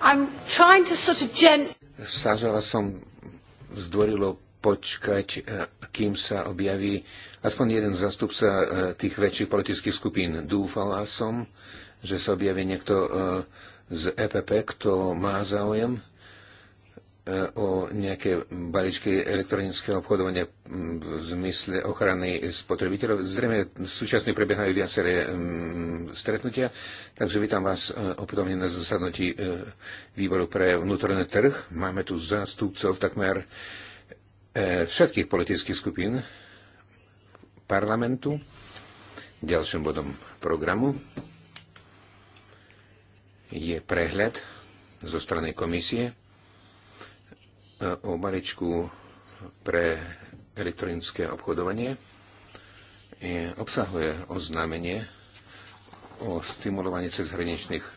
I'm trying to sort of gen... Snažila som zdvorilo počkať, e, kým sa objaví aspoň jeden zastupca e, tých väčších politických skupín. Dúfala som, že sa objaví niekto e, z EPP, kto má záujem. E, o nejaké balíčky elektronického obchodovania v zmysle ochrany spotrebiteľov. Zrejme súčasne prebiehajú viaceré stretnutia, takže vítam vás e, opätovne na zasadnutí e, výboru pre vnútorný trh. Máme tu zástupcov takmer všetkých politických skupín parlamentu. Ďalším bodom programu je prehľad zo strany komisie o maličku pre elektronické obchodovanie e, obsahuje oznámenie o stimulovaní cezhraničných e,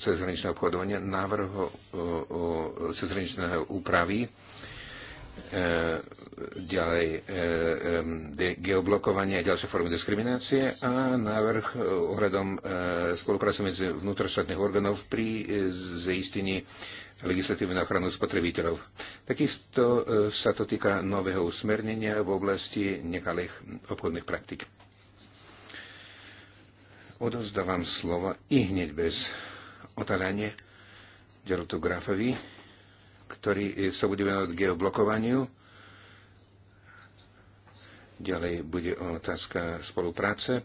cezhraničného obchodovania, návrh o, cezhraničného úpravy, e, ďalej geoblokovanie a ďalšie formy diskriminácie a návrh ohľadom spolupráce medzi vnútroštátnych orgánov pri e, zaistení legislatívnu ochranu spotrebiteľov. Takisto e, sa to týka nového usmernenia v oblasti nekalých obchodných praktik. Odozdávam slovo i hneď bez otáľania Gerotu Grafovi, ktorý e, sa bude venovať geoblokovaniu. Ďalej bude otázka spolupráce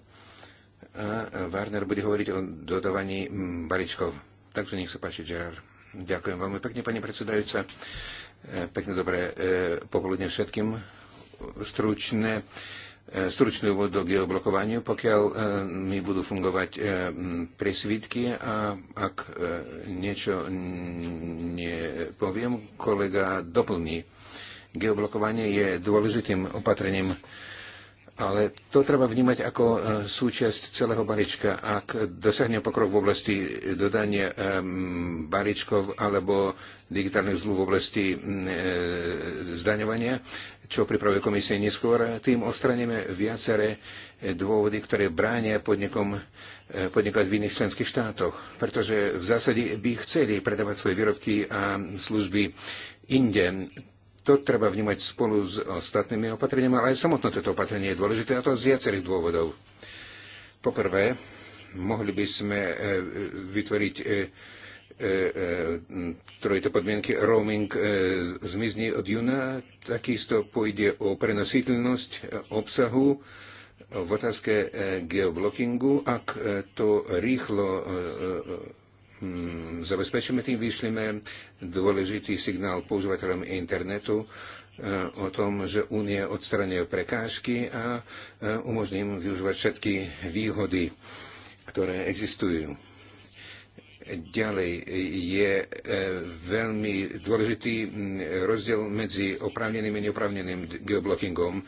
a Warner bude hovoriť o dodávaní balíčkov. Takže nech sa páči, Gerard. Ďakujem veľmi pekne, pani predsedajúca. E, pekne dobré e, popoludne všetkým. Stručné e, stručný úvod do geoblokovaniu, pokiaľ mi budú fungovať presvítky a ak niečo nepoviem, kolega doplní. Geoblokovanie je dôležitým opatrením ale to treba vnímať ako e, súčasť celého balíčka. Ak dosiahne pokrok v oblasti dodania e, balíčkov alebo digitálnych zlú v oblasti e, zdaňovania, čo pripravuje komisie neskôr, tým ostraneme viaceré dôvody, ktoré bránia podnikom podnikať v iných členských štátoch. Pretože v zásade by chceli predávať svoje výrobky a služby inde to treba vnímať spolu s ostatnými opatreniami, ale aj samotné toto opatrenie je dôležité a to z viacerých dôvodov. Poprvé, mohli by sme e, e, vytvoriť e, trojité podmienky. Roaming zmizne od júna, takisto pôjde o prenositeľnosť obsahu v otázke geoblockingu. Ak to rýchlo Mm, zabezpečíme, tým vyšlime dôležitý signál používateľom internetu e, o tom, že únie odstraňuje prekážky a e, umožním využívať všetky výhody, ktoré existujú. Ďalej je e, veľmi dôležitý rozdiel medzi oprávneným a neoprávneným geoblockingom. E,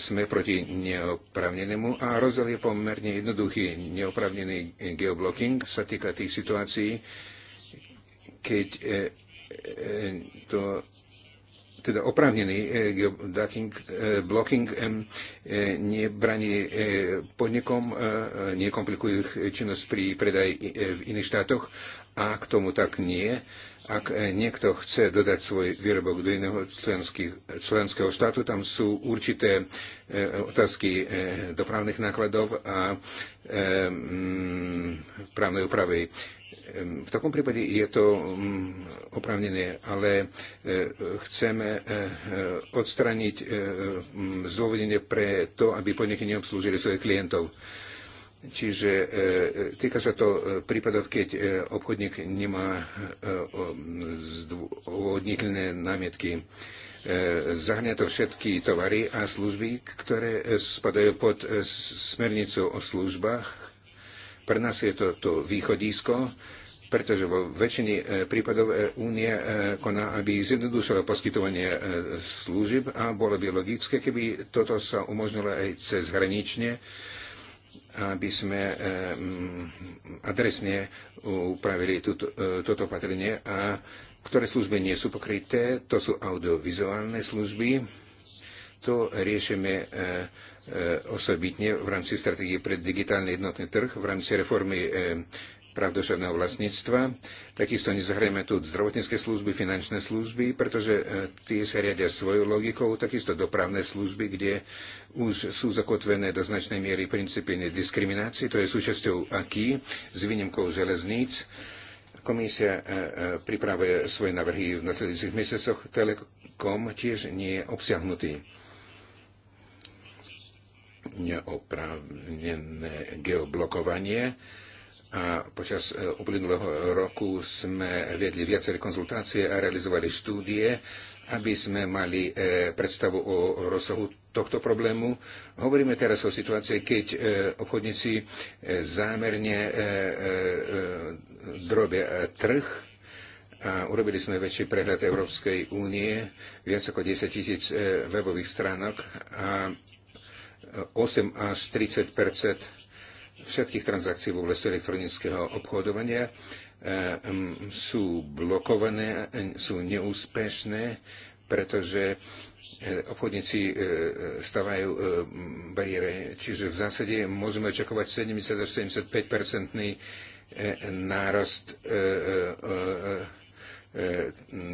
sme proti neoprávnenému a rozdiel je pomerne jednoduchý. Neoprávnený geoblocking sa týka tých situácií, keď e, to teda oprávnený eh, geoducking, eh, blocking eh, nebraní podnikom, nekomplikuje ich činnosť pri predaji v iných štátoch. A k tomu tak nie, ak eh, niekto chce dodať svoj výrobok do iného členského štátu, tam sú určité eh, otázky eh, dopravných nákladov a mm, právnej úpravy. V takom prípade je to mm, opravnené, ale chceme odstraniť mm, zdôvodenie pre to, aby podniky neobslúžili svojich klientov. Čiže e, e, týka sa to e, prípadov, keď obchodník nemá odniteľné námietky. Zahňa to všetky tovary a služby, ktoré spadajú pod smernicu o službách. Pre nás je to, to východisko, pretože vo väčšine prípadov únie koná, aby zjednodušila poskytovanie služieb a bolo by logické, keby toto sa umožnilo aj cezhranične. hranične aby sme eh, mm, adresne upravili túto, eh, toto opatrenie a ktoré služby nie sú pokryté, to sú audiovizuálne služby. To riešime eh, osobitne v rámci stratégie pre digitálny jednotný trh, v rámci reformy práv duševného vlastníctva. Takisto nezahrajeme tu zdravotnícke služby, finančné služby, pretože e, tie sa riadia svojou logikou, takisto dopravné služby, kde už sú zakotvené do značnej miery princípy nediskriminácie, to je súčasťou AKI s výnimkou železníc. Komisia e, e, pripravuje svoje návrhy v nasledujúcich mesiacoch. Telekom tiež nie je obsiahnutý neoprávnené geoblokovanie a počas e, uplynulého roku sme viedli viaceré konzultácie a realizovali štúdie, aby sme mali e, predstavu o rozsahu tohto problému. Hovoríme teraz o situácii, keď e, obchodníci zámerne drobia trh a urobili sme väčší prehľad Európskej únie, viac ako 10 tisíc webových stránok a 8 až 30 všetkých transakcií v oblasti elektronického obchodovania eh, sú blokované, eh, sú neúspešné, pretože eh, obchodníci stavajú bariére. Čiže v zásade môžeme očakovať 70 až 75 percentný nárast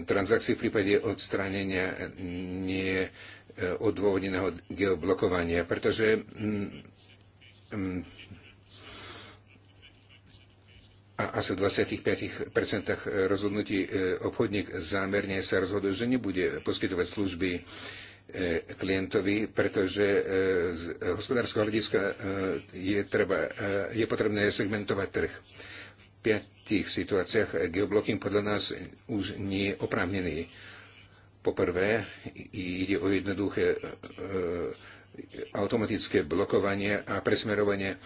transakcií v prípade odstránenia neodôvodneného geoblokovania, pretože mm, mm, a asi v 25% eh, rozhodnutí eh, obchodník zámerne sa rozhoduje, že nebude poskytovať služby eh, klientovi, pretože z hospodárskeho hľadiska je, treba, je potrebné segmentovať trh. V piatich situáciách geoblocking podľa nás už nie je oprávnený. Poprvé, ide o jednoduché automatické blokovanie a presmerovanie e,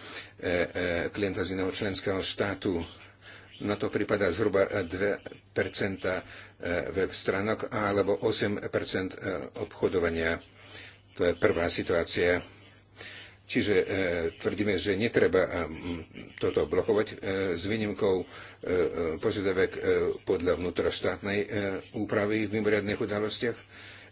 e, klienta z iného členského štátu. Na to prípada zhruba 2 e, web stránok alebo 8 obchodovania. To je prvá situácia. Čiže e, tvrdíme, že netreba toto blokovať e, s výnimkou e, požiadavek e, podľa vnútroštátnej e, úpravy v mimoriadných udalostiach. E,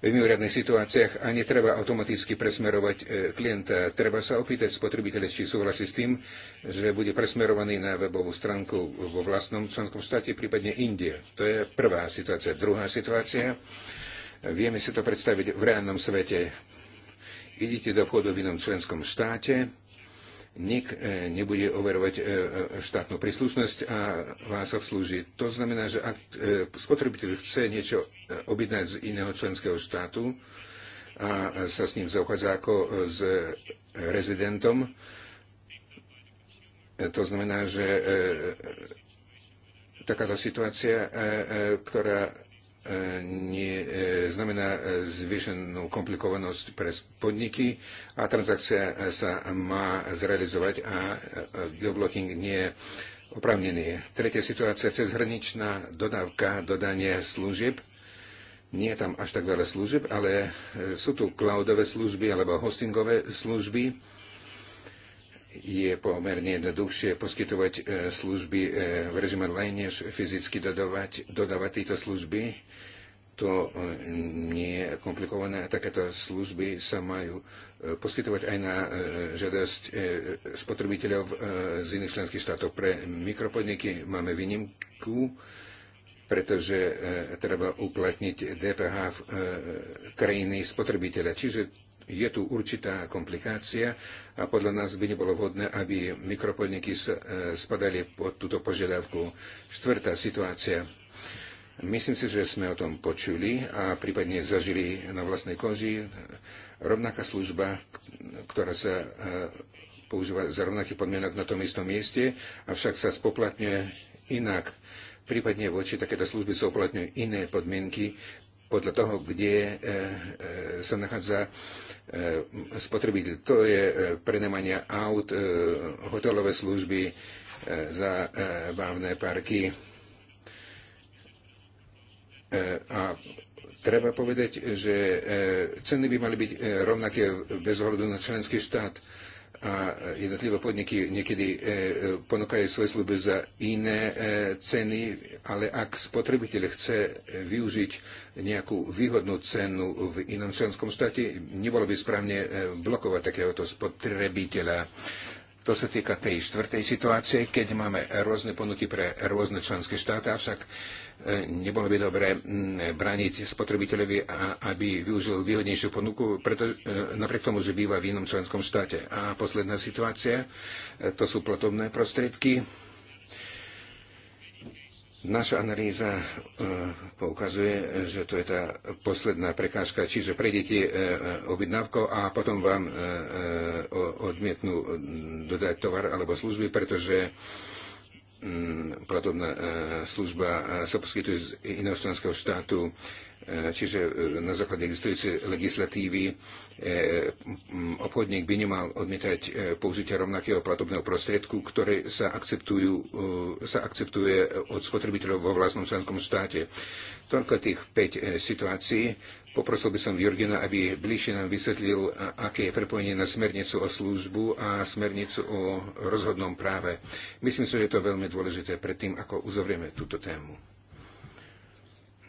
v mimoriadných situáciách a netreba automaticky presmerovať e, klienta. Treba sa opýtať spotrebiteľa, či súhlasí s tým, že bude presmerovaný na webovú stránku vo vlastnom členskom štáte, prípadne Indie. To je prvá situácia. Druhá situácia, vieme si to predstaviť v reálnom svete. Idete do obchodu v inom členskom štáte, nik e, nebude overovať e, štátnu príslušnosť a vás obslúži. To znamená, že ak spotrebiteľ chce niečo objednať z iného členského štátu a sa s ním zaobchádza ako s rezidentom. To znamená, že e, takáto situácia, e, e, ktorá nie, znamená zvýšenú komplikovanosť pre podniky a transakcia sa má zrealizovať a geoblocking nie je opravnený. Tretia situácia, cezhraničná dodávka, dodanie služieb nie je tam až tak veľa služieb, ale e, sú tu cloudové služby alebo hostingové služby. Je pomerne jednoduchšie poskytovať e, služby e, v režime online, než fyzicky dodávať, dodávať tieto služby. To nie je komplikované. Takéto služby sa majú poskytovať aj na žiadosť spotrebiteľov z iných členských štátov. Pre mikropodniky máme výnimku pretože e, treba uplatniť DPH v e, krajiny spotrebiteľa. Čiže je tu určitá komplikácia a podľa nás by nebolo vhodné, aby mikropodniky e, spadali pod túto požiadavku. Štvrtá situácia. Myslím si, že sme o tom počuli a prípadne zažili na vlastnej koži rovnaká služba, ktorá sa používa za rovnaký podmienok na tom istom mieste, avšak sa spoplatňuje inak. Prípadne voči takéto služby sa uplatňujú iné podmienky podľa toho, kde e, e, sa nachádza e, spotrebiteľ. To je prenemania aut, hotelové služby, bávne parky. A treba povedať, že ceny by mali byť rovnaké bez ohľadu na členský štát a jednotlivé podniky niekedy e, e, ponúkajú svoje služby za iné e, ceny, ale ak spotrebiteľ chce využiť nejakú výhodnú cenu v inom členskom štáte, nebolo by správne blokovať takéhoto spotrebiteľa. To sa týka tej štvrtej situácie, keď máme rôzne ponuky pre rôzne členské štáty, avšak nebolo by dobré mm, braniť spotrebiteľovi, aby využil výhodnejšiu ponuku, preto, e, napriek tomu, že býva v inom členskom štáte. A posledná situácia, e, to sú platovné prostriedky. Naša analýza e, poukazuje, že to je tá posledná prekážka, čiže prejdete objednávko a potom vám odmietnú dodať tovar alebo služby, pretože Mm, platobná e, služba e, sa poskytuje z iného členského štátu, e, čiže na základe existujúcej legislatívy obchodník by nemal odmietať použitia rovnakého platobného prostriedku, ktoré sa, akceptujú, sa akceptuje od spotrebiteľov vo vlastnom členskom štáte. Toľko tých 5 situácií Poprosil by som Jurgena, aby bližšie nám vysvetlil, aké je prepojenie na smernicu o službu a smernicu o rozhodnom práve. Myslím si, že je to veľmi dôležité predtým, ako uzavrieme túto tému.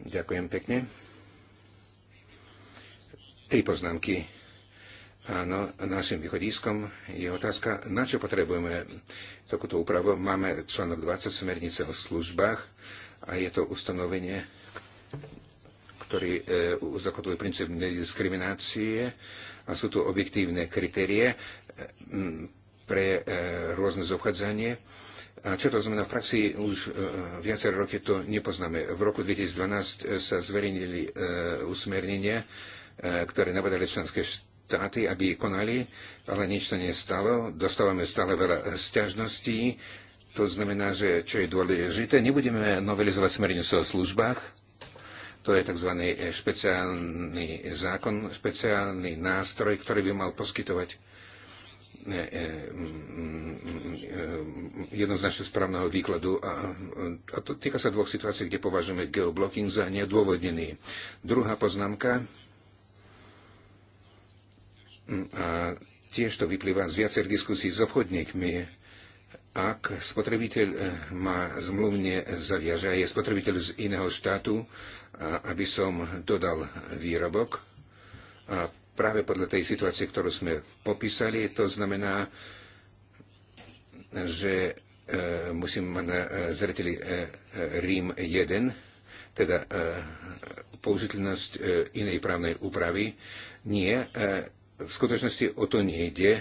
Ďakujem pekne. Tri poznámky. Áno, našim východiskom je otázka, na čo potrebujeme takúto úpravu. Máme článok 20 smernice o službách a je to ustanovenie ktorý e, zakotujú princíp nediskriminácie a sú tu objektívne kritérie e, pre e, rôzne zobchádzanie. A čo to znamená v praxi, už viaceré roky to nepoznáme. V roku 2012 sa zverejnili usmernenia, ktoré nabadali členské štáty, aby konali, ale nič sa nestalo. Dostávame stále veľa sťažností. To znamená, že čo je dôležité, nebudeme novelizovať smernicu o službách, to je tzv. špeciálny zákon, špeciálny nástroj, ktorý by mal poskytovať e, e, e, jednoznačne správneho výkladu. A, a to týka sa dvoch situácií, kde považujeme geoblocking za nedôvodnený. Druhá poznámka, a tiež to vyplýva z viacerých diskusí s obchodníkmi, ak spotrebiteľ eh, má zmluvne zaviaže je spotrebiteľ z iného štátu, aby som dodal výrobok, a práve podľa tej situácie, ktorú sme popísali, to znamená, že eh, musím mať na eh, zreteli Rím 1, teda použiteľnosť inej právnej úpravy. Nie, v skutočnosti o to nejde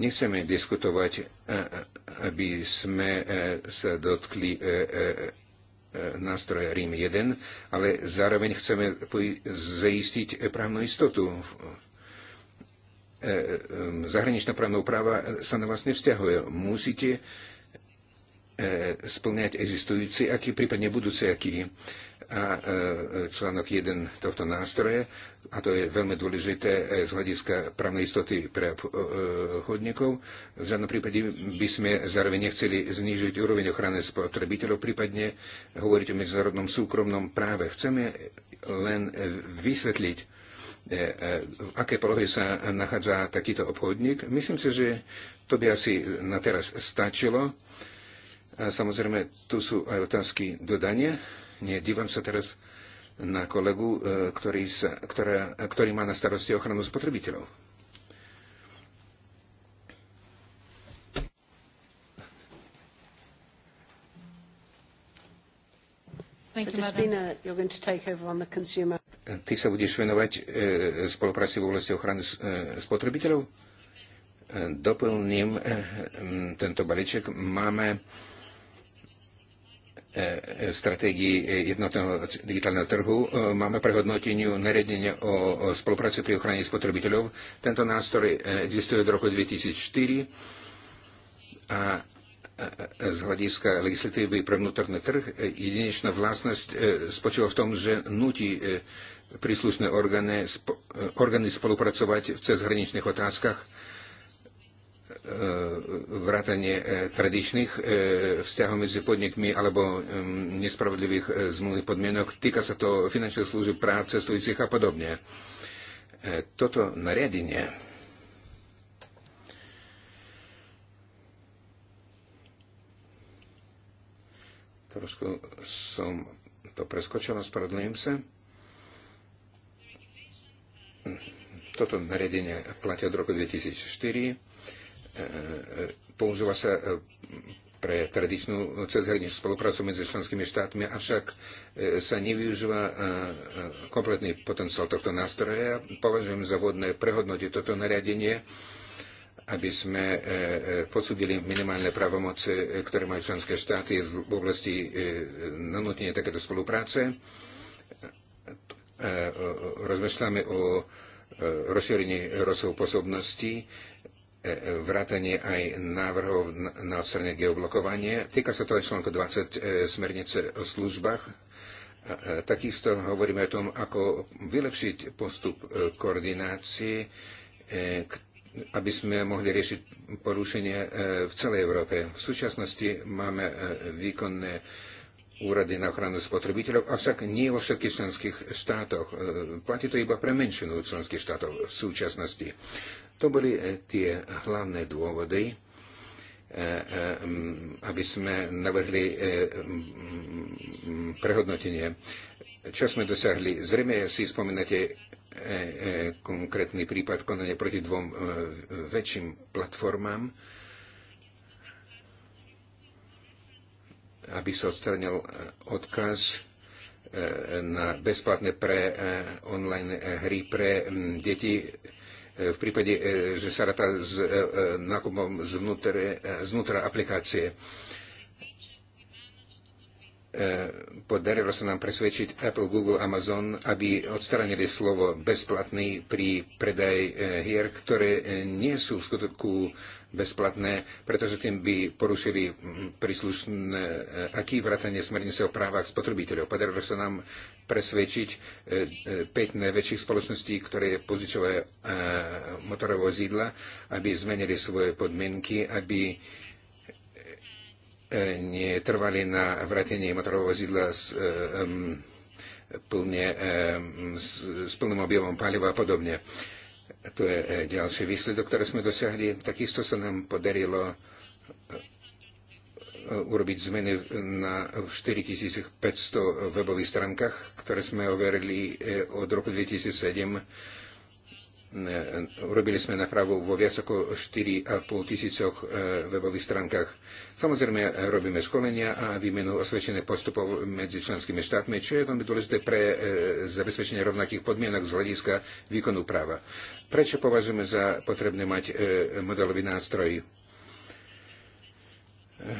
Nechceme diskutovať, e, e, aby sme e, sa dotkli nástroja Rím 1, ale zároveň chceme zaistiť právnu istotu. Zahraničná právna úprava sa na vás nevzťahuje. Musíte splňať existujúci, aký prípadne budúci, aký a článok 1 tohto nástroje, a to je veľmi dôležité e, z hľadiska právnej istoty pre e, chodníkov. V žiadnom prípade by sme zároveň nechceli znižiť úroveň ochrany spotrebiteľov, prípadne hovoriť o medzinárodnom súkromnom práve. Chceme len vysvetliť, e, v aké polohe sa nachádza takýto obchodník. Myslím si, že to by asi na teraz stačilo. A samozrejme, tu sú aj otázky dodania. Nie, dívam sa teraz na kolegu, e, ktorý, sa, ktorá, ktorý má na starosti ochranu spotrebiteľov. E, ty sa budeš venovať e, spolupráci v oblasti ochrany e, spotrebiteľov? E, doplním e, tento balíček. Máme e, E, e, stratégii e, jednotného digitálneho trhu. Máme prehodnoteniu neredenia o spolupráci pri ochrane spotrebiteľov. Tento nástroj existuje od roku 2004 a z hľadiska legislatívy pre vnútorný trh jedinečná vlastnosť spočíva v tom, že nutí príslušné orgány, orgány spolupracovať v cezhraničných otázkach E, vrátanie e, tradičných e, vzťahov medzi podnikmi alebo nespravodlivých zmluvných podmienok. Týka sa to finančných služieb práv cestujúcich a podobne. Toto nariadenie trošku som to preskočil, spravodlím sa. Toto nariadenie platia od roku 2004 E, e, používa sa e, pre tradičnú cezhraničnú spoluprácu medzi členskými štátmi, avšak sa nevyužíva kompletný potenciál tohto nástroja. Považujem za vhodné prehodnotiť toto nariadenie, aby sme posúdili minimálne právomoci, ktoré majú členské štáty v oblasti nanútenia takéto spolupráce. Rozmýšľame o rozšírení rozsahu posobností. E, e, vrátanie aj návrhov na odstranenie geoblokovania. Týka sa to aj článku 20 e, smernice o službách. Takisto hovoríme o tom, ako vylepšiť postup koordinácie, aby sme mohli riešiť porušenie v celej Európe. V súčasnosti máme výkonné úrady na ochranu spotrebiteľov, avšak nie vo všetkých členských štátoch. Platí to iba pre menšinu členských štátov v súčasnosti. To boli e, tie hlavné dôvody, e, e, aby sme navrhli prehodnotenie. Čo sme dosiahli? Zrejme si spomínate konkrétny prípad konania proti dvom väčším platformám, aby sa odstranil odkaz na bezplatné pre online hry pre deti v prípade, e, že sa rata s e, e, nákupom zvnútra aplikácie. Eh, podarilo sa nám presvedčiť Apple, Google, Amazon, aby odstranili slovo bezplatný pri predaj eh, hier, ktoré eh, nie sú v skutku bezplatné, pretože tým by porušili hm, príslušné aký vrátanie smernice o právach spotrebiteľov. Podarilo sa nám presvedčiť 5 najväčších spoločností, ktoré požičovajú motorové zídla, aby zmenili svoje podmienky, aby netrvali na vrátenie motorového vozidla s, e, plne, e, s plným objemom paliva a podobne. To je e, ďalší výsledok, ktorý sme dosiahli. Takisto sa nám podarilo urobiť zmeny na 4500 webových stránkach, ktoré sme overili od roku 2007 Urobili sme napravu vo viac ako 4,5 tisícoch e, webových stránkach. Samozrejme, robíme školenia a výmenu osvedčených postupov medzi členskými štátmi, čo je veľmi dôležité pre e, zabezpečenie rovnakých podmienok z hľadiska výkonu práva. Prečo považujeme za potrebné mať e, modelový nástroj?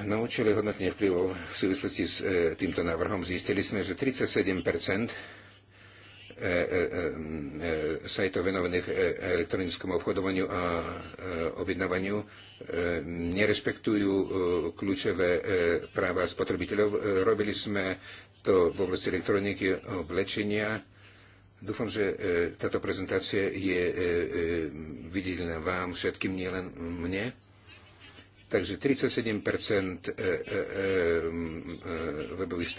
Na účely hodnotenia vplyvov v súvislosti s týmto návrhom zistili sme, že 37 E, e, e, sajtov venovaných elektronickému obchodovaniu a objednávaniu nerešpektujú kľúčové práva spotrebiteľov. Robili sme to v oblasti elektroniky oblečenia. Dúfam, že táto prezentácia je viditeľná vám všetkým, nielen mne. Takže 37% e, e, e, webových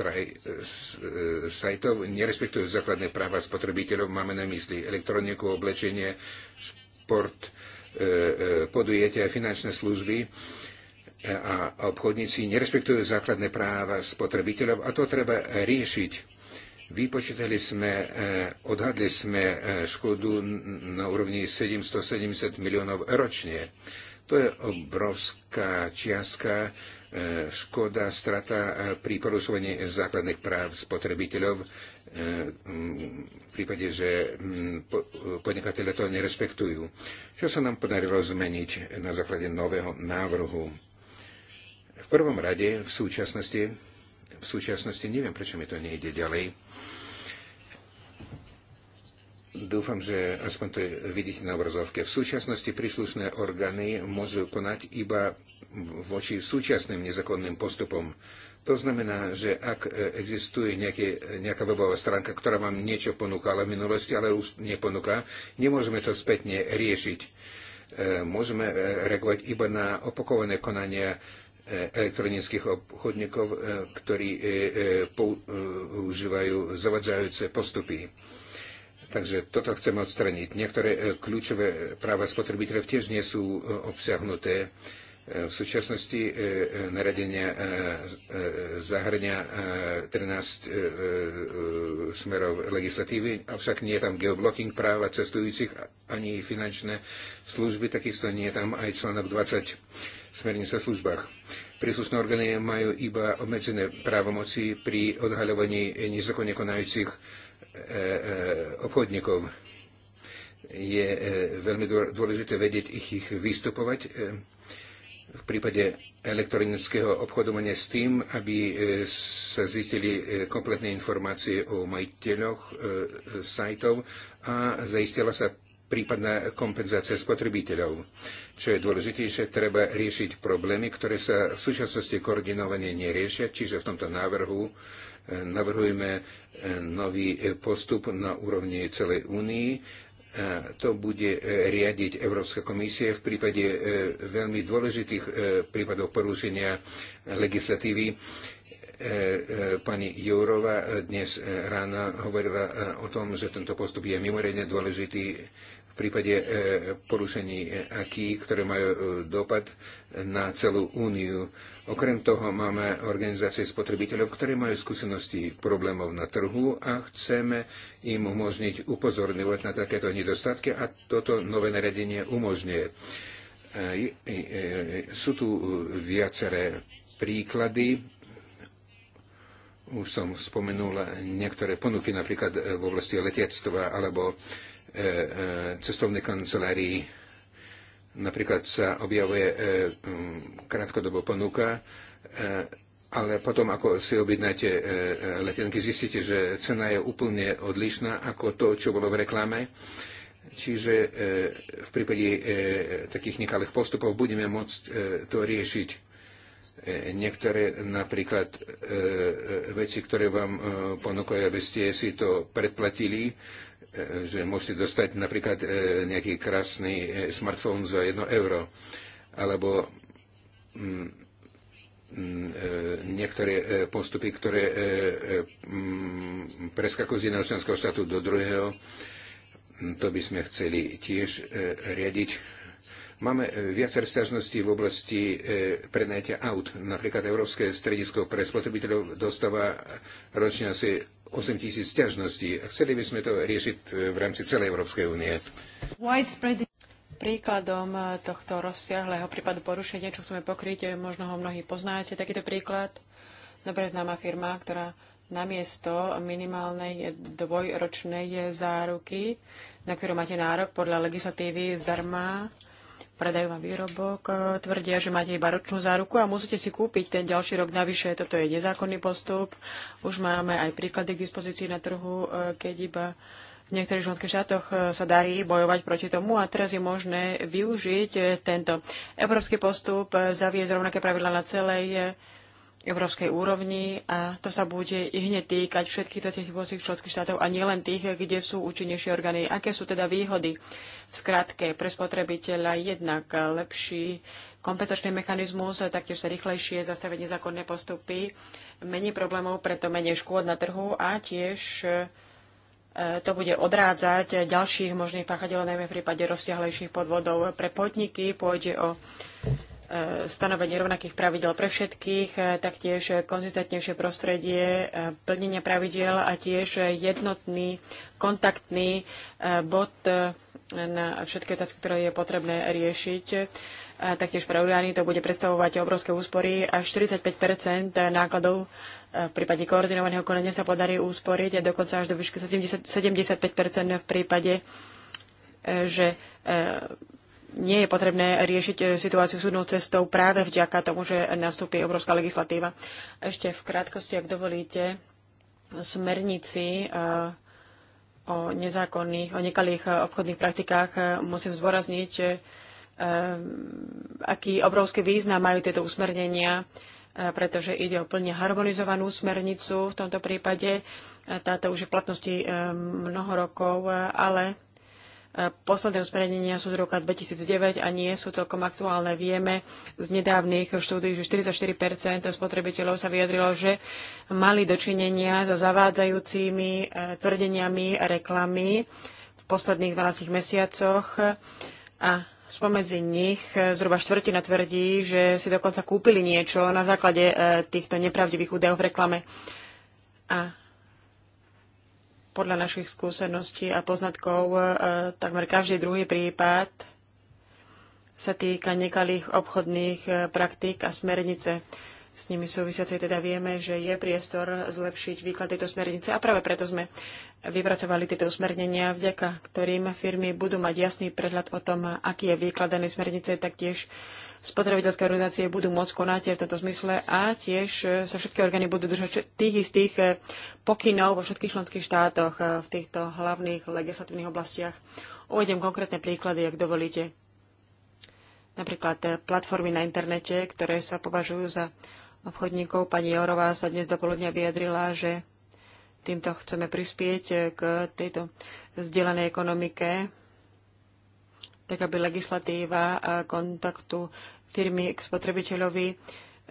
sajtov nerespektujú základné práva spotrebiteľov. Máme na mysli elektroniku, oblečenie, šport, a finančné služby a obchodníci nerespektujú základné práva spotrebiteľov a to treba riešiť. Vypočítali sme, odhadli sme škodu na úrovni 770 miliónov ročne. To je obrovská čiastka, e, škoda, strata e, pri porušovaní základných práv spotrebiteľov e, v prípade, že podnikatelia to nerespektujú. Čo sa nám podarilo zmeniť na základe nového návrhu? V prvom rade v súčasnosti, v súčasnosti neviem, prečo mi to nejde ďalej, Dúfam, že aspoň to je vidieť na obrazovke. V súčasnosti príslušné orgány môžu konať iba voči súčasným nezakonným postupom. To znamená, že ak existuje nejaké, nejaká webová stránka, ktorá vám niečo ponúkala v minulosti, ale už neponúka, nemôžeme to spätne riešiť. E, môžeme e, reagovať iba na opakované konania e, elektronických obchodníkov, ktorí používajú zavadzajúce postupy. Takže toto chceme odstraniť. Niektoré e, kľúčové e, práva spotrebiteľov tiež nie sú e, obsiahnuté. V súčasnosti naradenia zahrania 13 smerov legislatívy, avšak nie je tam geoblocking práva cestujúcich ani finančné služby, takisto nie je tam aj článok 20 smernice o službách. Príslušné orgány majú iba obmedzené právomoci pri odhaľovaní nezakonne konajúcich Eh, obchodníkov. Je eh, veľmi dôležité vedieť ich, ich vystupovať eh, v prípade elektronického obchodovania s tým, aby sa zistili kompletné informácie o majiteľoch sajtov a zaistila sa prípadná kompenzácia spotrebiteľov. Čo je dôležitejšie, treba riešiť problémy, ktoré sa v súčasnosti koordinovane neriešia, čiže v tomto návrhu e, navrhujeme e, nový postup na úrovni celej únii. E, to bude riadiť Európska komisia v prípade veľmi dôležitých prípadov porušenia legislatívy pani Jourova dnes ráno hovorila o tom, že tento postup je mimoriadne dôležitý v prípade e, porušení e, aký, ktoré majú e, dopad na celú úniu. Okrem toho máme organizácie spotrebiteľov, ktoré majú skúsenosti problémov na trhu a chceme im umožniť upozorňovať na takéto nedostatky a toto nové naredenie umožňuje. Sú tu viaceré príklady. Už som spomenul niektoré ponuky, napríklad v oblasti letectva alebo uh, E, e, cestovnej kancelárii. Napríklad sa objavuje e, mm, krátkodobo ponuka, ale potom, ako si objednáte letenky, zistíte, že cena je úplne odlišná ako to, čo bolo v reklame. Čiže v prípade takých nekalých postupov budeme môcť to riešiť niektoré napríklad veci, ktoré vám ponúkajú, aby ste si to predplatili, E, že môžete dostať napríklad e, nejaký krásny e, smartfón za 1 euro, alebo mm, mm, niektoré postupy, ktoré mm, preskakujú z jedného členského štátu do druhého. To by sme chceli tiež riadiť. Máme viacer stiažností v oblasti prednajatia aut. Napríklad Európske stredisko pre spotrebiteľov dostáva ročne asi 8 tisíc ťažností. Chceli by sme to riešiť e, v rámci celej Európskej únie. Príkladom e, tohto rozsiahleho prípadu porušenia, čo chceme pokryť, e, možno ho mnohí poznáte, takýto príklad. Dobre známa firma, ktorá namiesto minimálnej dvojročnej záruky, na ktorú máte nárok podľa legislatívy zdarma, predajú vám výrobok, e, tvrdia, že máte iba ročnú záruku a musíte si kúpiť ten ďalší rok navyše. Toto je nezákonný postup. Už máme aj príklady k dispozícii na trhu, e, keď iba v niektorých členských štátoch e, sa darí bojovať proti tomu a teraz je možné využiť tento európsky postup, zaviesť rovnaké pravidla na celej európskej úrovni a to sa bude i hneď týkať všetkých 28 členských štátov a nielen tých, kde sú účinnejšie orgány. Aké sú teda výhody? V skratke, pre spotrebiteľa jednak lepší kompenzačný mechanizmus, taktiež sa rýchlejšie zastaviť nezákonné postupy, menej problémov, preto menej škôd na trhu a tiež e, to bude odrádzať ďalších možných páchateľov, najmä v prípade rozsiahlejších podvodov. Pre podniky pôjde o stanovenie rovnakých pravidel pre všetkých, e, taktiež konzistentnejšie prostredie e, plnenia pravidel a tiež jednotný kontaktný e, bod na všetky otázky, ktoré je potrebné riešiť. A taktiež pre orgány to bude predstavovať obrovské úspory. Až 45 nákladov v prípade koordinovaného konania sa podarí úsporiť a dokonca až do výšky 70, 75 v prípade, že nie je potrebné riešiť e, situáciu súdnou cestou práve vďaka tomu, že nastúpi európska legislatíva. Ešte v krátkosti, ak dovolíte, smernici e, o nezákonných, o nekalých e, obchodných praktikách musím zdôrazniť, aký obrovský význam majú tieto usmernenia, pretože ide o plne harmonizovanú smernicu v tomto prípade. Táto už je v platnosti mnoho rokov, ale posledné usmernenia sú z roka 2009 a nie sú celkom aktuálne. Vieme z nedávnych štúdí, že 44 spotrebiteľov sa vyjadrilo, že mali dočinenia so zavádzajúcimi e, tvrdeniami a reklamy v posledných 12 mesiacoch a spomedzi nich zhruba štvrtina tvrdí, že si dokonca kúpili niečo na základe e, týchto nepravdivých údajov v reklame. A podľa našich skúseností a poznatkov e, takmer každý druhý prípad sa týka nekalých obchodných e, praktík a smernice s nimi súvisiacej teda vieme, že je priestor zlepšiť výklad tejto smernice a práve preto sme vypracovali tieto usmernenia, vďaka ktorým firmy budú mať jasný prehľad o tom, aký je výklad danej smernice, taktiež spotrebiteľské organizácie budú môcť konať v tomto zmysle a tiež e, sa všetky orgány budú držať tých istých e, pokynov vo všetkých členských štátoch e, v týchto hlavných legislatívnych oblastiach. Uvediem konkrétne príklady, ak dovolíte. Napríklad platformy na internete, ktoré sa považujú za obchodníkov. Pani Jorová sa dnes poludnia vyjadrila, že týmto chceme prispieť k tejto vzdelanej ekonomike tak aby legislatíva kontaktu firmy k spotrebiteľovi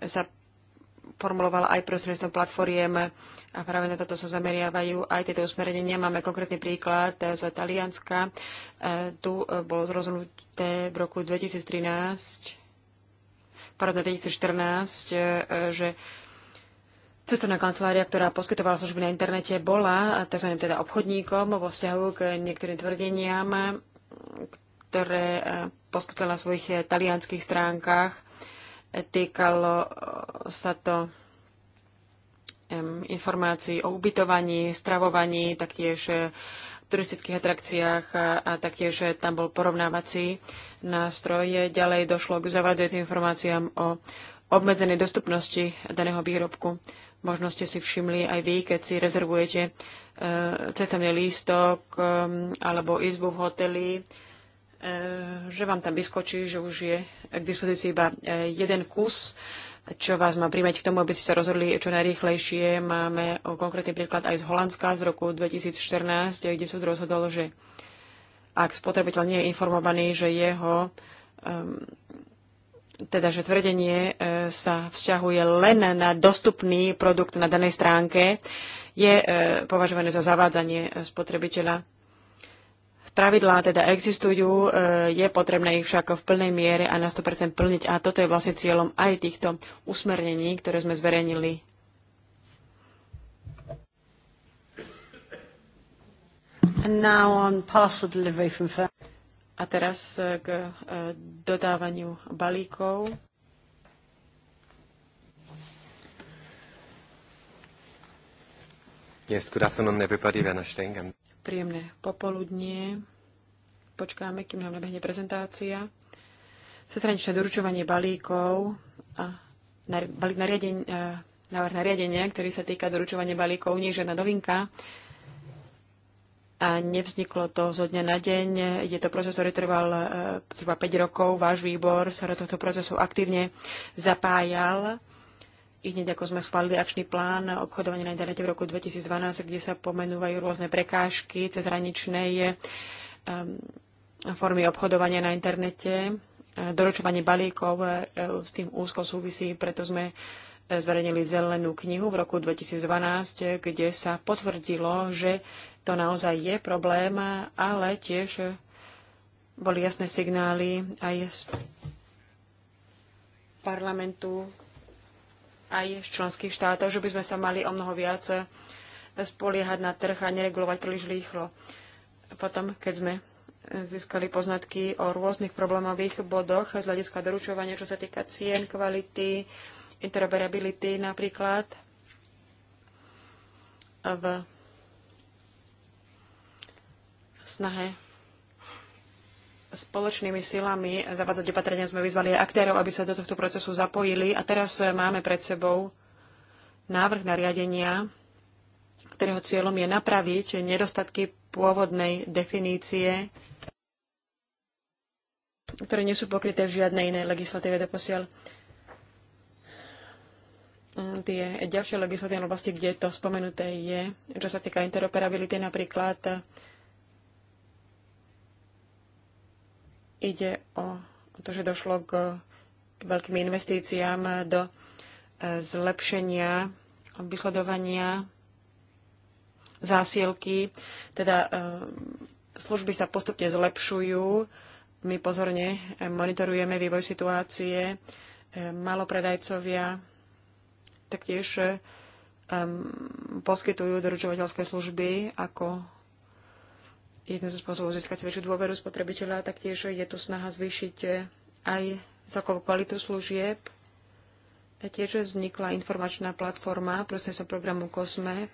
sa formulovala aj prostredstvom platformiem a práve na toto sa zameriavajú aj tieto usmerenia. Máme konkrétny príklad z Talianska. E, tu e, bolo rozhodnuté v roku 2013, pardon, 2014, e, že Cestovná kancelária, ktorá poskytovala služby na internete, bola tzv. teda obchodníkom vo vzťahu k niektorým tvrdeniam, ktoré eh, poskytla na svojich eh, talianských stránkach. Eh, týkalo sa to informácií o ubytovaní, stravovaní, taktiež turistických atrakciách a, a taktiež tam bol porovnávací nástroj. Ďalej došlo k zavadzajúcim informáciám o obmedzenej dostupnosti daného výrobku. Možno ste si všimli aj vy, keď si rezervujete e, cestovný lístok e, alebo izbu v hoteli, E, že vám tam vyskočí, že už je k dispozícii iba e, jeden kus, čo vás má príjmať k tomu, aby ste sa rozhodli čo najrýchlejšie. Máme konkrétny príklad aj z Holandska z roku 2014, kde súd rozhodol, že ak spotrebiteľ nie je informovaný, že jeho teda, že tvrdenie e, sa vzťahuje len na dostupný produkt na danej stránke, je považované za zavádzanie spotrebiteľa Pravidlá teda existujú, e, je potrebné ich však v plnej miere a na 100% plniť a toto je vlastne cieľom aj týchto usmernení, ktoré sme zverejnili. A teraz e, k e, dodávaniu balíkov. Yes, good afternoon everybody, Werner Stengam. Príjemné popoludnie. Počkáme, kým nám nabehne prezentácia. Sestraničné doručovanie balíkov a balík e, návrh nariadenia, ktorý sa týka doručovania balíkov, nie je žiadna novinka. A nevzniklo to zo dňa na deň. Je to proces, ktorý trval e, zhruba 5 rokov. Váš výbor sa do tohto procesu aktívne zapájal i hneď ako sme schválili akčný plán obchodovania na internete v roku 2012, kde sa pomenúvajú rôzne prekážky cez hraničné um, eh, formy obchodovania na internete. Eh, Doručovanie balíkov eh, s tým úzko súvisí, preto sme zverejnili zelenú knihu v roku 2012, kde sa potvrdilo, že to naozaj je problém, ale tiež boli jasné signály aj z parlamentu aj z členských štátoch, že by sme sa mali o mnoho viac eh, spoliehať na trh a neregulovať príliš rýchlo. Potom, keď sme eh, získali poznatky o rôznych problémových bodoch z hľadiska doručovania, čo sa týka cien, kvality, interoperability napríklad. V snahe spoločnými silami zavádzať opatrenia sme vyzvali aj aktérov, aby sa do tohto procesu zapojili. A teraz e, máme pred sebou návrh nariadenia, ktorého cieľom je napraviť nedostatky pôvodnej definície, ktoré nie sú pokryté v žiadnej inej legislatíve doposiaľ. E, tie ďalšie legislatívne oblasti, kde to spomenuté je, čo sa týka interoperability napríklad, Ide o to, že došlo k veľkým investíciám do e, zlepšenia vysledovania zásielky. Teda e, služby sa postupne zlepšujú. My pozorne e, monitorujeme vývoj situácie. Malopredajcovia taktiež poskytujú doručovateľské služby ako jeden zo spôsobov získať väčšiu dôveru spotrebiteľa, taktiež je to snaha zvýšiť eh, aj celkovú kvalitu služieb. A tiež vznikla informačná platforma prostredstvom programu COSME.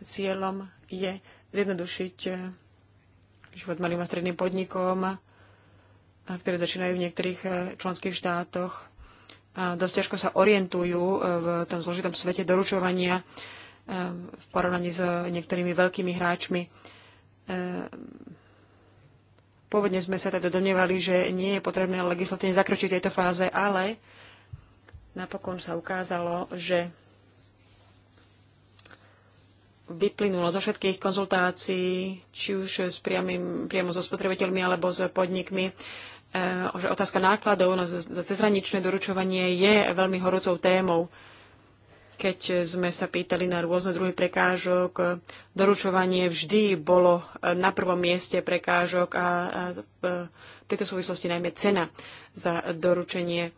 Cieľom je zjednodušiť eh, život malým a stredným podnikom, eh, ktoré začínajú v niektorých členských štátoch. A dosť ťažko sa orientujú v tom zložitom svete doručovania v porovnaní s niektorými veľkými hráčmi Ehm, pôvodne sme sa teda domnievali, že nie je potrebné legislatívne zakročiť tejto fáze, ale napokon sa ukázalo, že vyplynulo zo všetkých konzultácií, či už s priamým, priamo so spotrebiteľmi alebo s podnikmi, ehm, že otázka nákladov na cezhraničné doručovanie je veľmi horúcou témou keď sme sa pýtali na rôzne druhy prekážok, doručovanie vždy bolo e, na prvom mieste prekážok a e, v tejto súvislosti najmä cena za doručenie.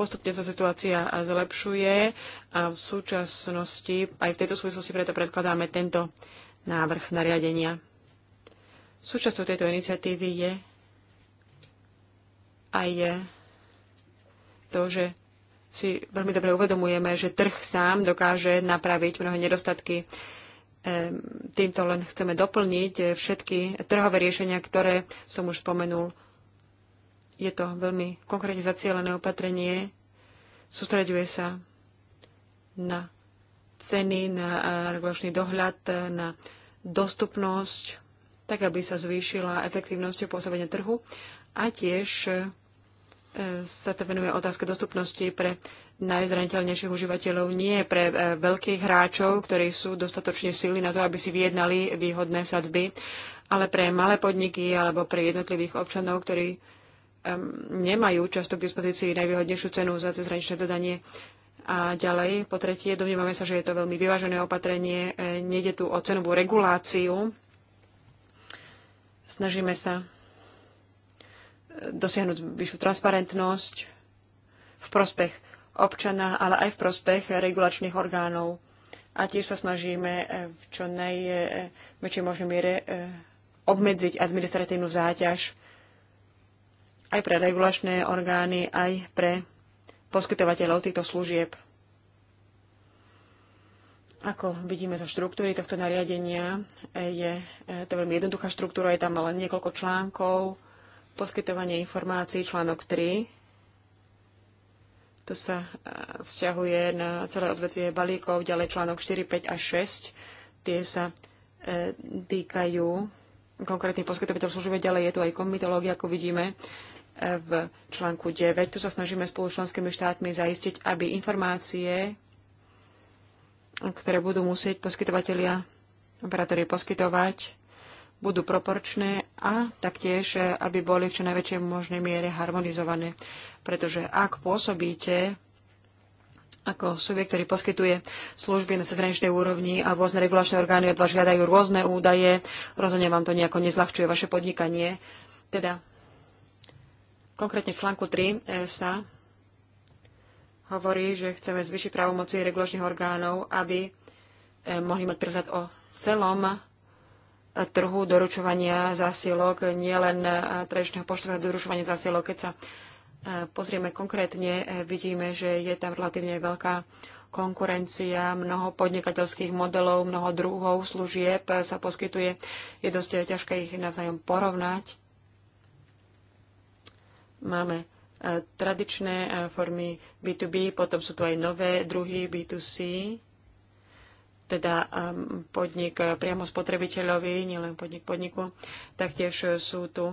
Postupne sa situácia zlepšuje a v súčasnosti, aj v tejto súvislosti preto predkladáme tento návrh nariadenia. Súčasťou tejto iniciatívy je aj to, že si veľmi dobre uvedomujeme, že trh sám dokáže napraviť mnohé nedostatky. Týmto len chceme doplniť eh, všetky trhové riešenia, ktoré som už spomenul. Je to veľmi konkrétne zacielené opatrenie. Sústreďuje sa na ceny, na eh, regulačný dohľad, eh, na dostupnosť, tak aby sa zvýšila efektívnosť pôsobenia trhu a tiež E, sa to venuje otázka dostupnosti pre najzraniteľnejších užívateľov, nie pre e, veľkých hráčov, ktorí sú dostatočne silní na to, aby si vyjednali výhodné sadzby, ale pre malé podniky alebo pre jednotlivých občanov, ktorí nemajú často k dispozícii najvýhodnejšiu cenu za cezhraničné dodanie. A ďalej, po tretie, domnievame sa, že je to veľmi vyvážené opatrenie. E, nejde tu o cenovú reguláciu. Snažíme sa dosiahnuť vyššiu transparentnosť v prospech občana, ale aj v prospech regulačných orgánov. A tiež sa snažíme eh, v čo najväčšej možnej miere eh, obmedziť administratívnu záťaž aj pre regulačné orgány, aj pre poskytovateľov týchto služieb. Ako vidíme zo štruktúry tohto nariadenia, eh, je to veľmi jednoduchá štruktúra, je tam len niekoľko článkov, Poskytovanie informácií, článok 3. To sa e, vzťahuje na celé odvetvie balíkov, ďalej článok 4, 5 a 6. Tie sa e, týkajú konkrétnych poskytovateľov služieb. Ďalej je tu aj komitológia, ako vidíme e, v článku 9. Tu sa snažíme spolu členskými štátmi zaistiť, aby informácie, ktoré budú musieť poskytovateľia, operátori poskytovať, budú proporčné a taktiež, e, aby boli v čo najväčšej možnej miere harmonizované. Pretože ak pôsobíte ako subjekt, ktorý poskytuje služby na cezhraničnej úrovni a rôzne regulačné orgány od vás žiadajú rôzne údaje, rozhodne vám to nejako nezľahčuje vaše podnikanie. Teda konkrétne v článku 3 e, sa hovorí, že chceme zvyšiť právomoci regulačných orgánov, aby e, mohli mať prehľad o celom trhu doručovania zásielok, nielen e, tradičného poštového doručovania zásielok. Keď sa e, pozrieme konkrétne, e, vidíme, že je tam relatívne veľká konkurencia, mnoho podnikateľských modelov, mnoho druhov služieb sa poskytuje. Je dosť ťažké ich navzájom porovnať. Máme tradičné formy B2B, potom sú tu aj nové druhy B2C teda um, podnik priamo spotrebiteľovi, nielen podnik podniku. Taktiež sú tu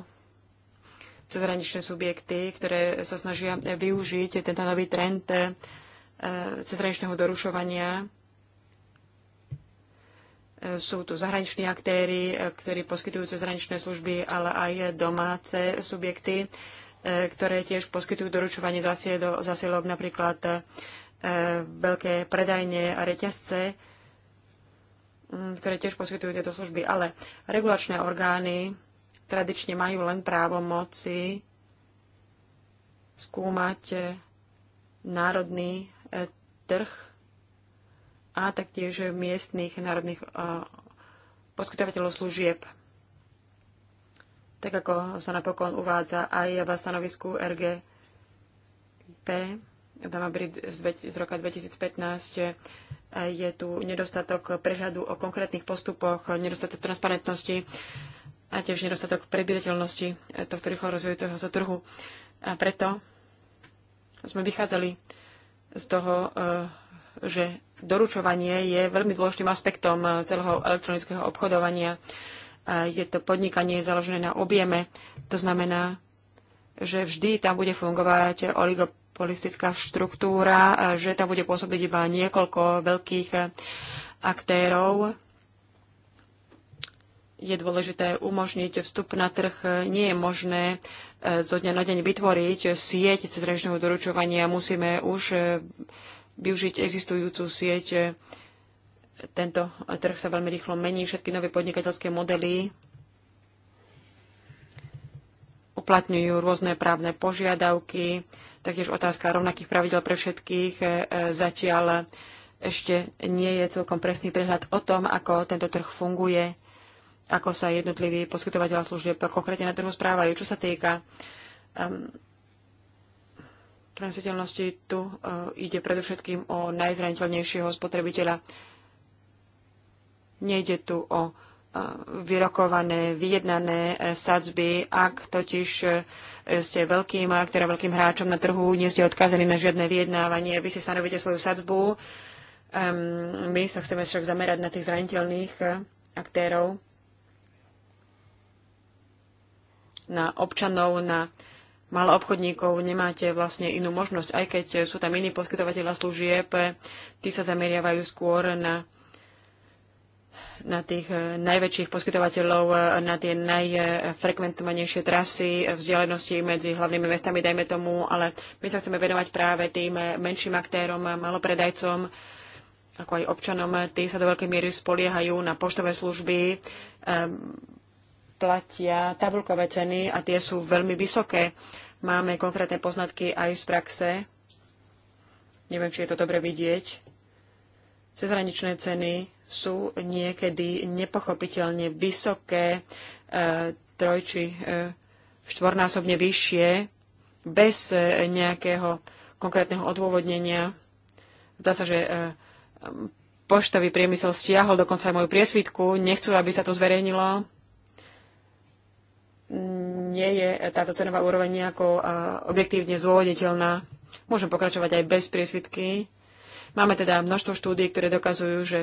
cezhraničné subjekty, ktoré sa snažia využiť tento nový trend eh, cezhraničného dorušovania. Eh, sú tu zahraniční aktéry, eh, ktorí poskytujú cezhraničné služby, ale aj domáce subjekty, ktoré tiež poskytujú doručovanie zasielok, napríklad veľké predajne a reťazce Mm, ktoré tiež poskytujú tieto služby, ale regulačné orgány tradične majú len právo moci skúmať e, národný e, trh a taktiež miestných národných e, poskytovateľov služieb. Tak ako sa napokon uvádza aj v stanovisku RGP z roka 2015, je tu nedostatok prehľadu o konkrétnych postupoch, nedostatok transparentnosti a tiež nedostatok predvidateľnosti tohto rýchlo rozvíjajúceho sa trhu. A preto sme vychádzali z toho, eh, že doručovanie je veľmi dôležitým aspektom eh, celého elektronického obchodovania. Je to podnikanie založené na objeme, to znamená, že vždy tam bude fungovať oligopoly politická štruktúra, e, že tam bude pôsobiť iba niekoľko veľkých e, aktérov. Je dôležité umožniť vstup na trh. Nie je možné e, zo dňa na deň vytvoriť sieť cezrežného doručovania. Musíme už využiť existujúcu sieť. Tento trh sa veľmi rýchlo mení. Všetky nové podnikateľské modely uplatňujú rôzne právne požiadavky, Taktiež otázka rovnakých pravidel pre všetkých e, e, zatiaľ ešte nie je celkom presný prehľad o tom, ako tento trh funguje, ako sa jednotliví poskytovateľa služieb konkrétne na trhu správajú. Čo sa týka um, transiteľnosti, tu uh, ide predovšetkým o najzraniteľnejšieho spotrebiteľa. Nejde tu o vyrokované, vyjednané e, sadzby, ak totiž e, ste veľkým e, teda veľkým hráčom na trhu, nie ste odkázaní na žiadne vyjednávanie, vy si stanovíte svoju sadzbu. Um, my sa chceme však zamerať na tých zraniteľných aktérov, na občanov, na malo obchodníkov nemáte vlastne inú možnosť, aj keď sú tam iní poskytovateľa služieb, tí sa zameriavajú skôr na na tých eh, najväčších poskytovateľov, eh, na tie najfrekventovanejšie trasy, eh, vzdialenosti medzi hlavnými mestami, dajme tomu, ale my sa chceme venovať práve tým menším aktérom, malopredajcom, ako aj občanom. Tí sa do veľkej miery spoliehajú na poštové služby, ehm, platia tabulkové ceny a tie sú veľmi vysoké. Máme konkrétne poznatky aj z praxe. Neviem, či je to dobre vidieť. Cezhraničné ceny sú niekedy nepochopiteľne vysoké, e, troj či e, štvornásobne vyššie, bez e, nejakého konkrétneho odôvodnenia. Zdá sa, že poštový priemysel stiahol dokonca aj moju priesvitku, nechcú, aby sa to zverejnilo. Nie je táto cenová úroveň nejako objektívne zôvoditeľná. Môžem pokračovať aj bez priesvitky. Máme teda množstvo štúdí, ktoré dokazujú, že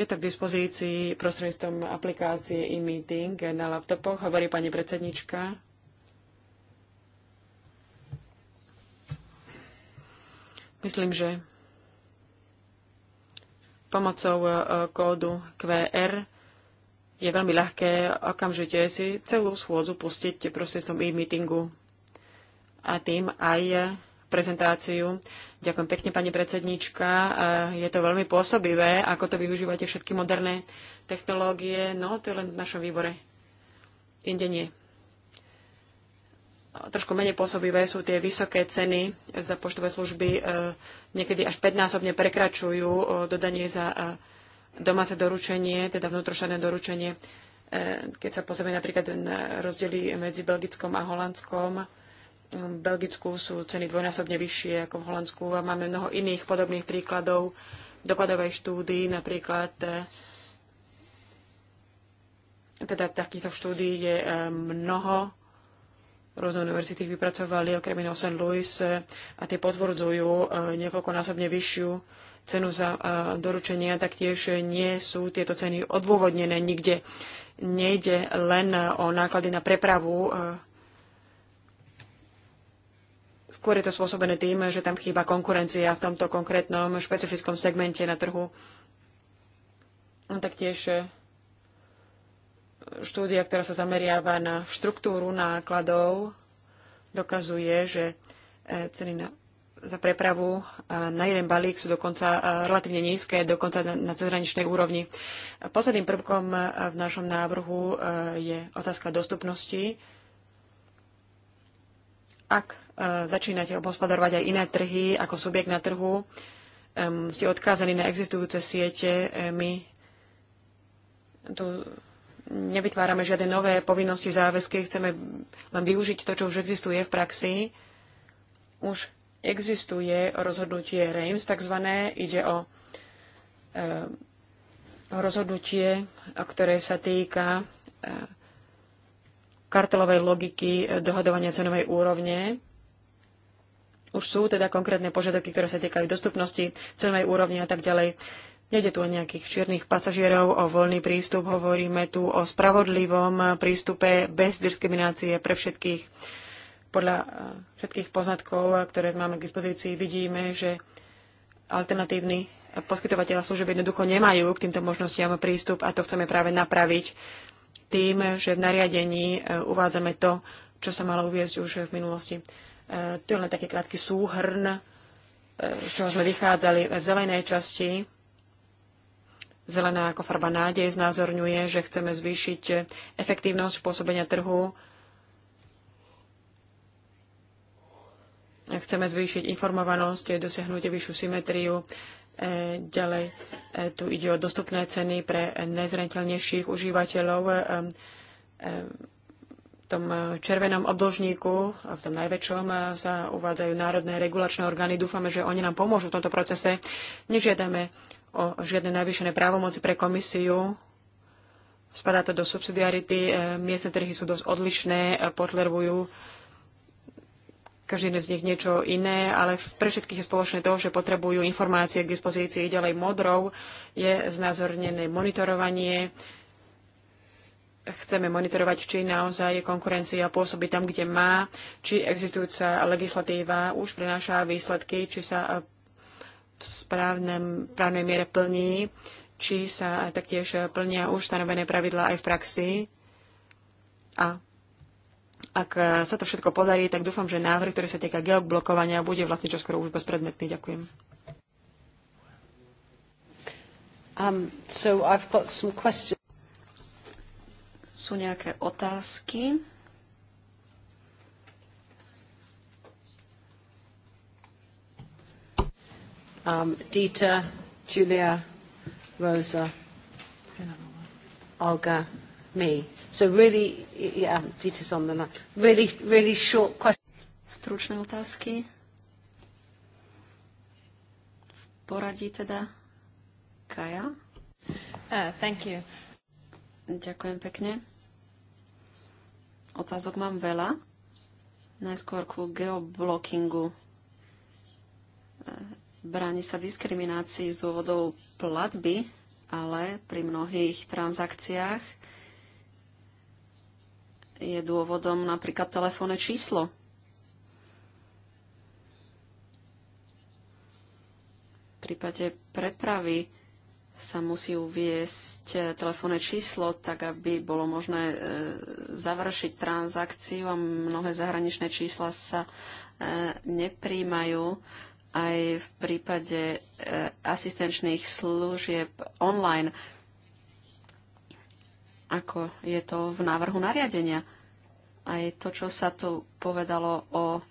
Je to k dispozícii prostredníctvom aplikácie e-meeting na laptopoch, hovorí pani predsednička. Myslím, že pomocou e, kódu QR je veľmi ľahké okamžite si celú schôdzu pustiť prostredstvom e-meetingu a tým aj prezentáciu Ďakujem pekne, pani predsednička. Je to veľmi pôsobivé, ako to využívate všetky moderné technológie. No, to je len v našom výbore. Inde nie. Trošku menej pôsobivé sú tie vysoké ceny za poštové služby. E, niekedy až 5-násobne prekračujú e, dodanie za e, domáce doručenie, teda vnútrošané doručenie. Keď sa pozrieme napríklad na rozdiely medzi Belgickom a Holandskom, v Belgicku sú ceny dvojnásobne vyššie ako v Holandsku a máme mnoho iných podobných príkladov dopadovej štúdii, napríklad eh, teda takýchto štúdií je eh, mnoho. Rôzne univerzity vypracovali okrem iného St. Louis eh, a tie potvrdzujú niekoľkonásobne vyššiu cenu za doručenie. Taktiež nie sú tieto ceny odôvodnené nikde. Nejde len o náklady na prepravu Skôr je to spôsobené tým, že tam chýba konkurencia v tomto konkrétnom špecifickom segmente na trhu. A taktiež e, štúdia, ktorá sa zameriava na štruktúru nákladov, dokazuje, že e, ceny na, za prepravu e, na jeden balík sú dokonca relatívne nízke, dokonca na, na cezhraničnej úrovni. Posledným prvkom v našom návrhu je otázka dostupnosti. Ak Eh, začínate obhospodarovať aj iné trhy ako subjekt na trhu, ste odkázaní na existujúce siete. Eh, my tu nevytvárame žiadne nové povinnosti, záväzky, chceme len využiť to, čo už existuje v praxi. Už existuje rozhodnutie REIMS, takzvané, ide o eh, rozhodnutie, ktoré sa týka kartelovej logiky dohadovania cenovej úrovne už sú teda konkrétne požiadavky, ktoré sa týkajú dostupnosti, cenovej úrovne a tak ďalej. Nede tu o nejakých čiernych pasažierov, o voľný prístup, hovoríme tu o spravodlivom prístupe bez diskriminácie pre všetkých. Podľa eh, všetkých poznatkov, eh, ktoré máme k dispozícii, vidíme, že alternatívny poskytovateľa služieb jednoducho nemajú k týmto možnostiam prístup a to chceme práve napraviť tým, že v nariadení eh, uvádzame to, čo sa malo uviezť už v minulosti. E, to je len taký krátky súhrn, e, z čoho sme vychádzali v zelenej časti. Zelená ako farba nádej znázorňuje, že chceme zvýšiť efektívnosť pôsobenia trhu chceme zvýšiť informovanosť, dosiahnuť vyššiu symetriu. E, ďalej tu ide o dostupné ceny pre nezrenteľnejších užívateľov tom eh, červenom obdlžníku, v tom najväčšom, eh, sa uvádzajú národné regulačné orgány. Dúfame, že oni nám pomôžu v tomto procese. Nežiadame o žiadne navýšené právomoci pre komisiu. Spadá to do subsidiarity. Eh, miestne trhy sú dosť odlišné, potlerujú každý z nich niečo iné, ale pre všetkých je spoločné to, že potrebujú informácie k dispozícii ďalej modrou, je znázornené monitorovanie, chceme monitorovať, či naozaj konkurencia pôsobí tam, kde má, či existujúca legislatíva už prináša výsledky, či sa eh, v správnem, právnej miere plní, či sa taktiež plnia už stanovené pravidlá aj v praxi. A ak eh, sa to všetko podarí, tak dúfam, že návrh, ktorý sa týka geoblokovania, bude vlastne čoskoro už bezpredmetný. Ďakujem. Um, so I've got some questions. Sú nejaké otázky? Um, Dieter, Julia, Rosa, Olga, me. So really, yeah, Dieter's on the line. Really, really short question. Stručné otázky. V poradí teda Kaja. Uh, thank you. Ďakujem pekne. Otázok mám veľa. Najskôr ku geoblockingu. E, bráni sa diskriminácii z dôvodov platby, ale pri mnohých transakciách je dôvodom napríklad telefónne číslo. V prípade prepravy sa musí uviesť e, telefónne číslo, tak aby bolo možné e, završiť transakciu a mnohé zahraničné čísla sa e, nepríjmajú aj v prípade asistenčných služieb online, ako je to v návrhu nariadenia. Aj to, čo sa tu povedalo o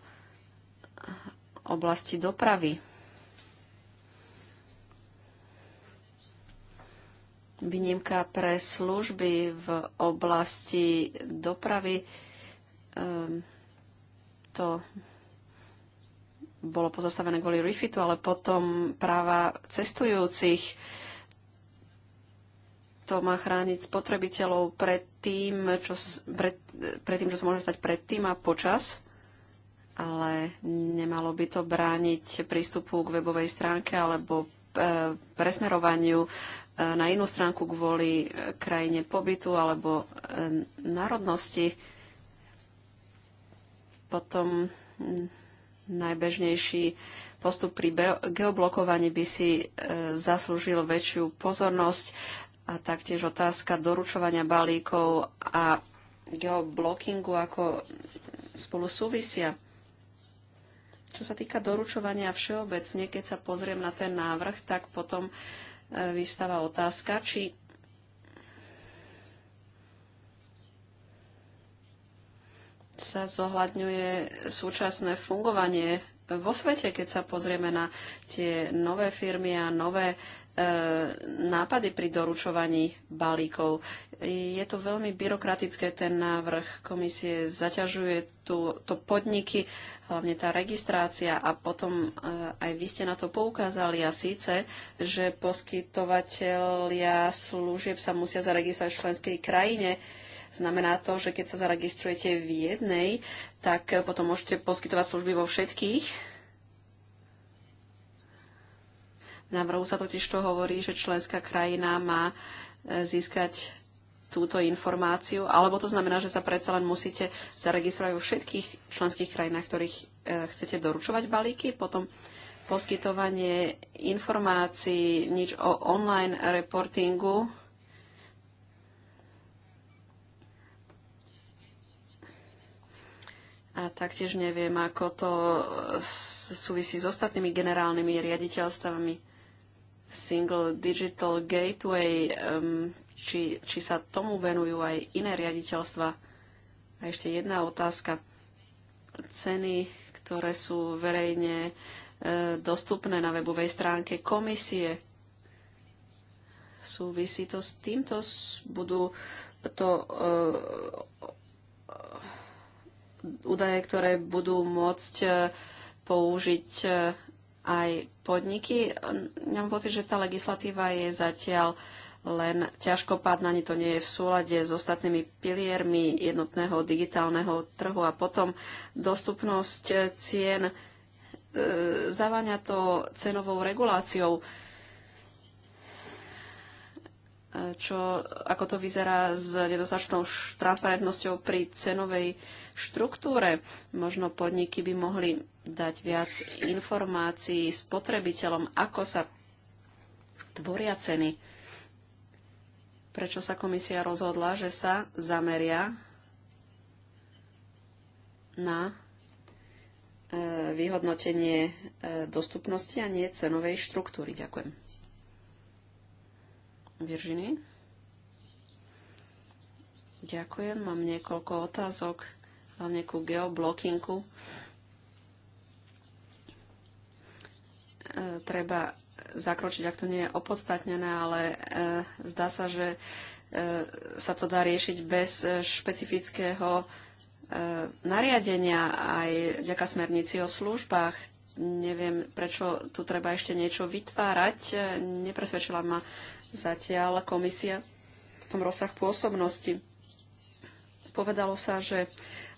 oblasti dopravy výnimka pre služby v oblasti dopravy. Ehm, to bolo pozastavené kvôli refitu, ale potom práva cestujúcich to má chrániť spotrebiteľov pred tým, čo, pred, pred tým, čo sa môže stať predtým a počas, ale nemalo by to brániť prístupu k webovej stránke alebo E, presmerovaniu e, na inú stránku kvôli e, krajine pobytu alebo národnosti. Potom najbežnejší postup pri geoblokovaní by si zaslúžil väčšiu pozornosť a taktiež otázka doručovania balíkov a geoblockingu ako spolu súvisia. Čo sa týka doručovania všeobecne, keď sa pozriem na ten návrh, tak potom e, vystáva otázka, či sa zohľadňuje súčasné fungovanie vo svete, keď sa pozrieme na tie nové firmy a nové e, nápady pri doručovaní balíkov. Je to veľmi byrokratické ten návrh komisie, zaťažuje tu, to podniky hlavne tá registrácia a potom eh, aj vy ste na to poukázali a síce, že poskytovateľia služieb sa musia zaregistrovať v členskej krajine. Znamená to, že keď sa zaregistrujete v jednej, tak eh, potom môžete poskytovať služby vo všetkých. Na návrhu sa totiž to hovorí, že členská krajina má eh, získať túto informáciu, alebo to znamená, že sa predsa len musíte zaregistrovať vo všetkých členských krajinách, ktorých e, chcete doručovať balíky, potom poskytovanie informácií, nič o online reportingu. A taktiež neviem, ako to e, súvisí s ostatnými generálnymi riaditeľstvami. Single Digital Gateway, um, či, či sa tomu venujú aj iné riaditeľstva. A ešte jedna otázka. Ceny, ktoré sú verejne e, dostupné na webovej stránke komisie, súvisí to s týmto? Budú to e, údaje, ktoré budú môcť e, použiť e, aj podniky. Ja mám pocit, že tá legislatíva je zatiaľ len ťažkopádna, ani to nie je v súlade s ostatnými piliermi jednotného digitálneho trhu a potom dostupnosť cien e, zaváňa to cenovou reguláciou. E, čo, ako to vyzerá s nedostačnou transparentnosťou pri cenovej štruktúre. Možno podniky by mohli dať viac informácií spotrebiteľom, ako sa tvoria ceny prečo sa komisia rozhodla, že sa zameria na e, vyhodnotenie e, dostupnosti a nie cenovej štruktúry. Ďakujem. Viržiny? Ďakujem. Mám niekoľko otázok, hlavne ku geoblokingu. E, treba zakročiť, ak to nie je opodstatnené, ale e, zdá sa, že e, sa to dá riešiť bez e, špecifického e, nariadenia aj vďaka smernici o službách. Neviem, prečo tu treba ešte niečo vytvárať. E, nepresvedčila ma zatiaľ komisia v tom rozsah pôsobnosti. Povedalo sa, že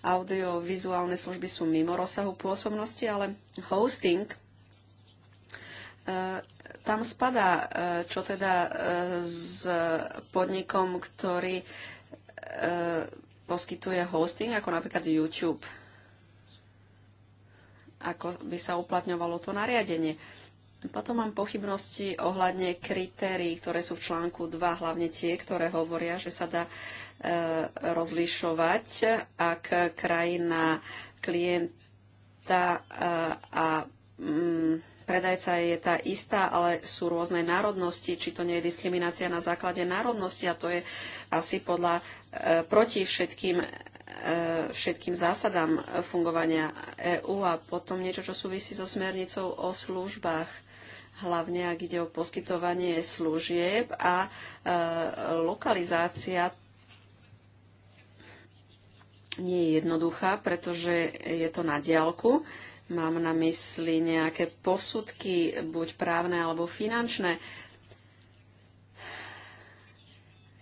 audiovizuálne služby sú mimo rozsahu pôsobnosti, ale hosting e, tam spadá, e, čo teda e, s podnikom, ktorý e, poskytuje hosting, ako napríklad YouTube. Ako by sa uplatňovalo to nariadenie. Potom mám pochybnosti ohľadne kritérií, ktoré sú v článku 2, hlavne tie, ktoré hovoria, že sa dá e, rozlišovať, ak krajina klienta e, a Mm, predajca je tá istá, ale sú rôzne národnosti, či to nie je diskriminácia na základe národnosti a to je asi podľa e, proti všetkým, e, všetkým zásadám fungovania EÚ a potom niečo, čo súvisí so smernicou o službách hlavne ak ide o poskytovanie služieb a e, lokalizácia nie je jednoduchá, pretože je to na diálku. E, Mám na mysli nejaké posudky, buď právne alebo finančné.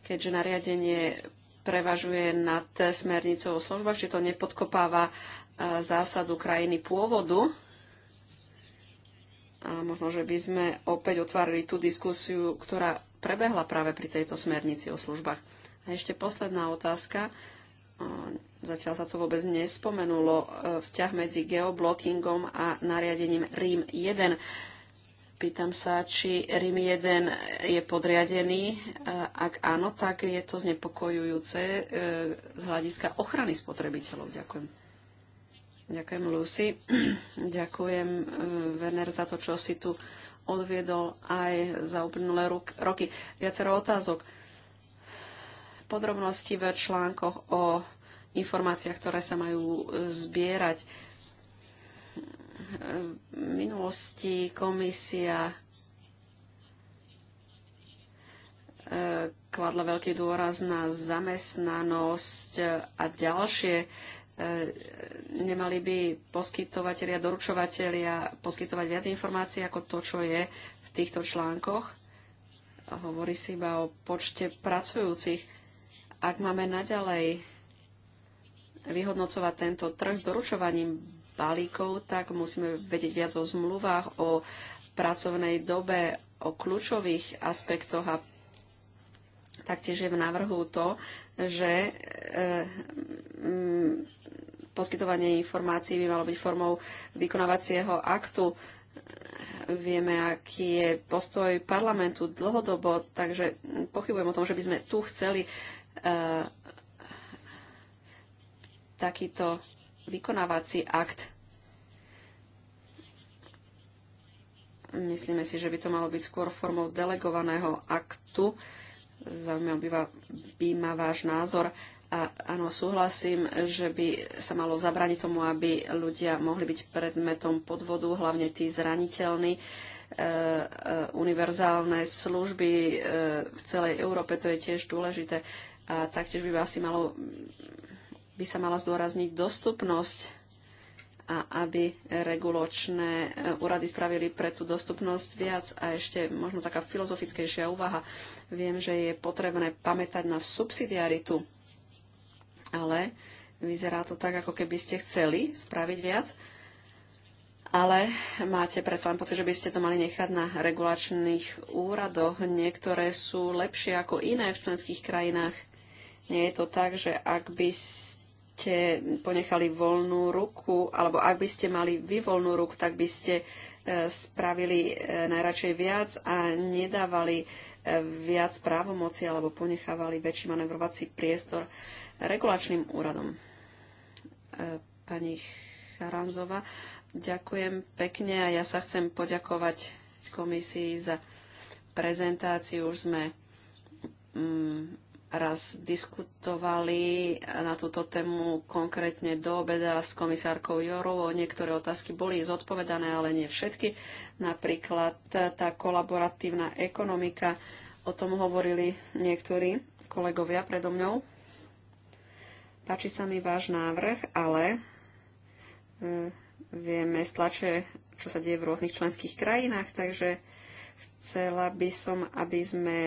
Keďže nariadenie prevažuje nad smernicou o službách, či to nepodkopáva e, zásadu krajiny pôvodu. A možno, že by sme opäť otvárili tú diskusiu, ktorá prebehla práve pri tejto smernici o službách. A ešte posledná otázka zatiaľ sa to vôbec nespomenulo, e, vzťah medzi geoblockingom a nariadením RIM 1. Pýtam sa, či RIM 1 je podriadený. E, ak áno, tak je to znepokojujúce e, z hľadiska ochrany spotrebiteľov. Ďakujem. Ďakujem, Lucy. Ďakujem, Werner, za to, čo si tu odviedol aj za uplynulé roky. Viacero otázok podrobnosti v článkoch o informáciách, ktoré sa majú e, zbierať. V minulosti komisia e, kladla veľký dôraz na zamestnanosť a ďalšie. E, nemali by poskytovateľia, doručovateľia poskytovať viac informácií ako to, čo je v týchto článkoch. Hovorí si iba o počte pracujúcich ak máme naďalej vyhodnocovať tento trh s doručovaním balíkov, tak musíme vedieť viac o zmluvách, o pracovnej dobe, o kľúčových aspektoch a taktiež je v návrhu to, že e, mm, poskytovanie informácií by malo byť formou vykonávacieho aktu. Vieme, aký je postoj parlamentu dlhodobo, takže pochybujem o tom, že by sme tu chceli E, takýto vykonávací akt. Myslíme si, že by to malo byť skôr formou delegovaného aktu. Zaujímavý by, ma váš názor. A áno, súhlasím, že by sa malo zabrániť tomu, aby ľudia mohli byť predmetom podvodu, hlavne tí zraniteľní. E, e, univerzálne služby e, v celej Európe, to je tiež dôležité. A taktiež by, asi malo, by sa mala zdôrazniť dostupnosť a aby regulačné e, úrady spravili pre tú dostupnosť viac. A ešte možno taká filozofickejšia úvaha. Viem, že je potrebné pamätať na subsidiaritu, ale vyzerá to tak, ako keby ste chceli spraviť viac, ale máte predsa len pocit, že by ste to mali nechať na regulačných úradoch. Niektoré sú lepšie ako iné v členských krajinách nie je to tak, že ak by ste ponechali voľnú ruku, alebo ak by ste mali vy voľnú ruku, tak by ste e, spravili e, najradšej viac a nedávali e, viac právomoci alebo ponechávali väčší manevrovací priestor regulačným úradom. Pani Charanzova, ďakujem pekne a ja sa chcem poďakovať komisii za prezentáciu. Už sme mm, raz diskutovali na túto tému konkrétne do obeda s komisárkou Jorovou. Niektoré otázky boli zodpovedané, ale nie všetky. Napríklad tá kolaboratívna ekonomika, o tom hovorili niektorí kolegovia predo mňou. Páči sa mi váš návrh, ale e, vieme stlače, tlače, čo sa deje v rôznych členských krajinách, takže chcela by som, aby sme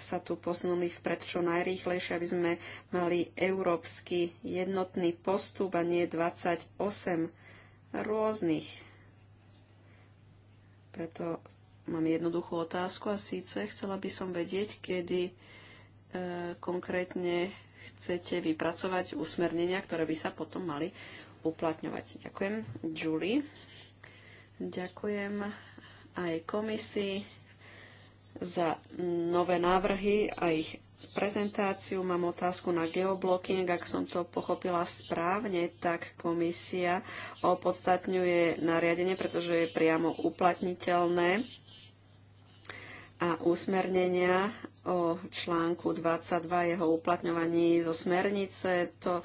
sa tu posunuli vpred čo najrýchlejšie, aby sme mali európsky jednotný postup a nie 28 rôznych. Preto mám jednoduchú otázku a síce chcela by som vedieť, kedy e, konkrétne chcete vypracovať usmernenia, ktoré by sa potom mali uplatňovať. Ďakujem, Julie. Ďakujem aj komisii za nové návrhy a ich prezentáciu. Mám otázku na geoblocking. Ak som to pochopila správne, tak komisia opodstatňuje nariadenie, pretože je priamo uplatniteľné a usmernenia o článku 22 jeho uplatňovaní zo smernice. To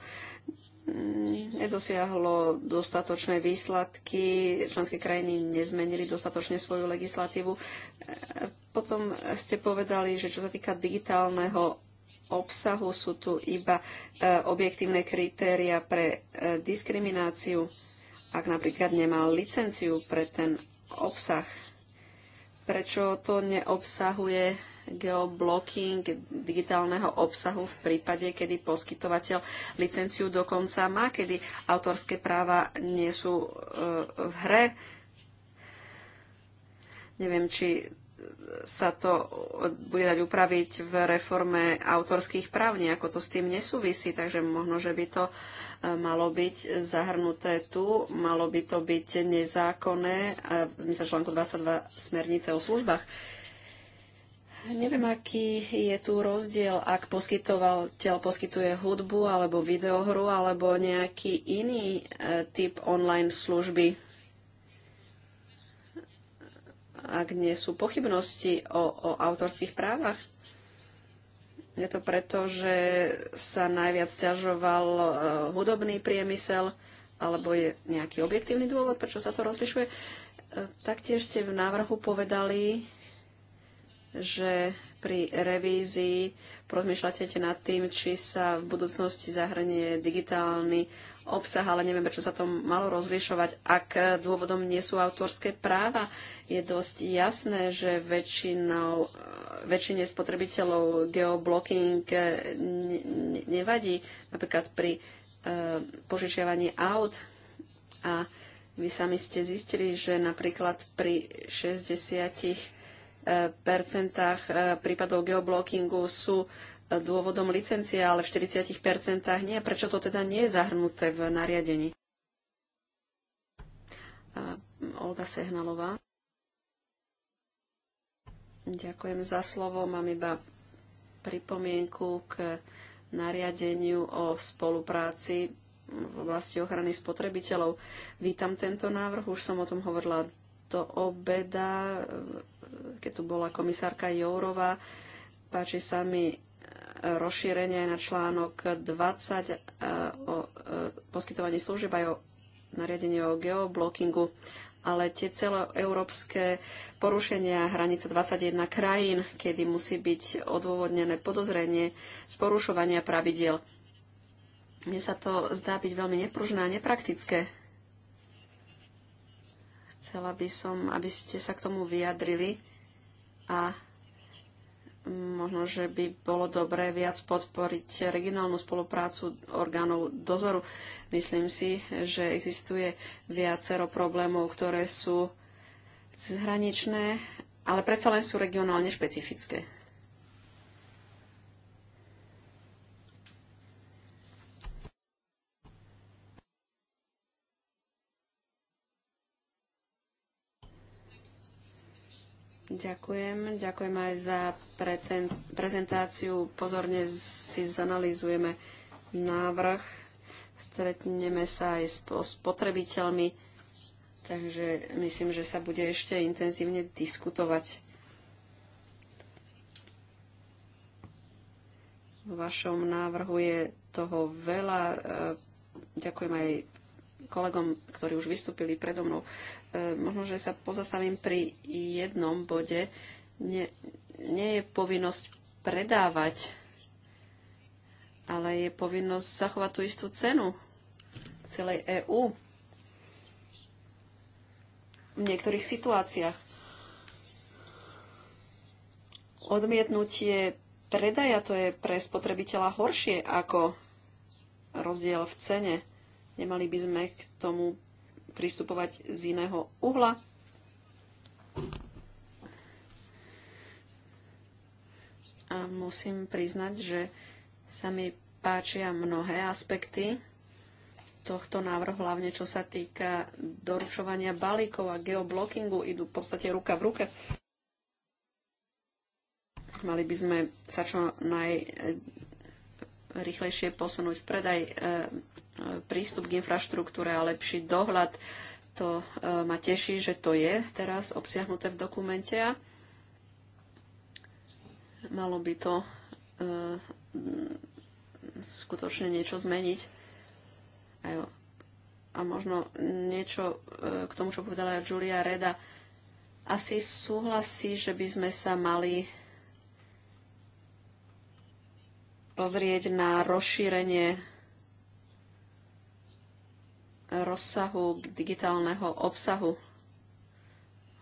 Mm, nedosiahlo dostatočné výsledky, členské krajiny nezmenili dostatočne svoju legislatívu. E, potom ste povedali, že čo sa týka digitálneho obsahu, sú tu iba e, objektívne kritéria pre e, diskrimináciu, ak napríklad nemal licenciu pre ten obsah. Prečo to neobsahuje geoblocking digitálneho obsahu v prípade, kedy poskytovateľ licenciu dokonca má, kedy autorské práva nie sú e, v hre. Neviem, či sa to bude dať upraviť v reforme autorských práv, nejako to s tým nesúvisí, takže možno, že by to e, malo byť zahrnuté tu, malo by to byť nezákonné e, v zmysle článku 22 smernice o službách. Neviem, aký je tu rozdiel, ak poskytovateľ poskytuje hudbu alebo videohru alebo nejaký iný e, typ online služby. Ak nie sú pochybnosti o, o autorských právach, je to preto, že sa najviac ťažoval e, hudobný priemysel, alebo je nejaký objektívny dôvod, prečo sa to rozlišuje. E, taktiež ste v návrhu povedali, že pri revízii rozmýšľate nad tým, či sa v budúcnosti zahrnie digitálny obsah, ale neviem, prečo sa to malo rozlišovať, ak dôvodom nie sú autorské práva. Je dosť jasné, že väčšinou, e, väčšine spotrebiteľov geoblocking e, nevadí, napríklad pri e, požičiavaní aut a vy sami ste zistili, že napríklad pri 60 E, prípadov geoblockingu sú e, dôvodom licencie, ale v 40 nie. Prečo to teda nie je zahrnuté v nariadení? Olga Sehnalová. Ďakujem za slovo. Mám iba pripomienku k nariadeniu o spolupráci v oblasti ochrany spotrebiteľov. Vítam tento návrh, už som o tom hovorila do obeda keď tu bola komisárka Jourova. Páči sa mi e, rozšírenie aj na článok 20 e, o e, poskytovaní služieb aj o nariadenie o geoblockingu, ale tie celoeurópske porušenia hranice 21 krajín, kedy musí byť odôvodnené podozrenie z porušovania pravidiel. Mne sa to zdá byť veľmi nepružné a nepraktické. Chcela by som, aby ste sa k tomu vyjadrili a možno, že by bolo dobré viac podporiť regionálnu spoluprácu orgánov dozoru. Myslím si, že existuje viacero problémov, ktoré sú zhraničné, ale predsa len sú regionálne špecifické. Ďakujem. Ďakujem aj za prezentáciu. Pozorne si zanalizujeme návrh. Stretneme sa aj s spotrebiteľmi. Takže myslím, že sa bude ešte intenzívne diskutovať. V vašom návrhu je toho veľa. E, ďakujem aj kolegom, ktorí už vystúpili predo mnou. E, možno, že sa pozastavím pri jednom bode. Nie, nie je povinnosť predávať, ale je povinnosť zachovať tú istú cenu celej EÚ v niektorých situáciách. Odmietnutie predaja to je pre spotrebiteľa horšie ako rozdiel v cene Nemali by sme k tomu pristupovať z iného uhla. A musím priznať, že sa mi páčia mnohé aspekty tohto návrhu, hlavne čo sa týka doručovania balíkov a geoblockingu, idú v podstate ruka v ruke. Mali by sme sa čo naj rýchlejšie posunúť v predaj e, e, prístup k infraštruktúre a lepší dohľad. To e, ma teší, že to je teraz obsiahnuté v dokumente. Malo by to skutočne niečo zmeniť. A možno niečo k tomu, čo povedala Julia Reda. Asi súhlasí, že by sme sa mali pozrieť na rozšírenie rozsahu digitálneho obsahu.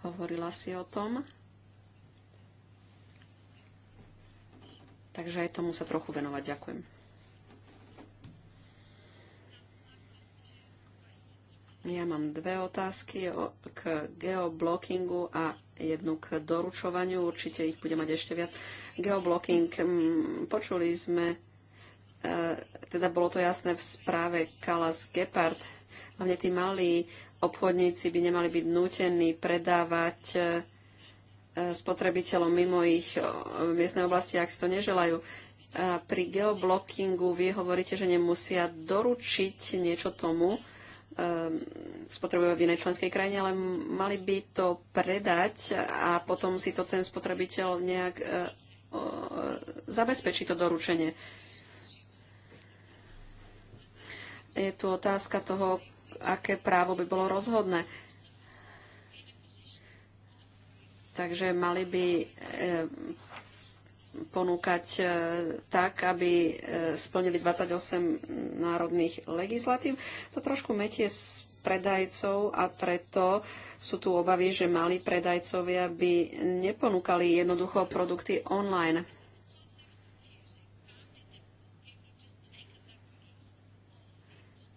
Hovorila si o tom. Takže aj tomu sa trochu venovať. Ďakujem. Ja mám dve otázky k geoblockingu a jednu k doručovaniu. Určite ich bude mať ešte viac. Geoblocking, mm, počuli sme, e, teda bolo to jasné v správe Kalas Gepard, hlavne tí malí obchodníci by nemali byť nútení predávať e, spotrebiteľom mimo ich e, miestnej oblasti, ak si to neželajú. A pri geoblockingu vy hovoríte, že nemusia doručiť niečo tomu, spotrebujú v inej členskej krajine, ale mali by to predať a potom si to ten spotrebiteľ nejak E, zabezpečí to doručenie. Je tu otázka toho, aké právo by bolo rozhodné. Takže mali by e, ponúkať e, tak, aby splnili 28 národných legislatív. To trošku metie s predajcov a preto sú tu obavy, že malí predajcovia by neponúkali jednoducho produkty online.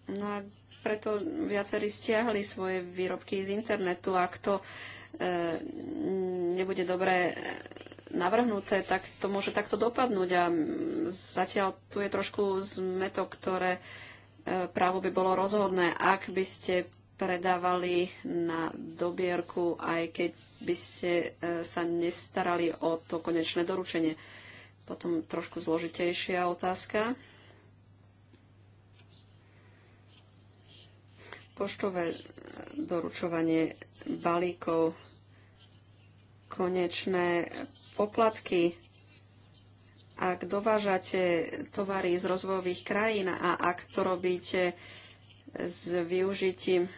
No a preto viacerí stiahli svoje výrobky z internetu. Ak to e, nebude dobre e, navrhnuté, tak to môže takto dopadnúť. A zatiaľ tu je trošku zmeto, ktoré e, právo by bolo rozhodné, ak by ste predávali na dobierku, aj keď by ste e, sa nestarali o to konečné doručenie. Potom trošku zložitejšia otázka. Poštové e, doručovanie balíkov, konečné poplatky ak dovážate tovary z rozvojových krajín a ak to robíte s využitím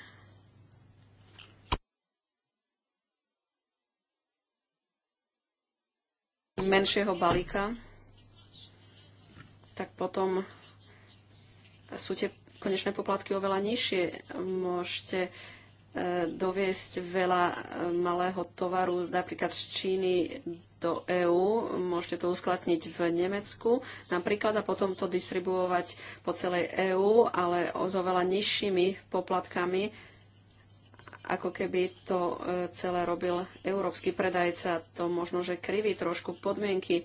menšieho balíka, tak potom sú tie konečné poplatky oveľa nižšie. Môžete e, doviesť veľa e, malého tovaru napríklad z Číny do EÚ, môžete to uskladniť v Nemecku napríklad a potom to distribuovať po celej EÚ, ale s oveľa nižšími poplatkami, ako keby to e, celé robil európsky predajca. To možno, že kriví trošku podmienky.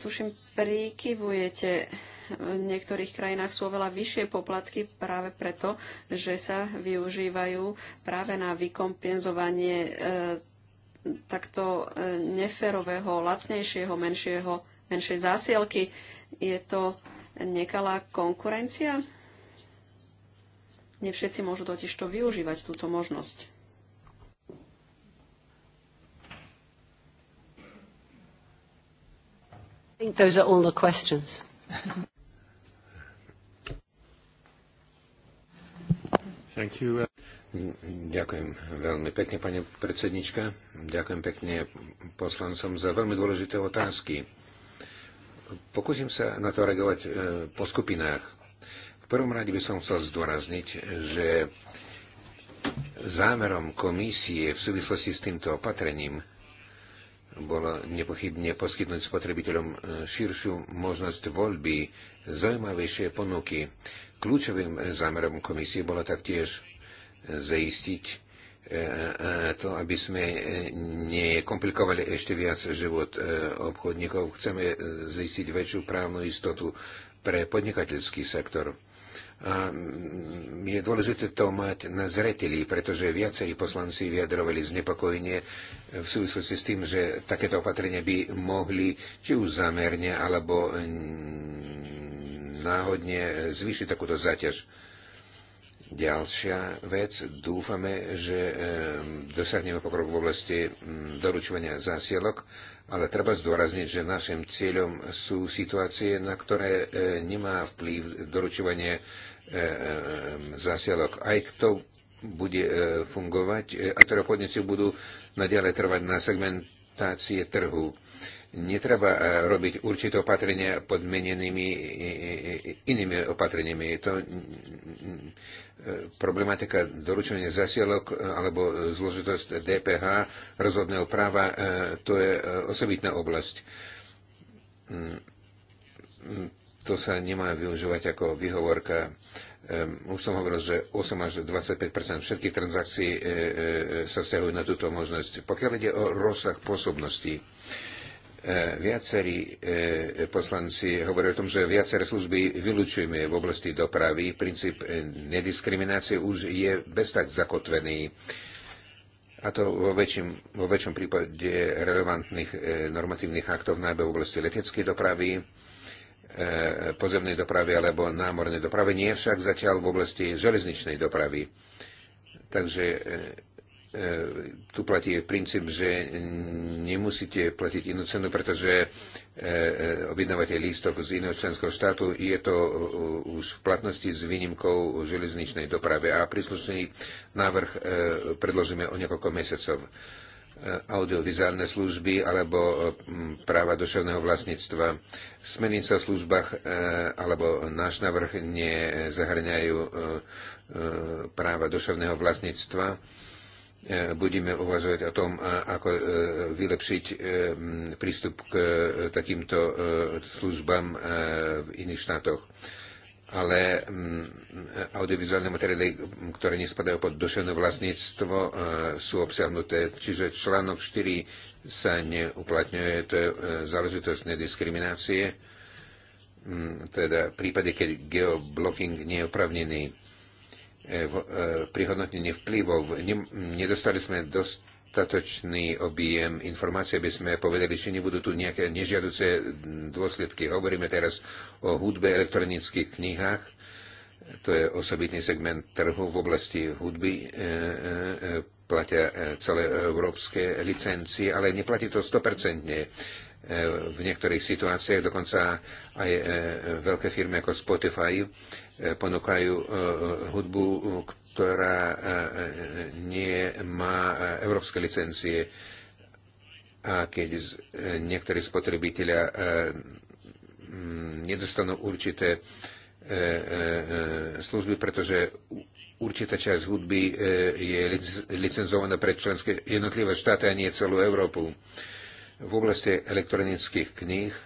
Tuším, prikyvujete. E, v niektorých krajinách sú oveľa vyššie poplatky práve preto, že sa využívajú práve na vykompenzovanie e, takto e, neférového, lacnejšieho, menšieho, menšej zásielky. Je to nekalá konkurencia? Nevšetci môžu totiž to využívať túto možnosť. I think those are all the questions. Thank you. Ďakujem veľmi pekne, pani predsednička. Ďakujem pekne poslancom za veľmi dôležité otázky. Pokúsim sa na to reagovať e, po skupinách. V prvom rade by som chcel zdôrazniť, že zámerom komisie v súvislosti s týmto opatrením bolo nepochybne poskytnúť spotrebiteľom e, širšiu možnosť voľby, zaujímavejšie ponuky. Kľúčovým zámerom komisie bolo taktiež zaistiť e, e, to, aby sme e, nekomplikovali ešte viac život obchodníkov. Chceme zistiť väčšiu právnu istotu pre podnikateľský sektor. A je dôležité to mať na zreteli, pretože viacerí poslanci vyjadrovali znepokojenie v súvislosti s tým, že takéto opatrenia by mohli či už zamerne alebo náhodne zvýšiť takúto zaťaž. Ďalšia vec, dúfame, že ehm, dosiahneme pokrok v oblasti mm, doručovania zásielok, ale treba zdôrazniť, že našim cieľom sú situácie, na ktoré e, nemá vplyv doručovanie e, e, zásielok. Aj kto bude fungovať a ktoré podnici budú naďalej trvať na segmentácie trhu. Netreba robiť určité opatrenia podmenenými inými opatreniami. To problematika doručenia zasielok e, alebo zložitosť DPH, rozhodného práva, e, to je e, osobitná oblasť. Mm, mm, to sa nemá využívať ako vyhovorka. Ehm, už som hovoril, že 8 až 25 všetkých transakcií sa vzťahujú na túto možnosť. Pokiaľ ide o rozsah pôsobnosti, E, viacerí e, poslanci hovoria o tom, že viaceré služby vylučujeme v oblasti dopravy. Princíp e, nediskriminácie už je bez tak zakotvený. A to vo väčšom, vo väčšom prípade relevantných normatívnych aktov najmä v oblasti leteckej dopravy, pozemnej dopravy alebo námornej dopravy, nie však zatiaľ v oblasti železničnej dopravy. Takže E, tu platí princíp, že nemusíte platiť inú cenu, pretože e, e, objednávate lístok z iného členského štátu. Je to už v platnosti s výnimkou železničnej doprave a príslušný návrh predložíme o niekoľko mesiacov audiovizuálne služby alebo práva duševného vlastníctva. Smernica v službách alebo náš návrh nezahrňajú práva duševného vlastníctva E, budeme uvažovať o tom, ako e, vylepšiť e, prístup k takýmto službám v iných štátoch. Ale audiovizuálne materiály, ktoré nespadajú pod duševné vlastníctvo, sú obsiahnuté. Čiže článok 4 sa neuplatňuje, to je záležitosť nediskriminácie, teda v prípade, keď geoblocking nie je opravnený E, e, pri hodnotení vplyvov. Nedostali sme dostatočný objem informácie, aby sme povedali, či nebudú tu nejaké nežiaduce dôsledky. Hovoríme teraz o hudbe, elektronických knihách. To je osobitný segment trhu v oblasti hudby. E, platia celé európske licencie, ale neplatí to 100% v niektorých situáciách, dokonca aj e, veľké firmy ako Spotify e, ponúkajú e, hudbu, ktorá nie má európske licencie. A keď niektorí spotrebitelia nedostanú určité služby, pretože určitá časť hudby je licenzovaná pre členské jednotlivé štáty a nie celú Európu v oblasti elektronických kníh e,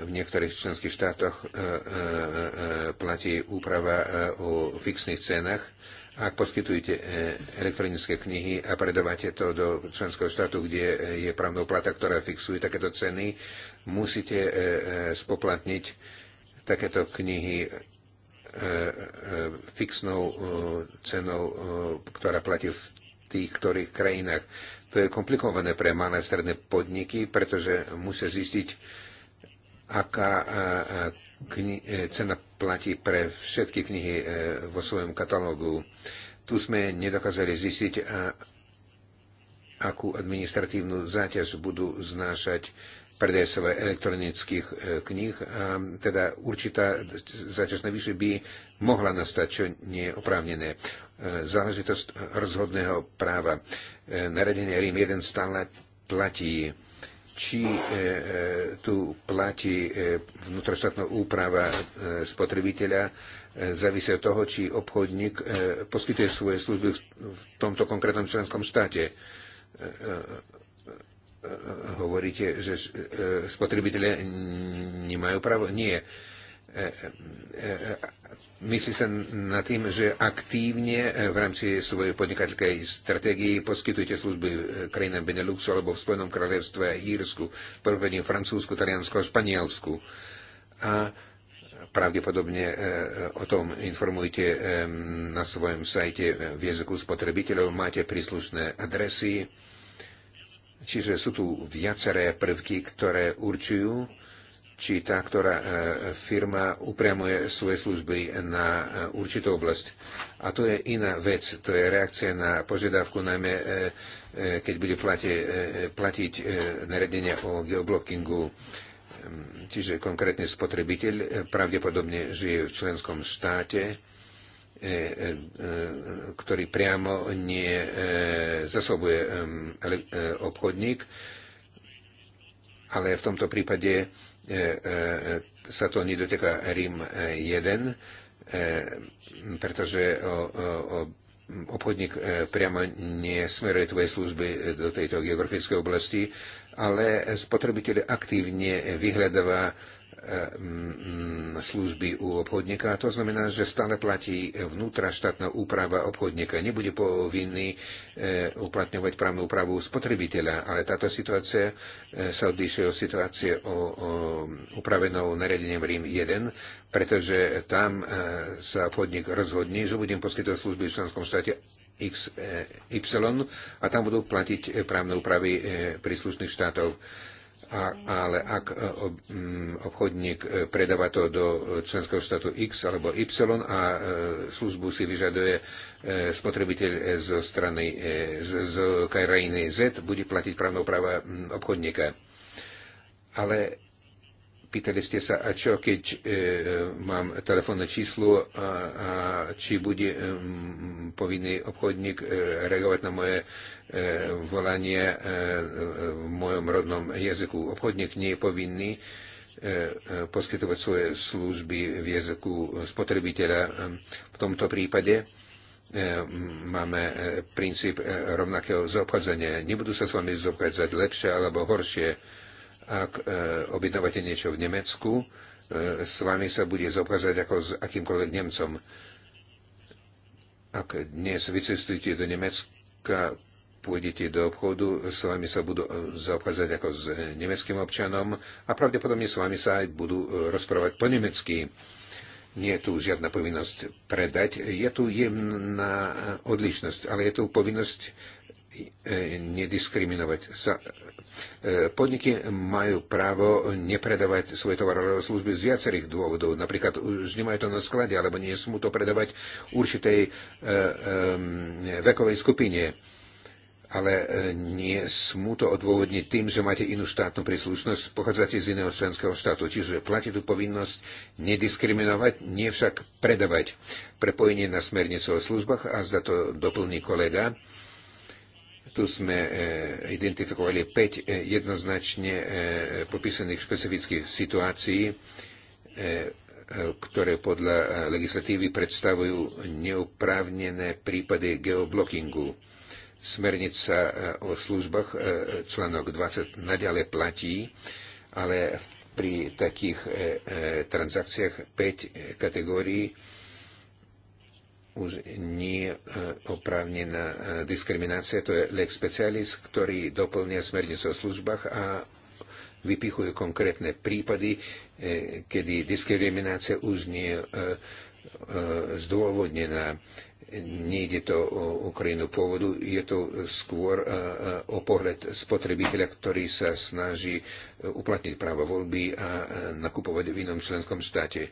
v niektorých členských štátoch e, e, platí úprava o fixných cenách. Ak poskytujete elektronické knihy a predávate to do členského štátu, kde je právna plata, ktorá fixuje takéto ceny, musíte spoplatniť takéto knihy fixnou cenou, ktorá platí v tých ktorých krajinách. To je komplikované pre malé a stredné podniky, pretože musia zistiť, aká eh, eh, cena platí pre všetky knihy eh, vo svojom katalógu. Tu sme nedokázali zistiť, akú administratívnu záťaž budú znášať predajcové elektronických kníh. A teda určitá záťaž najvyššie by mohla nastať, čo nie je oprávnené. E, záležitosť rozhodného práva. E, naredenie Rím 1 stále platí či e, tu platí vnútroštátna úprava spotrebiteľa, závisí od toho, či obchodník poskytuje svoje služby v, tomto konkrétnom členskom štáte. hovoríte, že spotrebiteľe spotrebitelia nemajú právo? Nie myslí sa na tým, že aktívne eh, v rámci svojej podnikateľkej stratégie poskytujete služby eh, krajinám Beneluxu alebo v Spojenom kráľovstve a Írsku, prvene Francúzsku, Taliansku a Španielsku. A pravdepodobne eh, o tom informujte na svojom sajte v jazyku spotrebiteľov, máte príslušné adresy, čiže sú tu viaceré prvky, ktoré určujú, či tá, ktorá e, firma upriamuje svoje služby na e, určitú oblasť. A to je iná vec, to je reakcia na požiadavku, najmä e, keď bude plati, platiť naredenia o geoblockingu. Čiže konkrétne spotrebiteľ pravdepodobne žije v členskom štáte, ktorý priamo nie zasobuje obchodník, ale v tomto prípade E, e, sa to nedoteká Rím 1, e, pretože obchodník priamo nesmeruje tvoje služby do tejto geografickej oblasti, ale spotrebiteľ aktívne vyhľadáva Eh, mm, služby u obchodníka. A to znamená, že stále platí vnútra štátna úprava obchodníka. Nebude povinný eh, uplatňovať právnu úpravu spotrebiteľa, ale táto situácia eh, sa odlišuje od situácie o, o upravenou nariadením Rím 1, pretože tam sa obchodník rozhodne, že budem poskytovať služby v členskom štáte XY a tam budú platiť právne úpravy príslušných štátov. A, ale ak e, ob, mm, obchodník e, predáva to do e, členského štátu X alebo Y a službu si vyžaduje spotrebiteľ zo strany z, z krajiny Z, bude platiť právnou práva mm, obchodníka. Ale Pýtali ste sa, a čo keď e, e, mám telefónne číslo a, a či bude e, povinný obchodník e, reagovať na moje e, volanie e, e, v mojom rodnom jazyku. Obchodník nie je povinný e, e poskytovať svoje služby v jazyku spotrebiteľa. V tomto prípade máme princíp rovnakého zaobchádzania. Nebudú sa s vami zaobchádzať lepšie alebo horšie ak e, objednávate niečo v Nemecku, e, s vami sa bude zobrazať ako s akýmkoľvek Nemcom. Ak dnes vycestujete do Nemecka, pôjdete do obchodu, s vami sa budú e, zaobchádzať ako s nemeckým občanom a pravdepodobne s vami sa aj budú rozprávať po nemecky. Nie je tu žiadna povinnosť predať, je tu jemná odlišnosť, ale je tu povinnosť nediskriminovať sa E, podniky majú právo nepredávať svoje tovarové alebo služby z viacerých dôvodov. Napríklad už nemajú to na sklade, alebo nie smú to predávať určitej e, vekovej skupine ale e, nie smú to odôvodniť tým, že máte inú štátnu príslušnosť, pochádzate z iného členského štátu. Čiže platí tú povinnosť nediskriminovať, nie však predávať. Prepojenie na smernicu o službách a za to doplní kolega. Tu sme e, identifikovali 5 e, jednoznačne e, popísaných špecifických situácií, ktoré podľa legislatívy predstavujú neoprávnené prípady geoblockingu. Smernica o službách článok 20 naďalej platí, ale pri takých transakciách 5 kategórií už nie je oprávnená e, diskriminácia, to je lex specialis, ktorý doplňa smernicu o službách a vypichuje konkrétne prípady, e, kedy diskriminácia už nie je e, zdôvodnená. Nejde to o Ukrajinu pôvodu, je to skôr o pohľad spotrebiteľa, ktorý sa snaží uplatniť právo voľby a nakupovať v inom členskom štáte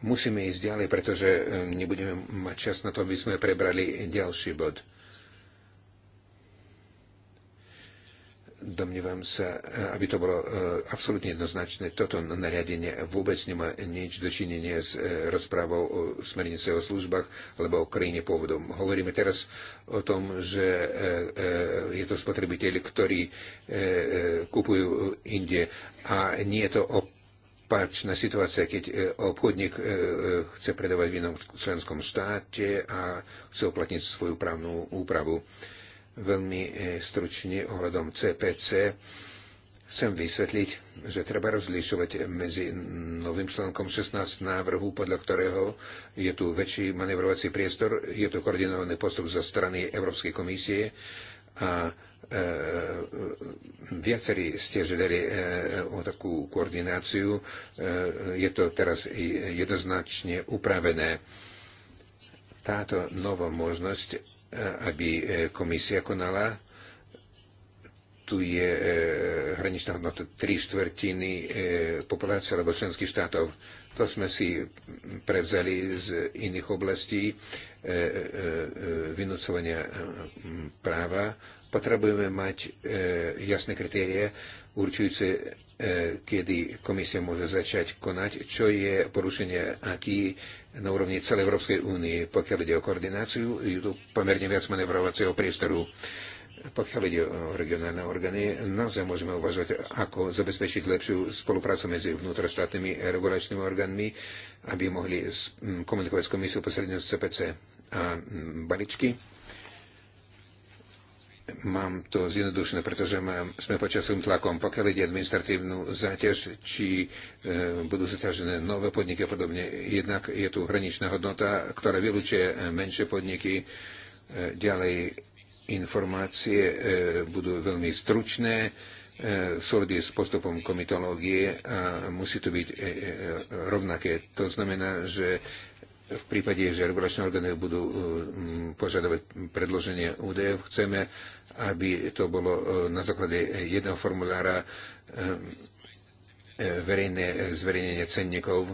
Musíme ísť ďalej, pretože nebudeme mať čas na to, aby sme prebrali ďalší bod. Domnievam sa, e, aby to bolo e, absolútne jednoznačné, toto nariadenie vôbec nemá nič dočinenia s e, rozprávou o smernice o službách alebo o krajine pôvodom. Hovoríme teraz o tom, že je to spotrebiteľ, ktorý kupujú inde a nie je to o páčna situácia, keď e, obchodník e, e, chce predávať v v členskom štáte a chce uplatniť svoju právnu úpravu. Veľmi stručne ohľadom CPC chcem vysvetliť, že treba rozlišovať medzi novým článkom 16 návrhu, podľa ktorého je tu väčší manevrovací priestor, je to koordinovaný postup zo strany Európskej komisie a E, e, viacerí ste žiadali e, o takú koordináciu. Je to teraz jednoznačne upravené. Táto nová možnosť, aby komisia konala, tu je hraničná hodnota 3 štvrtiny populácie alebo členských štátov. To sme si prevzali z iných oblastí vynúcovania práva Potrebujeme mať e, jasné kritérie určujúce, e, kedy komisia môže začať konať, čo je porušenie aký na úrovni celej Európskej únie. Pokiaľ ide o koordináciu, je tu pomerne viac manevrovacieho priestoru pokiaľ ide o regionálne orgány, naozaj môžeme uvažovať, ako zabezpečiť lepšiu spoluprácu medzi vnútroštátnymi regulačnými orgánmi, aby mohli komunikovať s komisiou posredníctvom CPC a balíčky Mám to zjednodušené, pretože mám, sme pod časovým tlakom. Pokiaľ ide administratívnu záťaž, či e, budú zaťažené nové podniky a podobne, jednak je tu hraničná hodnota, ktorá vylúčuje e, menšie podniky. E, ďalej informácie e, budú veľmi stručné. E, v súlade s postupom komitológie a musí to byť e, e, rovnaké. To znamená, že v prípade, že regulačné orgány budú e, požadovať predloženie údajov, chceme, aby to bolo e, na základe jedného formulára e, verejné zverejnenie cenníkov.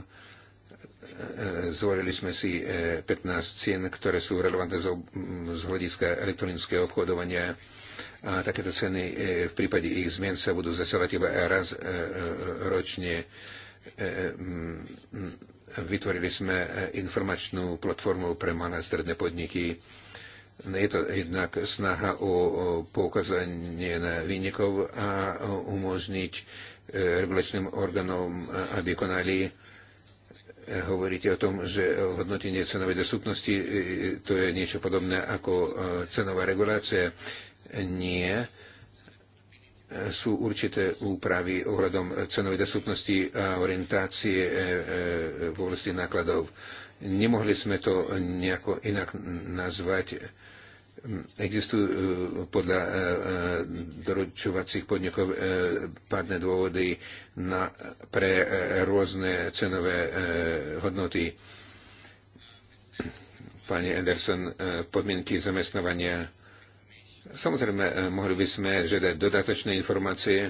Zvolili sme si 15 cien, ktoré sú relevantné z hľadiska elektronického obchodovania. A takéto ceny v prípade ich zmien sa budú zasielať iba raz ročne Vytvorili sme e, informačnú platformu pre malé stredné podniky. Je to jednak snaha o poukazanie na výnikov a umožniť e, regulačným orgánom, aby konali e, hovoríte o tom, že hodnotenie cenovej dostupnosti to je niečo podobné ako cenová regulácia. Nie sú určité úpravy ohľadom cenovej dostupnosti a orientácie e, e, v oblasti nákladov. Nemohli sme to nejako inak nazvať. Existujú e, podľa doručovacích podnikov pádne dôvody na, pre rôzne cenové hodnoty. Pani Anderson, podmienky zamestnovania Samozrejme, eh, mohli by sme žiadať dodatočné informácie,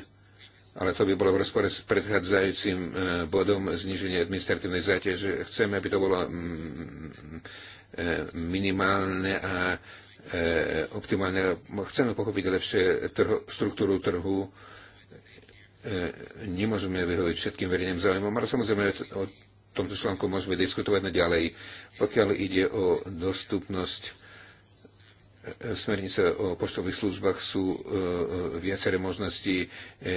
ale to by bolo v rozpore s predchádzajúcim eh, bodom zniženia administratívnej záťaže. Chceme, aby to bolo mm, eh, minimálne a optimálne. Chceme pochopiť lepšie štruktúru trhu. Nemôžeme vyhovieť všetkým verejným záujmom, ale samozrejme o tomto článku môžeme diskutovať naďalej. Pokiaľ ide o dostupnosť smernice o poštových službách sú e, e, viaceré možnosti, e,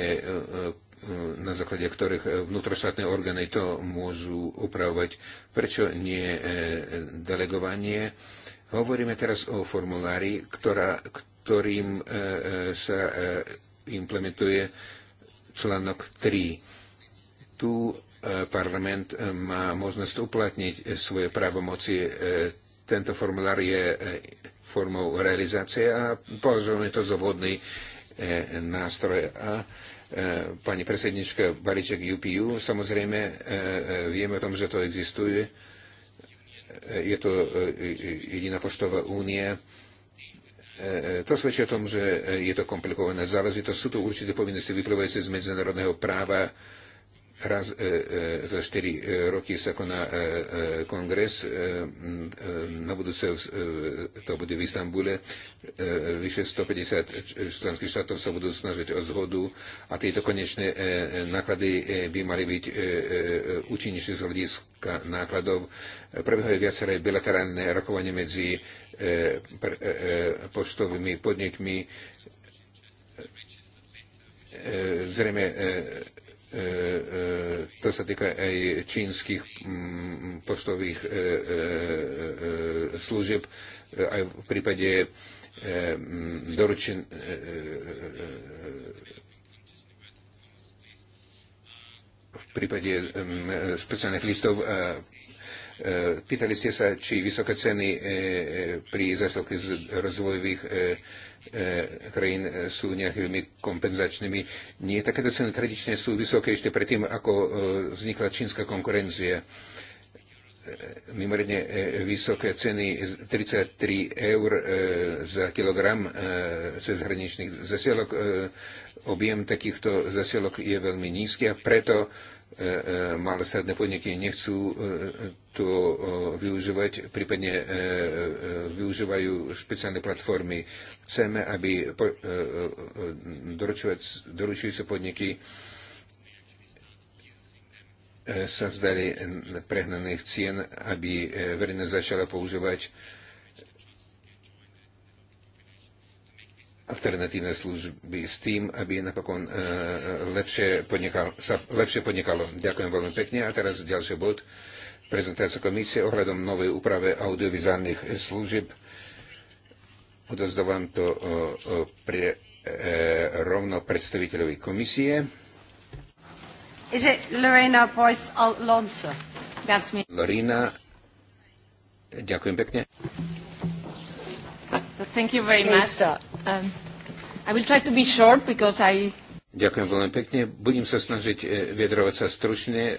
na základe ktorých vnútroštátne orgány to môžu upravovať. Prečo nie delegovanie? Hovoríme teraz o formulári, ktorá, ktorým sa implementuje článok 3. Tu parlament má možnosť uplatniť svoje právomoci tento formulár je e, formou realizácie a považujeme to za vhodný e, nástroj. A e, pani predsednička Bariček UPU, samozrejme vieme o tom, že to existuje. Je to jediná poštová únia. To svedčí o tom, že je to komplikované, záležitosť. Sú tu určité povinnosti vyplývajúce z medzinárodného práva raz e, e, za 4 e, roky sa koná kongres, na budúce to bude v Istambule, vyše 150 členských štátov sa budú snažiť o zhodu a tieto konečné náklady by mali byť účinnejšie z hľadiska nákladov. Prebiehajú viaceré bilaterálne rokovanie medzi poštovými podnikmi, zrejme E, e, to sa týka aj čínskych mm, poštových e, služieb, aj v prípade mm, doručen v prípade mm, speciálnych listov Pýtali ste sa, či vysoké ceny pri zásilke z rozvojových Eh, krajín eh, sú nejakými kompenzačnými. Nie, takéto ceny tradične sú vysoké ešte predtým, ako eh, vznikla čínska konkurencia mimoriadne vysoké ceny 33 eur za kilogram cezhraničných zasielok. Objem takýchto zasielok je veľmi nízky a preto E, e, malé stredné podniky nechcú e, to využívať, prípadne využívajú špeciálne platformy. Chceme, aby doručujúce podniky sa vzdali prehnaných cien, aby verejnosť začala používať alternatívne služby s tým, aby napokon e, e, lepšie, podnikal, sa lepšie podnikalo. Ďakujem veľmi pekne. A teraz ďalší bod. Prezentácia komisie ohľadom novej úprave audiovizuálnych služieb. Odozdávam to o, e, o, e, pre, e, rovno predstaviteľovi komisie. Is it Lorena Boyce Alonso? That's me. Lorena, ďakujem pekne. Thank you very much. Um, I will try to be short because I Ďakujem veľmi pekne. Budem sa snažiť e, vyjadrovať sa stručne.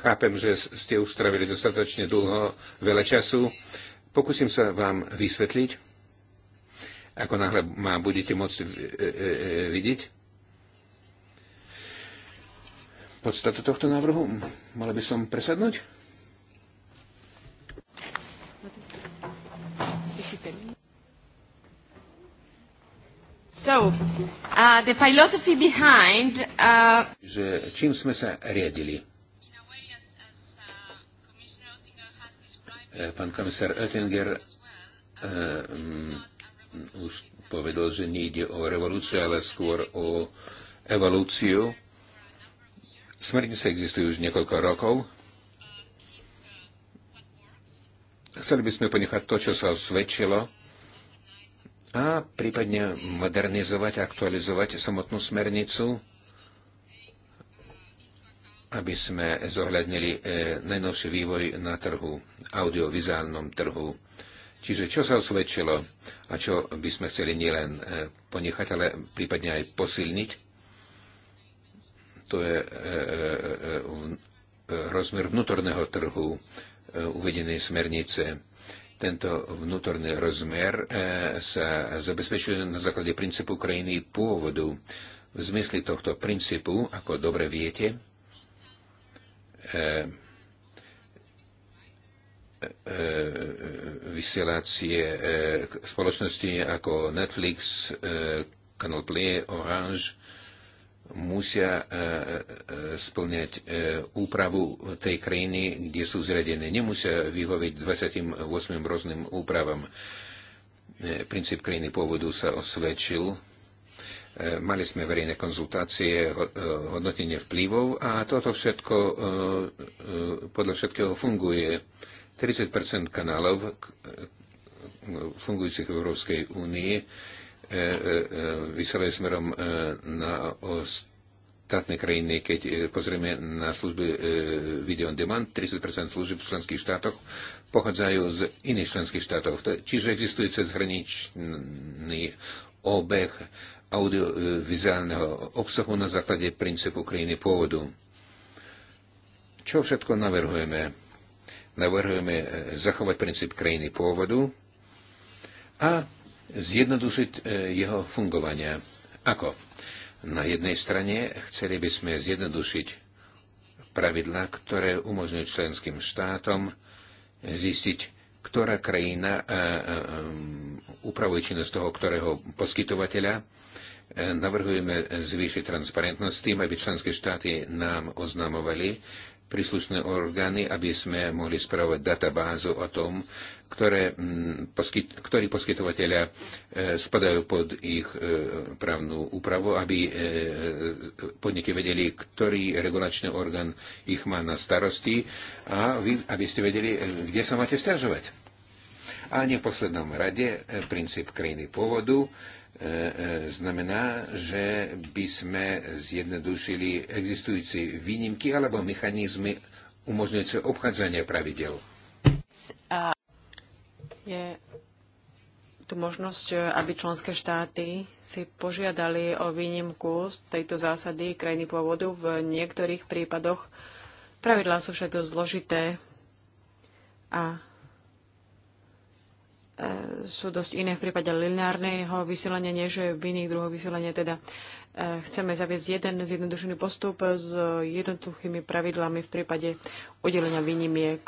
Chápem, že ste už stravili dostatočne dlho, veľa času. Pokúsim sa vám vysvetliť, ako náhle ma budete môcť e, e, vidieť. Podstatu tohto návrhu mali by som presadnúť? So, uh, the philosophy behind, uh, že čím sme sa riadili? Eh, pán komisár Oettinger uh, um, už povedal, že nejde o revolúciu, ale skôr o evolúciu. Smernice existujú už niekoľko rokov. Chceli by sme ponechať to, čo sa osvedčilo a prípadne modernizovať, aktualizovať samotnú smernicu, aby sme zohľadnili e, najnovší vývoj na trhu, audiovizuálnom trhu. Čiže čo sa osvedčilo a čo by sme chceli nielen e, ponechať, ale prípadne aj posilniť, to je e, rozmer vnútorného trhu uvedenej smernice tento vnútorný rozmer e, sa zabezpečuje na základe princípu krajiny pôvodu. V zmysle tohto princípu, ako dobre viete, e, e, vysielacie spoločnosti ako Netflix, Canal Play, Orange musia e, e, e, splňať úpravu tej krajiny, kde sú zredené. Nemusia vyhoviť 28 rôznym úpravam. Princíp krajiny pôvodu sa osvedčil. Mali sme verejné konzultácie, hodnotenie vplyvov a toto všetko podľa všetkého funguje. 30 kanálov fungujúcich v Európskej únie E, e, e, vysielajú smerom na ostatné krajiny. Keď pozrieme na služby video on demand, 30% služieb v členských štátoch pochádzajú z iných členských štátov. Čiže existuje cezhraničný obeh audiovizuálneho obsahu na základe princípu krajiny pôvodu. Čo všetko navrhujeme? Navrhujeme zachovať princíp krajiny pôvodu a zjednodušiť e, jeho fungovanie. Ako? Na jednej strane chceli by sme zjednodušiť pravidla, ktoré umožňujú členským štátom zistiť, ktorá krajina e, e, upravuje činnosť toho, ktorého poskytovateľa. Navrhujeme zvýšiť transparentnosť tým, aby členské štáty nám oznamovali, príslušné orgány, aby sme mohli spravovať databázu o tom, ktoré, mm, poskyt, ktorí poskytovateľia e, spadajú pod ich e, právnu úpravu, aby e, podniky vedeli, ktorý regulačný orgán ich má na starosti a vy, aby ste vedeli, kde sa máte stiažovať. A nie v poslednom rade princíp krajiny pôvodu E, e, znamená, že by sme zjednodušili existujúce výnimky alebo mechanizmy umožňujúce obchádzanie pravidel. Je tu možnosť, aby členské štáty si požiadali o výnimku z tejto zásady krajiny pôvodu. V niektorých prípadoch pravidlá sú však dosť zložité a E, sú dosť iné v prípade lineárneho vysielania než v iných druhoch vysielania. Teda e, chceme zaviesť jeden zjednodušený postup s jednoduchými pravidlami v prípade udelenia výnimiek.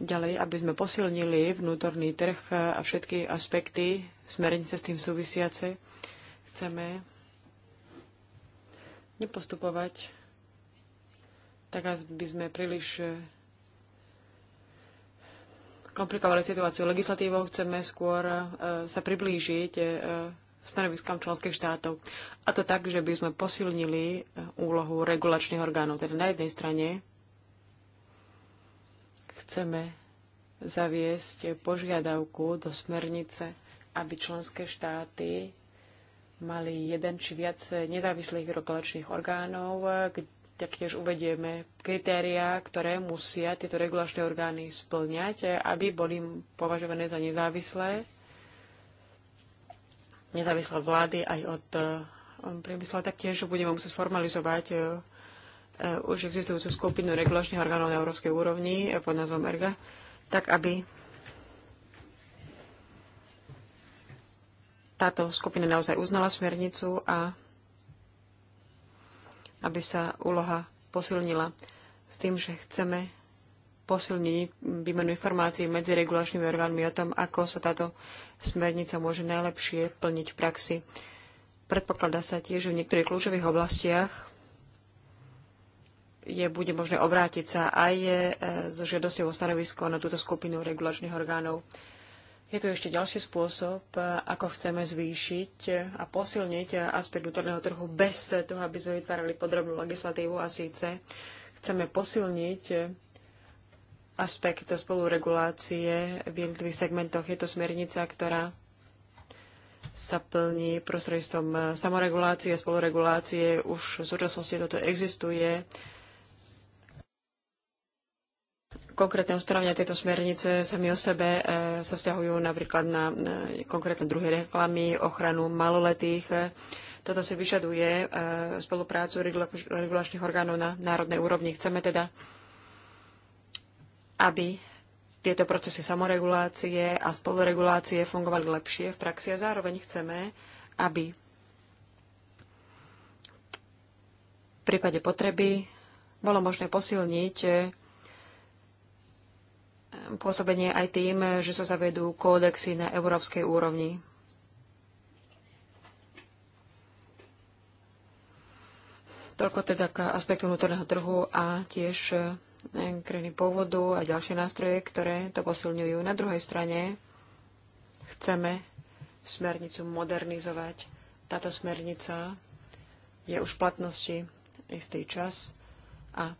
Ďalej, aby sme posilnili vnútorný trh a všetky aspekty smernice s tým súvisiace, chceme nepostupovať tak, aby sme príliš komplikovali situáciu legislatívou, chceme skôr e, sa priblížiť e, stanoviskám členských štátov. A to tak, že by sme posilnili e, úlohu regulačných orgánov. Teda na jednej strane chceme zaviesť požiadavku do smernice, aby členské štáty mali jeden či viac nezávislých regulačných orgánov, taktiež uvedieme kritériá, ktoré musia tieto regulačné orgány splňať, aby boli považované za nezávislé, nezávislé vlády aj od eh, priemysla. Taktiež budeme musieť formalizovať eh, eh, už existujúcu skupinu regulačných orgánov na európskej úrovni pod názvom ERGA, tak aby táto skupina naozaj uznala smernicu a aby sa úloha posilnila s tým, že chceme posilniť výmenu informácií medzi regulačnými orgánmi o tom, ako sa táto smernica môže najlepšie plniť v praxi. Predpokladá sa tiež, že v niektorých kľúčových oblastiach je, bude možné obrátiť sa aj e, so žiadosťou o stanovisko na túto skupinu regulačných orgánov. Je tu ešte ďalší spôsob, e, ako chceme zvýšiť a posilniť aspekt vnútorného trhu bez toho, aby sme vytvárali podrobnú legislatívu a síce chceme posilniť aspekt spoluregulácie v jednotlivých segmentoch. Je to smernica, ktorá sa plní prostredstvom samoregulácie, spoluregulácie. Už v súčasnosti toto existuje konkrétne ustanovenia tejto smernice sami o sebe e, sa vzťahujú napríklad na e, konkrétne druhy reklamy, ochranu maloletých. E, toto si vyžaduje spoluprácu regulačných orgánov na národnej úrovni. Chceme teda, aby tieto procesy samoregulácie a spoluregulácie fungovali lepšie v praxi a zároveň chceme, aby v prípade potreby bolo možné posilniť pôsobenie aj tým, že sa zavedú kódexy na európskej úrovni. Toľko teda k aspektu vnútorného trhu a tiež e, krajiny pôvodu a ďalšie nástroje, ktoré to posilňujú. Na druhej strane chceme smernicu modernizovať. Táto smernica je už v platnosti istý čas a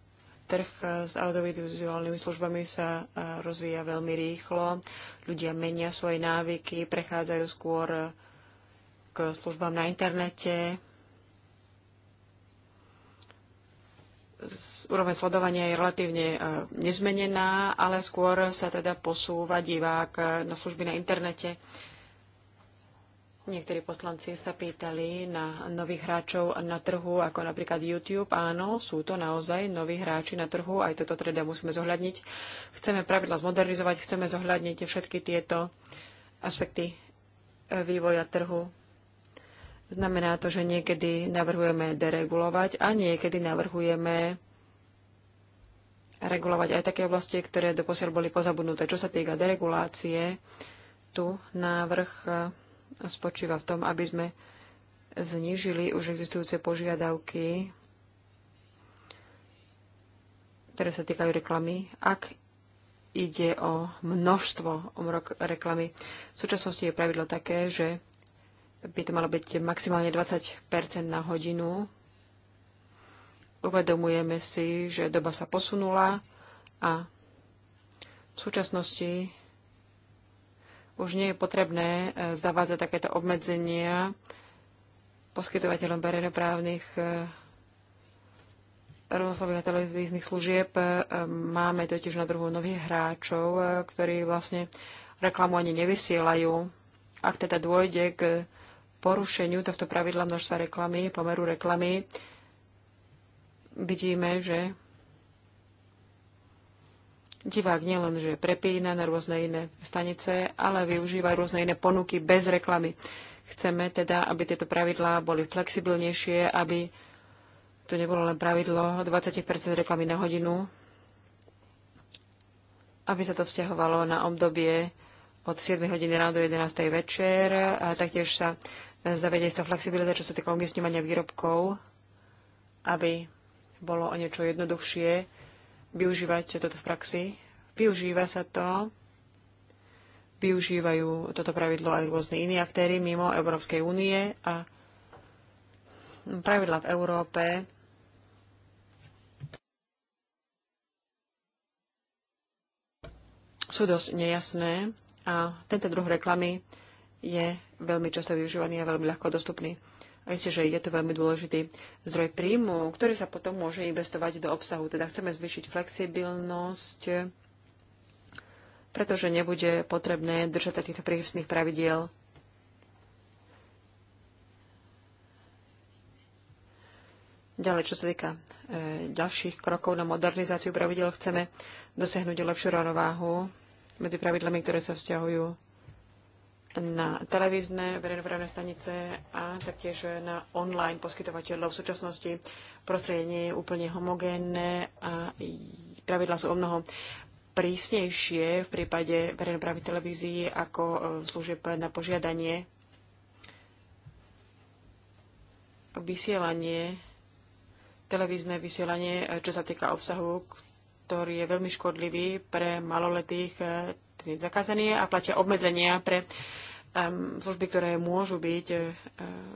Trh s audiovizuálnymi službami sa e, rozvíja veľmi rýchlo. Ľudia menia svoje návyky, prechádzajú skôr k službám na internete. Úroveň sledovania je relatívne e, nezmenená, ale skôr sa teda posúva divák e, na služby na internete. Niektorí poslanci sa pýtali na nových hráčov na trhu, ako napríklad YouTube. Áno, sú to naozaj noví hráči na trhu, aj toto teda musíme zohľadniť. Chceme pravidla zmodernizovať, chceme zohľadniť všetky tieto aspekty e, vývoja trhu. Znamená to, že niekedy navrhujeme deregulovať a niekedy navrhujeme regulovať aj také oblasti, ktoré doposiaľ boli pozabudnuté. Čo sa týka deregulácie, tu návrh spočíva v tom, aby sme znížili už existujúce požiadavky, ktoré sa týkajú reklamy, ak ide o množstvo reklamy. V súčasnosti je pravidlo také, že by to malo byť maximálne 20 na hodinu. Uvedomujeme si, že doba sa posunula a v súčasnosti už nie je potrebné e, zavádzať takéto obmedzenia poskytovateľom verejnoprávnych e, rozhlasových a televíznych služieb. E, máme totiž na druhú nových hráčov, ktorí vlastne reklamu ani nevysielajú. Ak teda dôjde k porušeniu tohto pravidla množstva reklamy, pomeru reklamy, vidíme, že divák nielen, že prepína na rôzne iné stanice, ale využíva rôzne iné ponuky bez reklamy. Chceme teda, aby tieto pravidlá boli flexibilnejšie, aby to nebolo len pravidlo 20% reklamy na hodinu, aby sa to vzťahovalo na obdobie od 7 hodiny ráno do 11. večer. A taktiež sa zavedie istá flexibilita, čo sa týka umiestňovania výrobkov, aby bolo o niečo jednoduchšie využívať toto v praxi. Využíva sa to, využívajú toto pravidlo aj rôzne iní aktéry mimo Európskej únie a pravidla v Európe sú dosť nejasné a tento druh reklamy je veľmi často využívaný a veľmi ľahko dostupný. A myslím, že je to veľmi dôležitý zdroj príjmu, ktorý sa potom môže investovať do obsahu. Teda chceme zvýšiť flexibilnosť, pretože nebude potrebné držať takýchto týchto prísnych pravidiel. Ďalej, čo sa týka e, ďalších krokov na modernizáciu pravidel, chceme dosiahnuť lepšiu rovnováhu medzi pravidlami, ktoré sa vzťahujú na televízne verejnoprávne stanice a taktiež na online poskytovateľov. V súčasnosti prostredie nie je úplne homogénne a pravidla sú o mnoho prísnejšie v prípade verejnoprávnych televízií ako e, služieb na požiadanie. Vysielanie, televízne vysielanie, e, čo sa týka obsahu, ktorý je veľmi škodlivý pre maloletých e, je zakázané a platia obmedzenia pre um, služby, ktoré môžu byť uh,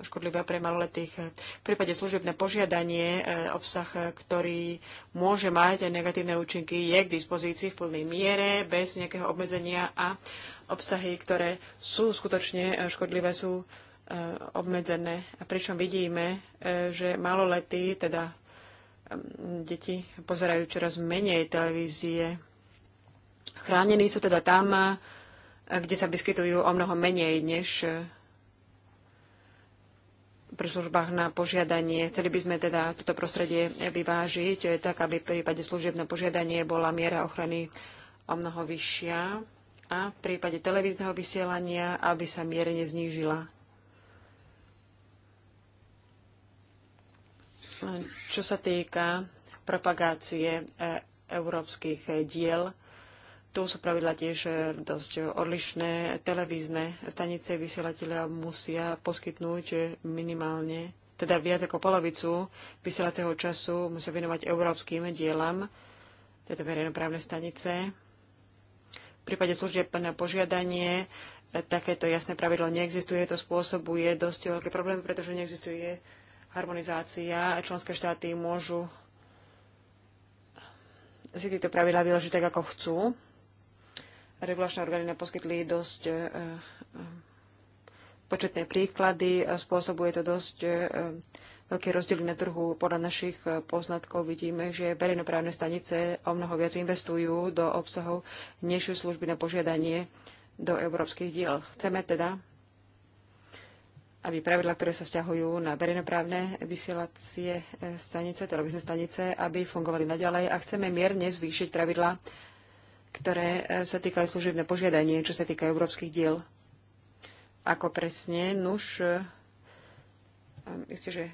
škodlivé pre maloletých. V prípade služieb na požiadanie uh, obsah, ktorý môže mať negatívne účinky, je k dispozícii v plnej miere, bez nejakého obmedzenia a obsahy, ktoré sú skutočne uh, škodlivé, sú obmedzené. A pričom vidíme, že maloletí, teda um, deti pozerajú čoraz menej televízie. Chránení sú teda tam, eh, kde sa vyskytujú o mnoho menej než eh, pri službách na požiadanie. Chceli by sme teda toto prostredie vyvážiť eh, tak, aby v prípade služieb na požiadanie bola miera ochrany o mnoho vyššia a v prípade televízneho vysielania, aby sa mierne znížila. Čo sa týka propagácie európskych diel, tu sú pravidla tiež e, dosť odlišné. Televízne stanice vysielateľa musia poskytnúť e, minimálne, teda viac ako polovicu vysielacieho času musia venovať európskym dielam, teda verejnoprávne stanice. V prípade služieb na požiadanie e, takéto jasné pravidlo neexistuje. To spôsobuje dosť veľké problémy, pretože neexistuje harmonizácia. a Členské štáty môžu si tieto pravidlá vyložiť tak, ako chcú regulačné orgány nám poskytli dosť eh, eh, početné príklady a spôsobuje to dosť eh, veľké rozdiely na trhu. Podľa našich poznatkov vidíme, že verejnoprávne stanice o mnoho viac investujú do obsahov, než služby na požiadanie do európskych diel. Chceme teda, aby pravidla, ktoré sa vzťahujú na verejnoprávne vysielacie stanice, televízne stanice, aby fungovali naďalej a chceme mierne zvýšiť pravidla ktoré e, sa týkajú služebné požiadanie, čo sa týka európskych diel. Ako presne? Nuž, myslím, e, e, že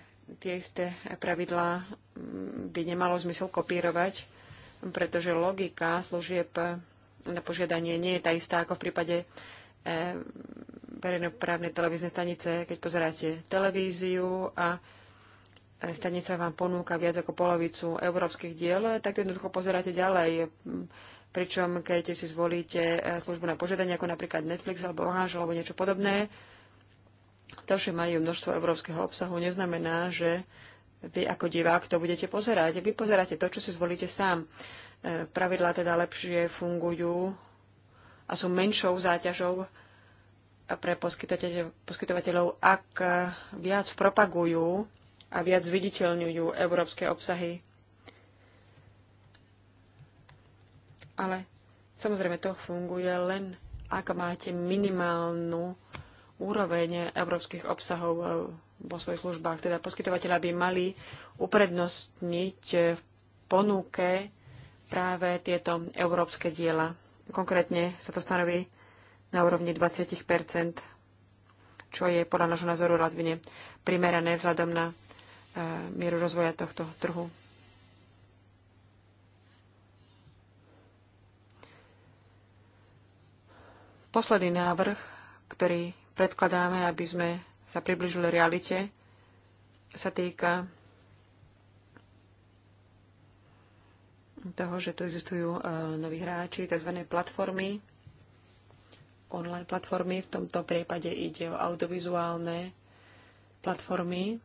tie isté pravidlá mm, by nemalo zmysel kopírovať, pretože logika služieb na požiadanie nie je tá istá ako v prípade verejnoprávnej televíznej stanice, keď pozeráte televíziu a stanica vám ponúka viac ako polovicu európskych diel, tak jednoducho pozeráte ďalej pričom keď si zvolíte eh, službu na požiadanie, ako napríklad Netflix alebo Orange alebo niečo podobné, to, že majú množstvo európskeho obsahu, neznamená, že vy ako divák to budete pozerať. Vy pozeráte to, čo si zvolíte sám. Eh, pravidlá teda lepšie fungujú a sú menšou záťažou pre poskytovateľov, ak eh, viac propagujú a viac viditeľňujú európske obsahy. ale samozrejme to funguje len ak máte minimálnu úroveň európskych obsahov eh, vo svojich službách. Teda poskytovateľa by mali uprednostniť eh, v ponuke práve tieto európske diela. Konkrétne sa to stanoví na úrovni 20 čo je podľa nášho názoru relatívne primerané vzhľadom na eh, mieru rozvoja tohto trhu. Posledný návrh, ktorý predkladáme, aby sme sa približili realite, sa týka toho, že tu existujú e, noví hráči, tzv. platformy, online platformy. V tomto prípade ide o audiovizuálne platformy,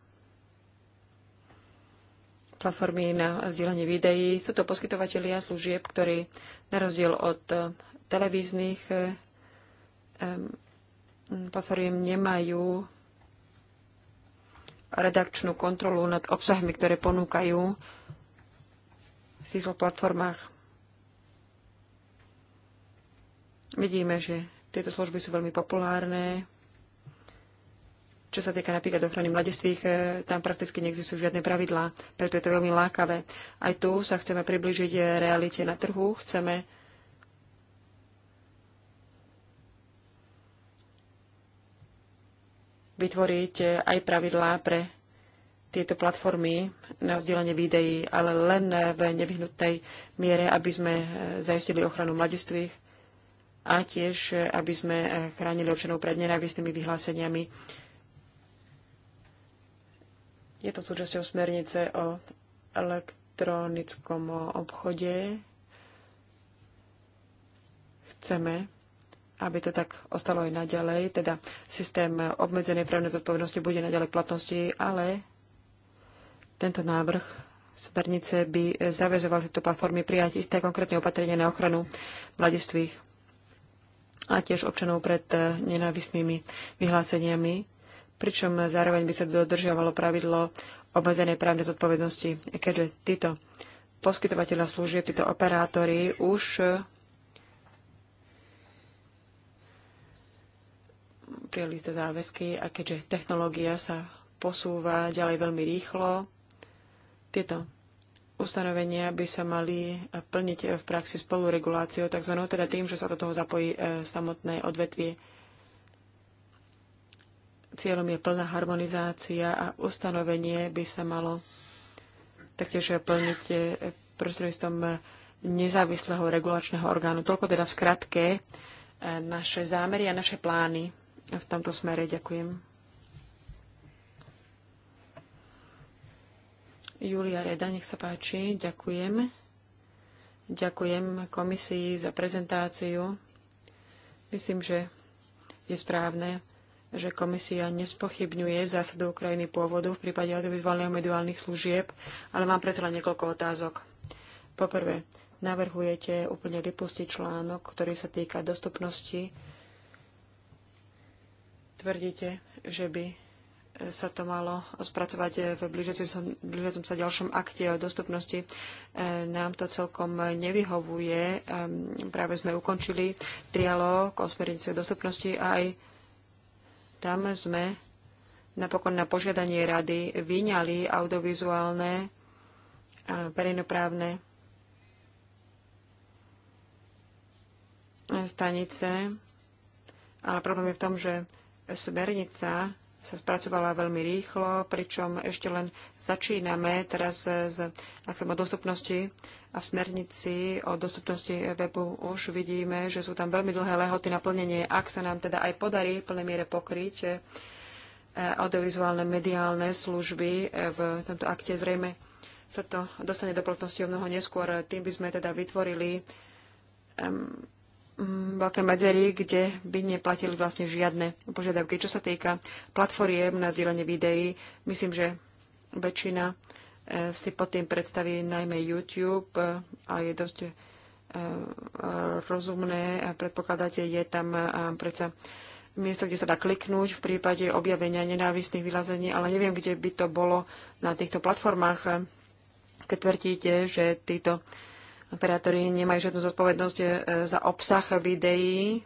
platformy na zdieľanie videí. Sú to poskytovateľia služieb, ktorí na rozdiel od e, televíznych e, pod nemajú redakčnú kontrolu nad obsahmi, ktoré ponúkajú v týchto platformách. Vidíme, že tieto služby sú veľmi populárne. Čo sa týka napríklad ochrany mladistvých, e, tam prakticky neexistujú žiadne pravidlá, preto je to veľmi lákavé. Aj tu sa chceme približiť realite na trhu, chceme vytvoriť aj pravidlá pre tieto platformy na vzdielanie videí, ale len v nevyhnutnej miere, aby sme zajistili ochranu mladistvých a tiež, aby sme chránili občanov pred nenávistnými vyhláseniami. Je to súčasťou smernice o elektronickom obchode. Chceme aby to tak ostalo aj naďalej. Teda systém obmedzenej právnej zodpovednosti bude naďalej platnosti, ale tento návrh smernice by zavezoval tieto platformy prijať isté konkrétne opatrenia na ochranu mladistvých a tiež občanov pred nenávisnými vyhláseniami, pričom zároveň by sa dodržiavalo pravidlo obmedzenej právnej zodpovednosti, keďže títo poskytovateľa služieb, títo operátori už prijali ste záväzky a keďže technológia sa posúva ďalej veľmi rýchlo, tieto ustanovenia by sa mali plniť v praxi spolureguláciou, tzv. teda tým, že sa do toho zapojí e, samotné odvetvie. Cieľom je plná harmonizácia a ustanovenie by sa malo taktiež plniť e, prostredníctvom nezávislého regulačného orgánu. Toľko teda v skratke e, naše zámery a naše plány v tomto smere. Ďakujem. Julia Reda, nech sa páči. Ďakujem. Ďakujem komisii za prezentáciu. Myslím, že je správne, že komisia nespochybňuje zásadu Ukrajiny pôvodu v prípade audiovizuálneho a mediálnych služieb, ale mám predsa niekoľko otázok. Poprvé, navrhujete úplne vypustiť článok, ktorý sa týka dostupnosti Tvrdíte, že by sa to malo spracovať v blížiacom sa ďalšom akte o dostupnosti. E, nám to celkom nevyhovuje. E, práve sme ukončili trialóg o smernici o dostupnosti a aj tam sme napokon na požiadanie rady vyňali audiovizuálne a verejnoprávne stanice. Ale problém je v tom, že Smernica sa spracovala veľmi rýchlo, pričom ešte len začíname teraz z aktom o dostupnosti a smernici o dostupnosti webu už vidíme, že sú tam veľmi dlhé lehoty na plnenie. Ak sa nám teda aj podarí v plnej miere pokryť eh, audiovizuálne mediálne služby eh, v tomto akte, zrejme sa to dostane do platnosti o mnoho neskôr. Tým by sme teda vytvorili um, Mm, veľké medzery, kde by neplatili vlastne žiadne požiadavky. Čo sa týka platformiem na zdieľanie videí, myslím, že väčšina e, si pod tým predstaví najmä YouTube e, a je dosť e, rozumné a predpokladáte, je tam predsa miesto, kde sa dá kliknúť v prípade objavenia nenávistných vylazení, ale neviem, kde by to bolo na týchto platformách, keď tvrdíte, že títo Operátori nemajú žiadnu zodpovednosť e, za obsah videí.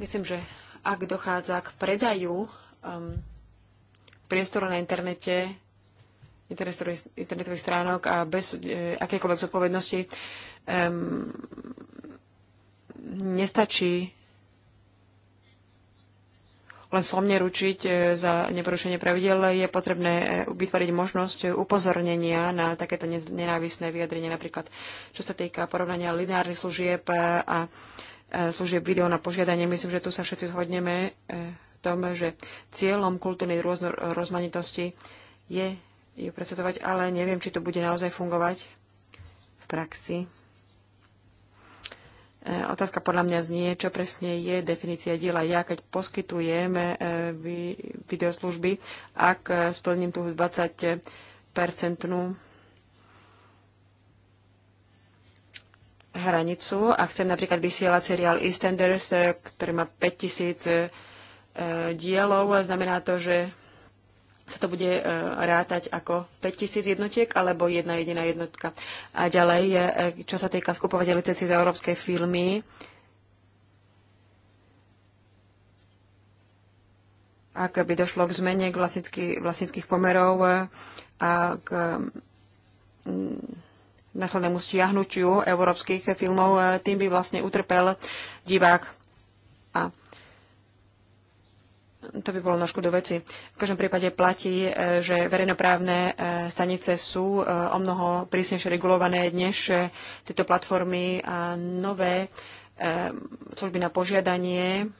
Myslím, že ak dochádza k predaju um, priestoru na internete, internetových, stránok a bez e, akékoľvek zodpovednosti, um, nestačí len slomne ručiť e, za neporušenie pravidel, je potrebné e, vytvoriť možnosť e, upozornenia na takéto nenávisné vyjadrenie, napríklad čo sa týka porovnania lineárnych služieb a služieb video na požiadanie. Myslím, že tu sa všetci zhodneme v tom, že cieľom kultúrnej rozmanitosti je ju predstavovať, ale neviem, či to bude naozaj fungovať v praxi. E, otázka podľa mňa znie, čo presne je definícia diela. Ja, keď poskytujem e, videoslužby, ak e, splním tú 20-percentnú hranicu a chcem napríklad vysielať seriál EastEnders, ktorý má 5000 dielov, znamená to, že sa to bude e, rátať ako 5000 jednotiek alebo jedna jediná jednotka. A ďalej, e, čo sa týka skupovania licencií za európske filmy, ak by došlo k zmene k vlastnický, vlastnických pomerov e, a k mm, následnému stiahnutiu európskych filmov, tým by vlastne utrpel divák. A to by bolo na škodu veci. V každom prípade platí, e, že verejnoprávne e, stanice sú e, o mnoho prísnejšie regulované než tieto platformy a nové služby na požiadanie.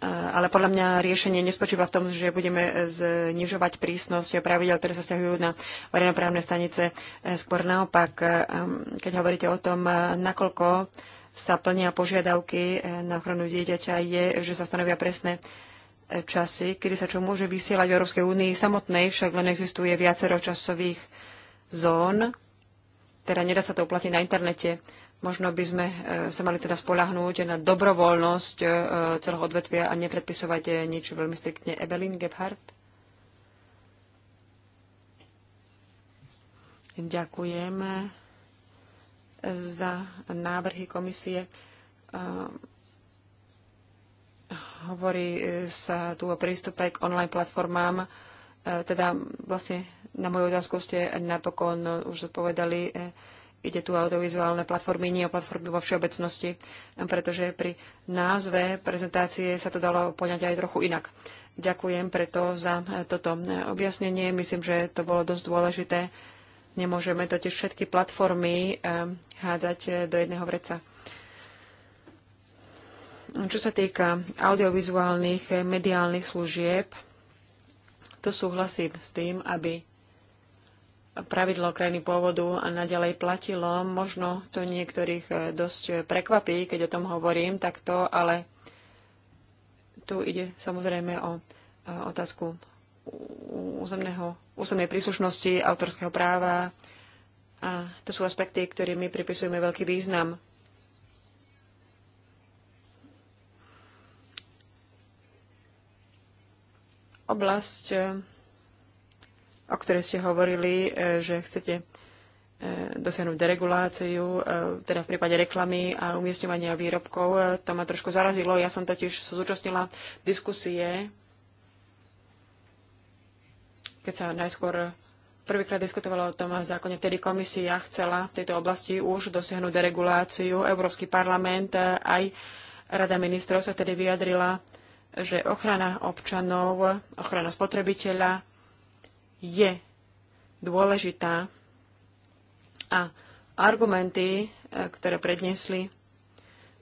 Ale podľa mňa riešenie nespočíva v tom, že budeme znižovať prísnosť pravidel, ktoré sa stiahujú na verejnoprávne stanice. Skôr naopak, keď hovoríte o tom, nakoľko sa plnia požiadavky eh, na ochranu dieťaťa, je, že sa stanovia presné eh, časy, kedy sa čo môže vysielať v Európskej únii samotnej, však len existuje viacero časových zón, teda nedá sa to uplatniť na internete. Možno by sme eh, sa mali teda spolahnúť na dobrovoľnosť celého odvetvia a nepredpisovať nič veľmi striktne. Evelyn Gebhardt? Ďakujem za návrhy komisie. Hovorí e, sa tu o prístupe k online platformám. E, teda vlastne na moju otázku ste napokon už odpovedali. E, ide tu o audiovizuálne platformy, nie o platformy vo všeobecnosti, pretože pri názve prezentácie sa to dalo poňať aj trochu inak. Ďakujem preto za toto objasnenie. Myslím, že to bolo dosť dôležité Nemôžeme totiž všetky platformy ehm, hádzať eh, do jedného vreca. Čo sa týka audiovizuálnych eh, mediálnych služieb, to súhlasím s tým, aby pravidlo krajiny pôvodu a naďalej platilo. Možno to niektorých eh, dosť prekvapí, keď o tom hovorím takto, ale tu ide samozrejme o otázku územného, územnej príslušnosti, autorského práva. A to sú aspekty, ktorým my pripisujeme veľký význam. Oblasť, eh, o ktorej ste hovorili, eh, že chcete eh, dosiahnuť dereguláciu, teda v prípade reklamy a umiestňovania výrobkov. To ma trošku zarazilo. Ja som totiž sa zúčastnila diskusie keď sa najskôr prvýkrát diskutovalo o tom zákone, vtedy komisia chcela v tejto oblasti už dosiahnuť dereguláciu. Európsky parlament aj Rada ministrov sa tedy vyjadrila, že ochrana občanov, ochrana spotrebiteľa je dôležitá a argumenty, e, ktoré predniesli,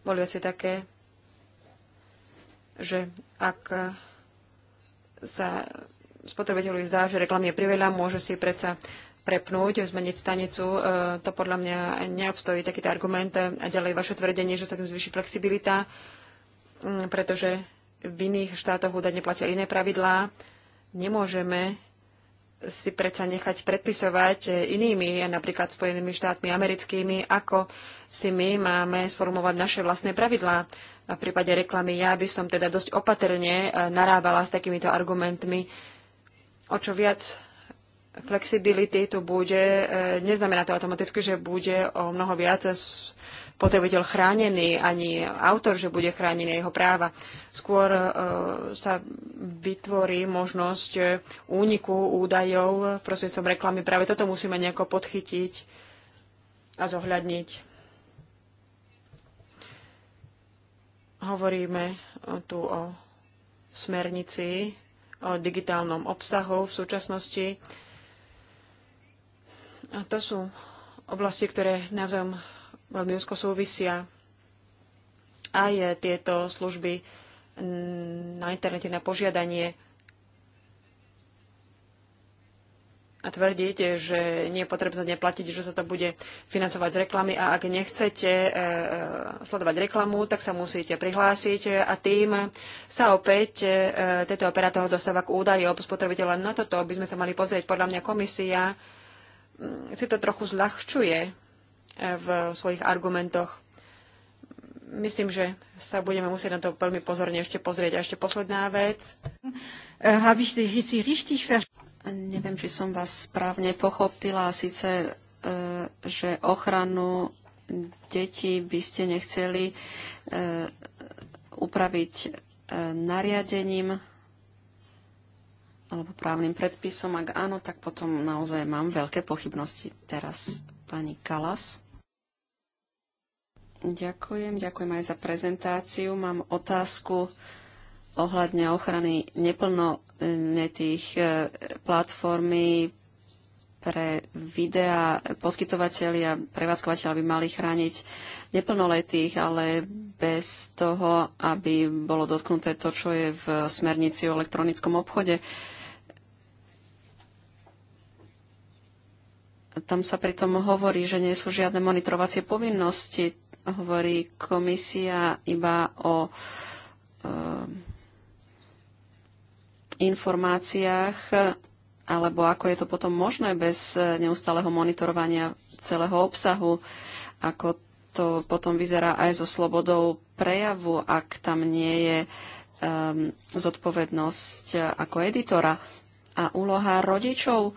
boli asi také, že ak sa spotrebiteľovi zdá, že reklam je priveľa, môže si predsa prepnúť, zmeniť stanicu. E, to podľa mňa neobstojí takýto argument. A ďalej vaše tvrdenie, že sa tým zvyši flexibilita, pretože v iných štátoch údajne platia iné pravidlá. Nemôžeme si predsa nechať predpisovať e, inými, napríklad Spojenými štátmi americkými, ako si my máme sformovať naše vlastné pravidlá. v prípade reklamy ja by som teda dosť opatrne e, narábala s takýmito argumentmi, o čo viac flexibility tu bude, e, neznamená to automaticky, že bude o mnoho viac spotrebiteľ chránený, ani autor, že bude chránený jeho práva. Skôr e, sa vytvorí možnosť e, úniku údajov prostredstvom reklamy. Práve toto musíme nejako podchytiť a zohľadniť. Hovoríme tu o smernici o digitálnom obsahu v súčasnosti. A to sú oblasti, ktoré navzájom veľmi úzko súvisia. Aj tieto služby na internete na požiadanie a tvrdiť, že nie je potrebné platiť, že sa to bude financovať z reklamy a ak nechcete e, e, sledovať reklamu, tak sa musíte prihlásiť a tým sa opäť e, tento operátor dostáva k údaju spotrebiteľa. Na no toto by sme sa mali pozrieť. Podľa mňa komisia mm, si to trochu zľahčuje e, v svojich argumentoch. Myslím, že sa budeme musieť na to veľmi pozorne ešte pozrieť. A ešte posledná vec. E, Habe ich richtig verstanden? Neviem, či som vás správne pochopila, síce, e, že ochranu detí by ste nechceli e, upraviť e, nariadením alebo právnym predpisom. Ak áno, tak potom naozaj mám veľké pochybnosti. Teraz pani Kalas. Ďakujem, ďakujem aj za prezentáciu. Mám otázku ohľadne ochrany neplno Eh, tých eh, platformy pre videá poskytovateľi a prevádzkovateľ by mali chrániť neplnoletých, ale bez toho, aby bolo dotknuté to, čo je v smernici o elektronickom obchode. Tam sa pritom hovorí, že nie sú žiadne monitorovacie povinnosti. Hovorí komisia iba o eh, informáciách, alebo ako je to potom možné bez neustáleho monitorovania celého obsahu, ako to potom vyzerá aj so slobodou prejavu, ak tam nie je um, zodpovednosť ako editora a úloha rodičov.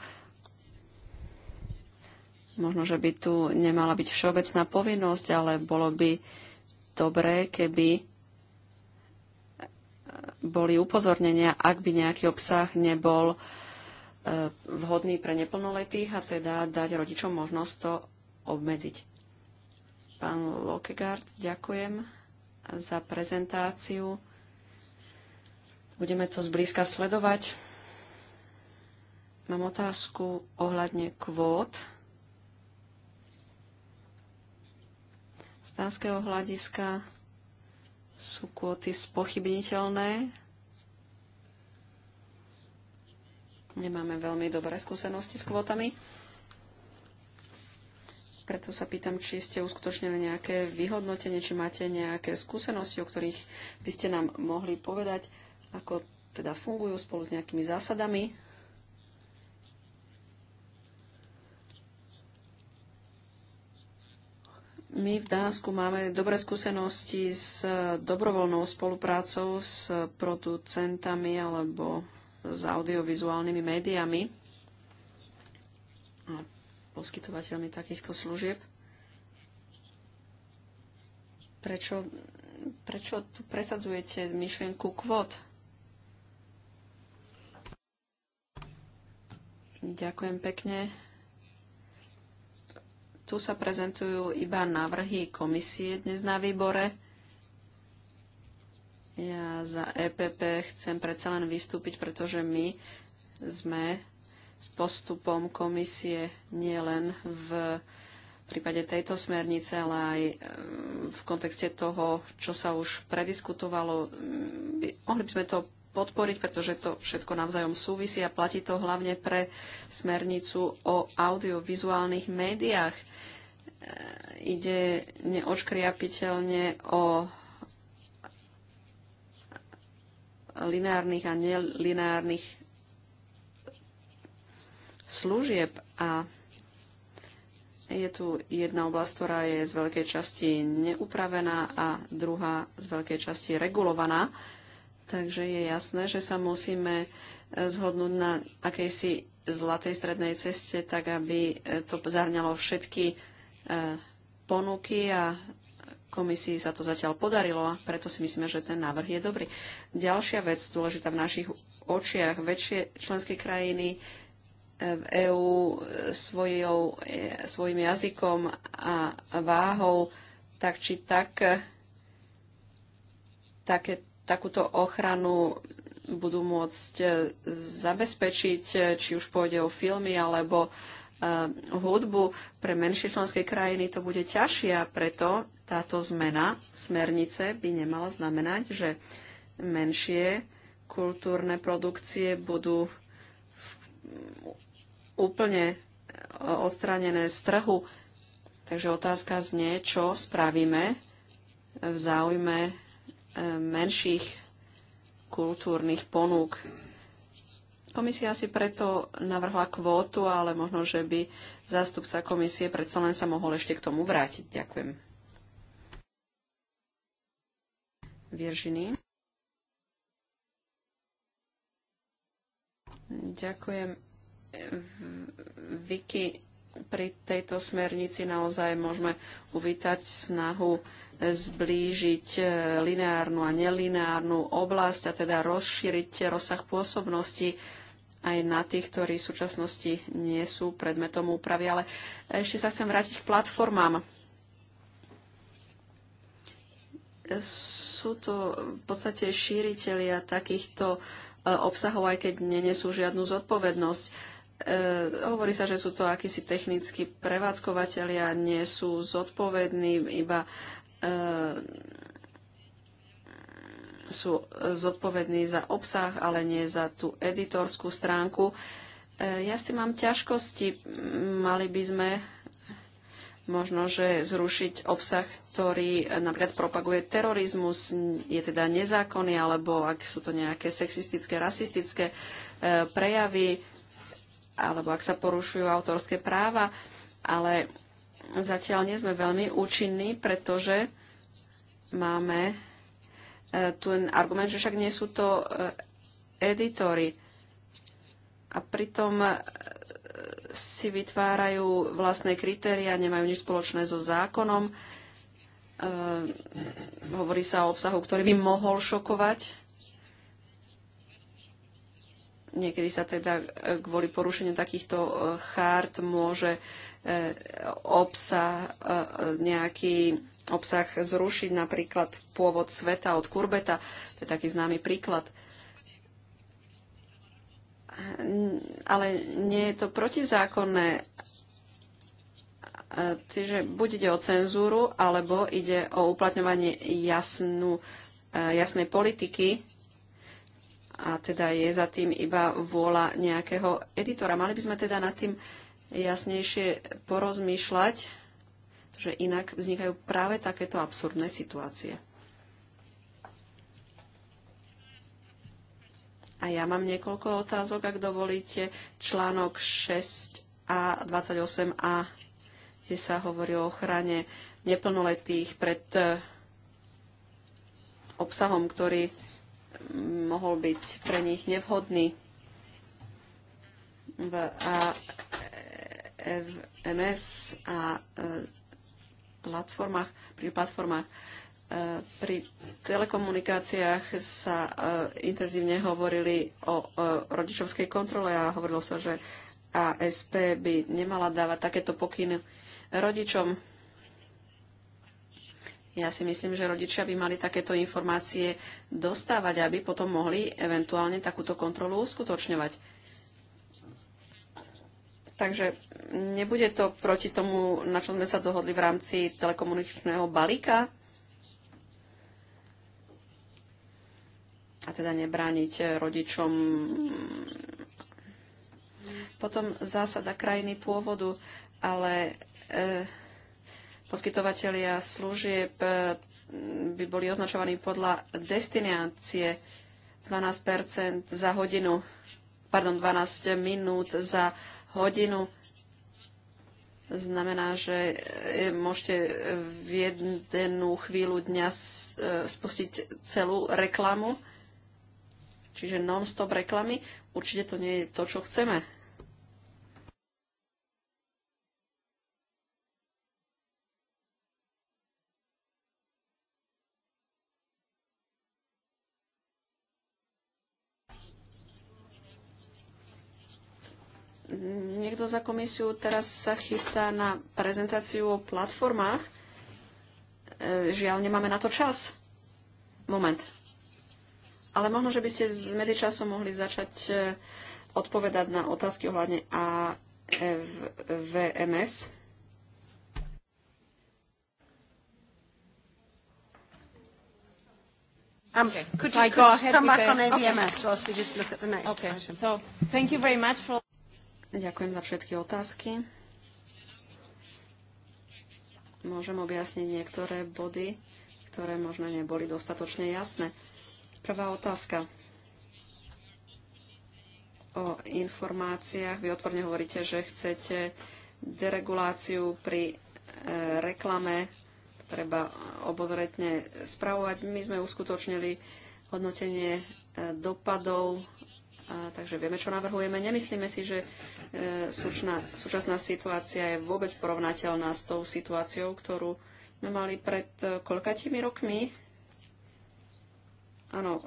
Možno, že by tu nemala byť všeobecná povinnosť, ale bolo by dobré, keby boli upozornenia, ak by nejaký obsah nebol e, vhodný pre neplnoletých a teda dať rodičom možnosť to obmedziť. Pán Lokegard, ďakujem za prezentáciu. Budeme to zblízka sledovať. Mám otázku ohľadne kvót. Z tánskeho hľadiska sú kvóty spochybniteľné. Nemáme veľmi dobré skúsenosti s kvótami. Preto sa pýtam, či ste uskutočnili nejaké vyhodnotenie, či máte nejaké skúsenosti, o ktorých by ste nám mohli povedať, ako teda fungujú spolu s nejakými zásadami My v Dánsku máme dobré skúsenosti s dobrovoľnou spoluprácou s producentami alebo s audiovizuálnymi médiami a poskytovateľmi takýchto služieb. Prečo, prečo tu presadzujete myšlienku kvót? Ďakujem pekne. Tu sa prezentujú iba návrhy komisie dnes na výbore. Ja za EPP chcem predsa len vystúpiť, pretože my sme s postupom komisie nielen v prípade tejto smernice, ale aj e, v kontexte toho, čo sa už prediskutovalo. Mohli by sme to podporiť, pretože to všetko navzájom súvisí a platí to hlavne pre smernicu o audiovizuálnych médiách ide neočkriapiteľne o lineárnych a nelineárnych služieb a je tu jedna oblasť, ktorá je z veľkej časti neupravená a druhá z veľkej časti regulovaná. Takže je jasné, že sa musíme zhodnúť na akejsi zlatej strednej ceste, tak aby to zahrňalo všetky ponuky a komisii sa to zatiaľ podarilo a preto si myslíme, že ten návrh je dobrý. Ďalšia vec dôležitá v našich očiach, väčšie členské krajiny eh, v EÚ eh, svojou, eh, svojim jazykom a váhou tak či tak také, takúto ochranu budú môcť zabezpečiť, či už pôjde o filmy alebo uh, Eh, hudbu. Pre menšie členské krajiny to bude ťažšie a preto táto zmena smernice by nemala znamenať, že menšie kultúrne produkcie budú úplne odstranené z trhu. Takže otázka znie, čo spravíme v záujme eh, menších kultúrnych ponúk Komisia si preto navrhla kvótu, ale možno, že by zástupca komisie predsa len sa mohol ešte k tomu vrátiť. Ďakujem. Virginie. Ďakujem. Vicky, pri tejto smernici naozaj môžeme uvítať snahu zblížiť e, lineárnu a nelineárnu oblasť a teda rozšíriť rozsah pôsobnosti aj na tých, ktorí v súčasnosti nie sú predmetom úpravy. Ale ešte sa chcem vrátiť k platformám. Sú to v podstate šíriteľia takýchto e, obsahov, aj keď nenesú žiadnu zodpovednosť. Uh, hovorí sa, že sú to akísi technickí prevádzkovateľia, nie sú zodpovední, iba e, sú e, zodpovední za obsah, ale nie za tú editorskú stránku. E, ja si mám ťažkosti. Mali by sme možno, že zrušiť obsah, ktorý e, napríklad propaguje terorizmus, je teda nezákonný, alebo ak sú to nejaké sexistické, rasistické prejavy, alebo ak sa porušujú autorské práva. Ale zatiaľ nie sme veľmi účinní, pretože máme E, ten argument, že však nie sú to e, editory. A pritom e, si vytvárajú vlastné kritéria, nemajú nič spoločné so zákonom. Hovorí sa o obsahu, ktorý by mohol šokovať niekedy sa teda kvôli porušeniu takýchto chárt môže obsah nejaký obsah zrušiť, napríklad pôvod sveta od Kurbeta, to je taký známy príklad. Ale nie je to protizákonné, Čiže buď ide o cenzúru, alebo ide o uplatňovanie jasnú, e, jasnej politiky a teda je za tým iba vôľa nejakého editora. Mali by sme teda nad tým jasnejšie porozmýšľať že inak vznikajú práve takéto absurdné situácie. A ja mám niekoľko otázok, ak dovolíte. Článok 6a, 28a, kde sa hovorí o ochrane neplnoletých pred e, obsahom, ktorý mohol byť pre nich nevhodný. V, a, v e, MS a e, platformách, pri platformách. E, pri telekomunikáciách sa e, intenzívne hovorili o e, rodičovskej kontrole a hovorilo sa, že ASP by nemala dávať takéto pokyny rodičom. Ja si myslím, že rodičia by mali takéto informácie dostávať, aby potom mohli eventuálne takúto kontrolu uskutočňovať. Takže nebude to proti tomu, na čo sme sa dohodli v rámci telekomunikačného balíka? A teda nebrániť rodičom. Potom zásada krajiny pôvodu, ale e, poskytovateľia služieb e, by boli označovaní podľa destinácie 12 za hodinu, pardon, 12 minút za hodinu Znamená, že e, môžete v jednu chvíľu dňa e, spustiť celú reklamu, čiže non-stop reklamy. Určite to nie je to, čo chceme. niekto za komisiu teraz sa chystá na prezentáciu o platformách. E, žiaľ, nemáme na to čas. Moment. Ale možno, že by ste medzičasom mohli začať e, odpovedať na otázky ohľadne AVMS. Um, okay. Could you, could you come back on AVMS okay. whilst we just look at the next okay. item? So, thank you very much for Ďakujem za všetky otázky. Môžem objasniť niektoré body, ktoré možno neboli dostatočne jasné. Prvá otázka o informáciách. Vy otvorne hovoríte, že chcete dereguláciu pri e, reklame. Treba obozretne spravovať. My sme uskutočnili hodnotenie e, dopadov, a, takže vieme, čo navrhujeme. Nemyslíme si, že E, súčna, súčasná situácia je vôbec porovnateľná s tou situáciou, ktorú sme mali pred e, koľkatými rokmi? Áno,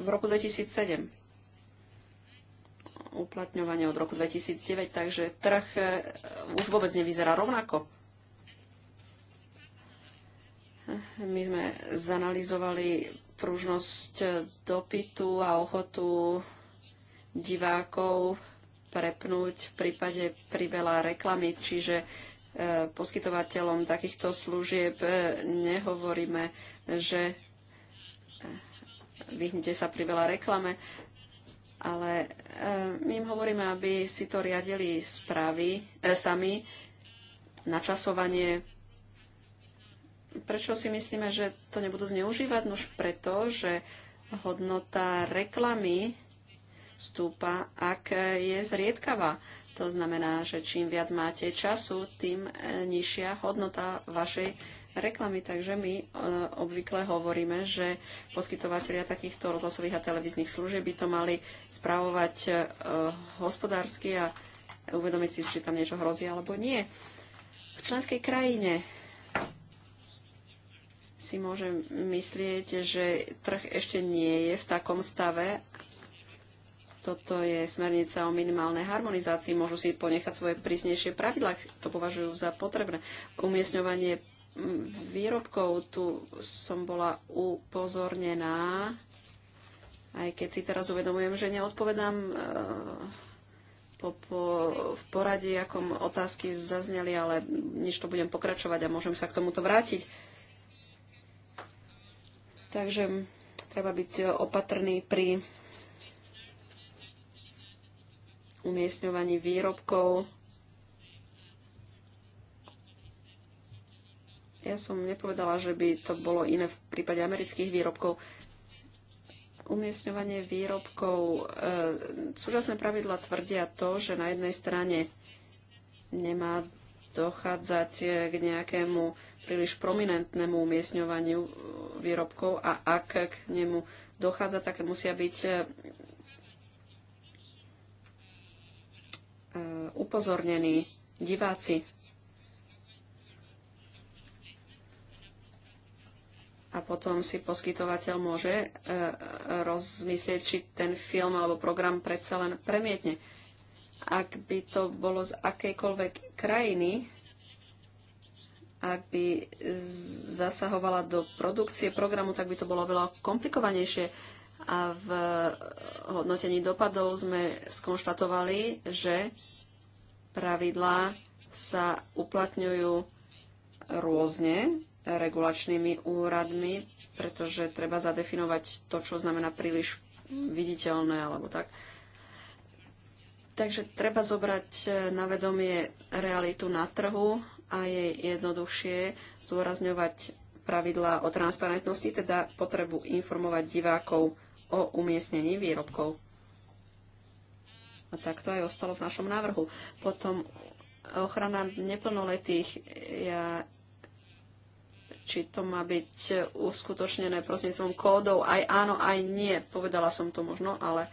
v roku 2007. Uplatňovanie od roku 2009, takže trh e, už vôbec nevyzerá rovnako. My sme zanalizovali pružnosť dopytu a ochotu divákov prepnúť v prípade priveľa reklamy, čiže e, poskytovateľom takýchto služieb e, nehovoríme, že e, vyhnite sa pri veľa reklame, ale my im hovoríme, aby si to riadili správy, e, sami, načasovanie. Prečo si myslíme, že to nebudú zneužívať? Nož preto, že hodnota reklamy stúpa, ak je zriedkavá. To znamená, že čím viac máte času, tým e, nižšia hodnota vašej reklamy. Takže my e, obvykle hovoríme, že poskytovateľia takýchto rozhlasových a televíznych služieb by to mali spravovať e, hospodársky a uvedomiť si, či tam niečo hrozí alebo nie. V členskej krajine si môžem myslieť, že trh ešte nie je v takom stave, toto je smernica o minimálnej harmonizácii. Môžu si ponechať svoje prísnejšie pravidlá, to považujú za potrebné. Umiestňovanie mm, výrobkov, tu som bola upozornená, aj keď si teraz uvedomujem, že neodpovedám e, po, po, v poradí, akom otázky zazneli, ale nič to budem pokračovať a môžem sa k tomuto vrátiť. Takže treba byť opatrný pri umiestňovaní výrobkov. Ja som nepovedala, že by to bolo iné v prípade amerických výrobkov. Umiestňovanie výrobkov. E, súčasné pravidla tvrdia to, že na jednej strane nemá dochádzať e, k nejakému príliš prominentnému umiestňovaniu e, výrobkov a ak k nemu dochádza, tak musia byť e, E, upozornení diváci. A potom si poskytovateľ môže e, rozmyslieť, či ten film alebo program predsa len premietne. Ak by to bolo z akejkoľvek krajiny, ak by zasahovala do produkcie programu, tak by to bolo veľa komplikovanejšie a v hodnotení dopadov sme skonštatovali, že pravidlá sa uplatňujú rôzne regulačnými úradmi, pretože treba zadefinovať to, čo znamená príliš viditeľné alebo tak. Takže treba zobrať eh, na vedomie realitu na trhu a je jednoduchšie zdôrazňovať pravidlá o transparentnosti, teda potrebu informovať divákov o umiestnení výrobkov. A tak to aj ostalo v našom návrhu. Potom ochrana neplnoletých. Ja či to má byť uskutočnené prostredníctvom kódov. Aj áno, aj nie. Povedala som to možno, ale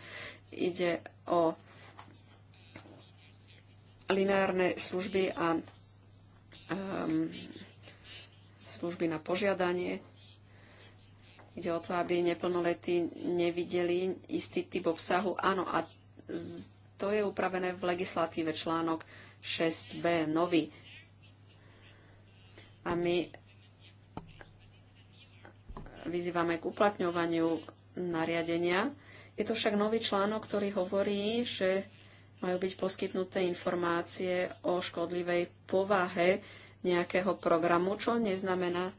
ide o lineárne služby a um, služby na požiadanie. Ide o to, aby neplnoletí nevideli istý typ obsahu. Áno, a to je upravené v legislatíve článok 6b, nový. A my vyzývame k uplatňovaniu nariadenia. Je to však nový článok, ktorý hovorí, že majú byť poskytnuté informácie o škodlivej povahe nejakého programu, čo neznamená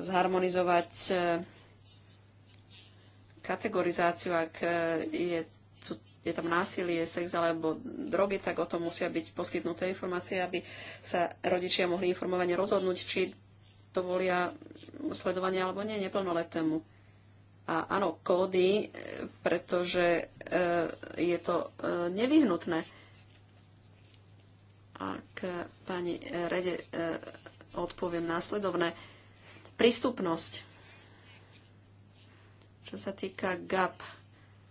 zharmonizovať e, kategorizáciu, ak e, je, je tam násilie, sex alebo drogy, tak o tom musia byť poskytnuté informácie, aby sa rodičia mohli informovane rozhodnúť, či dovolia sledovanie alebo nie neplnoletému. A áno, kódy, e, pretože je to nevyhnutné. Ak pani Rede odpoviem následovné, prístupnosť. Čo sa týka GAP,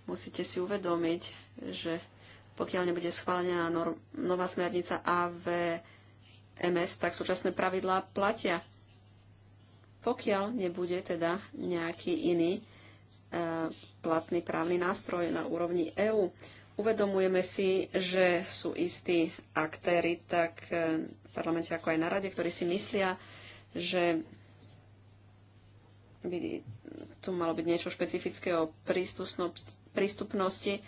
musíte si uvedomiť, že pokiaľ nebude schválená nová smernica AVMS, tak súčasné pravidlá platia. Pokiaľ nebude teda nejaký iný e, platný právny nástroj na úrovni EÚ. Uvedomujeme si, že sú istí aktéry, tak e, v parlamente ako aj na rade, ktorí si myslia, že by tu malo byť niečo špecifické o prístupnosti. E,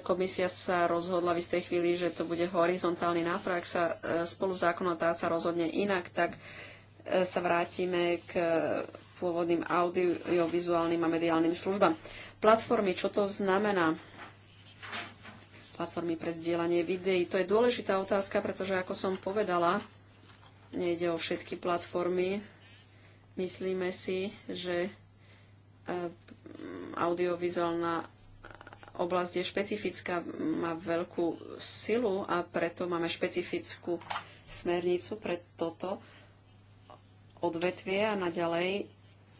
komisia sa rozhodla v istej chvíli, že to bude horizontálny nástroj. Ak sa e, spolu zákonodáca rozhodne inak, tak e, sa vrátime k pôvodným audiovizuálnym a mediálnym službám. Platformy, čo to znamená? Platformy pre zdieľanie videí. To je dôležitá otázka, pretože ako som povedala, nejde o všetky platformy, Myslíme si, že e, audiovizuálna oblasť je špecifická, má veľkú silu a preto máme špecifickú smernicu pre toto odvetvie a naďalej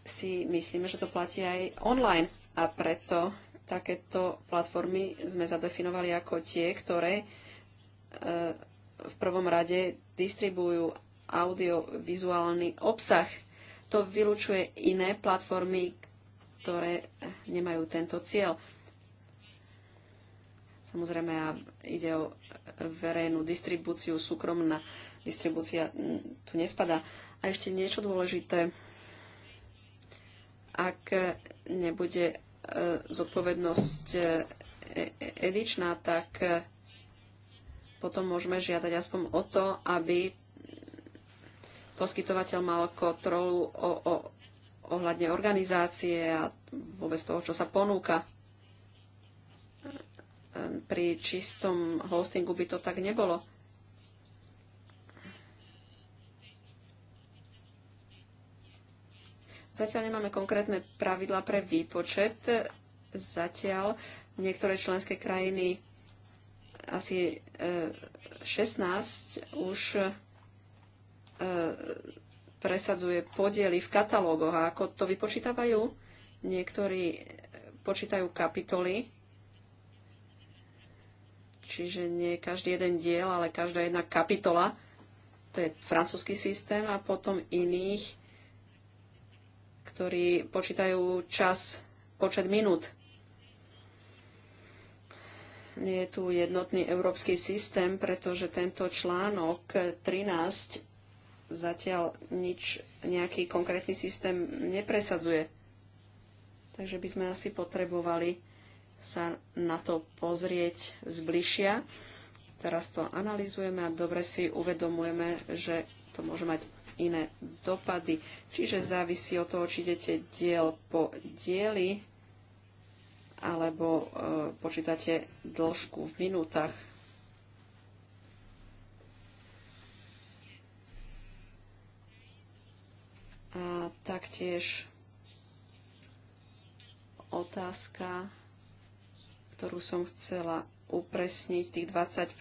si myslíme, že to platí aj online. A preto takéto platformy sme zadefinovali ako tie, ktoré e, v prvom rade distribujú audiovizuálny obsah to vylučuje iné platformy, ktoré nemajú tento cieľ. Samozrejme, ja ide o verejnú distribúciu, súkromná distribúcia tu nespadá. A ešte niečo dôležité. Ak nebude e, zodpovednosť e, e, edičná, tak potom môžeme žiadať aspoň o to, aby poskytovateľ mal kontrolu o, o, ohľadne organizácie a vôbec toho, čo sa ponúka. Pri čistom hostingu by to tak nebolo. Zatiaľ nemáme konkrétne pravidla pre výpočet. Zatiaľ niektoré členské krajiny, asi 16, eh, už E, presadzuje podiely v katalógoch. A ako to vypočítavajú? Niektorí počítajú kapitoly, čiže nie každý jeden diel, ale každá jedna kapitola. To je francúzsky systém a potom iných, ktorí počítajú čas, počet minút. Nie je tu jednotný európsky systém, pretože tento článok 13 zatiaľ nič, nejaký konkrétny systém nepresadzuje. Takže by sme asi potrebovali sa na to pozrieť zbližšia. Teraz to analizujeme a dobre si uvedomujeme, že to môže mať iné dopady. Čiže závisí od toho, či idete diel po dieli alebo e, počítate dĺžku v minútach A taktiež otázka, ktorú som chcela upresniť, tých 20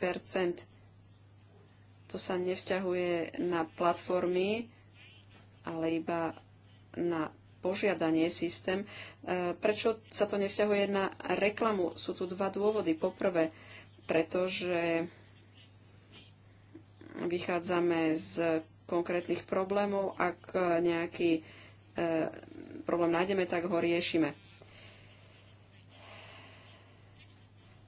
to sa nevzťahuje na platformy, ale iba na požiadanie systém. E, prečo sa to nevzťahuje na reklamu? Sú tu dva dôvody. Poprvé, pretože vychádzame z konkrétnych problémov. Ak e, nejaký e, problém nájdeme, tak ho riešime.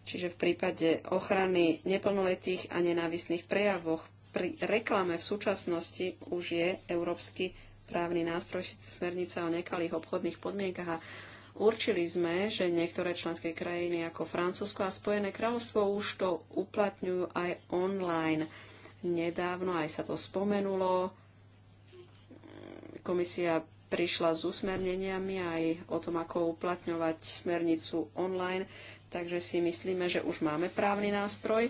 Čiže v prípade ochrany neplnoletých a nenávisných prejavoch pri reklame v súčasnosti už je európsky právny nástroj, smernica o nekalých obchodných podmienkach a určili sme, že niektoré členské krajiny ako Francúzsko a Spojené kráľovstvo už to uplatňujú aj online nedávno, aj sa to spomenulo. Komisia prišla s usmerneniami aj o tom, ako uplatňovať smernicu online, takže si myslíme, že už máme právny nástroj.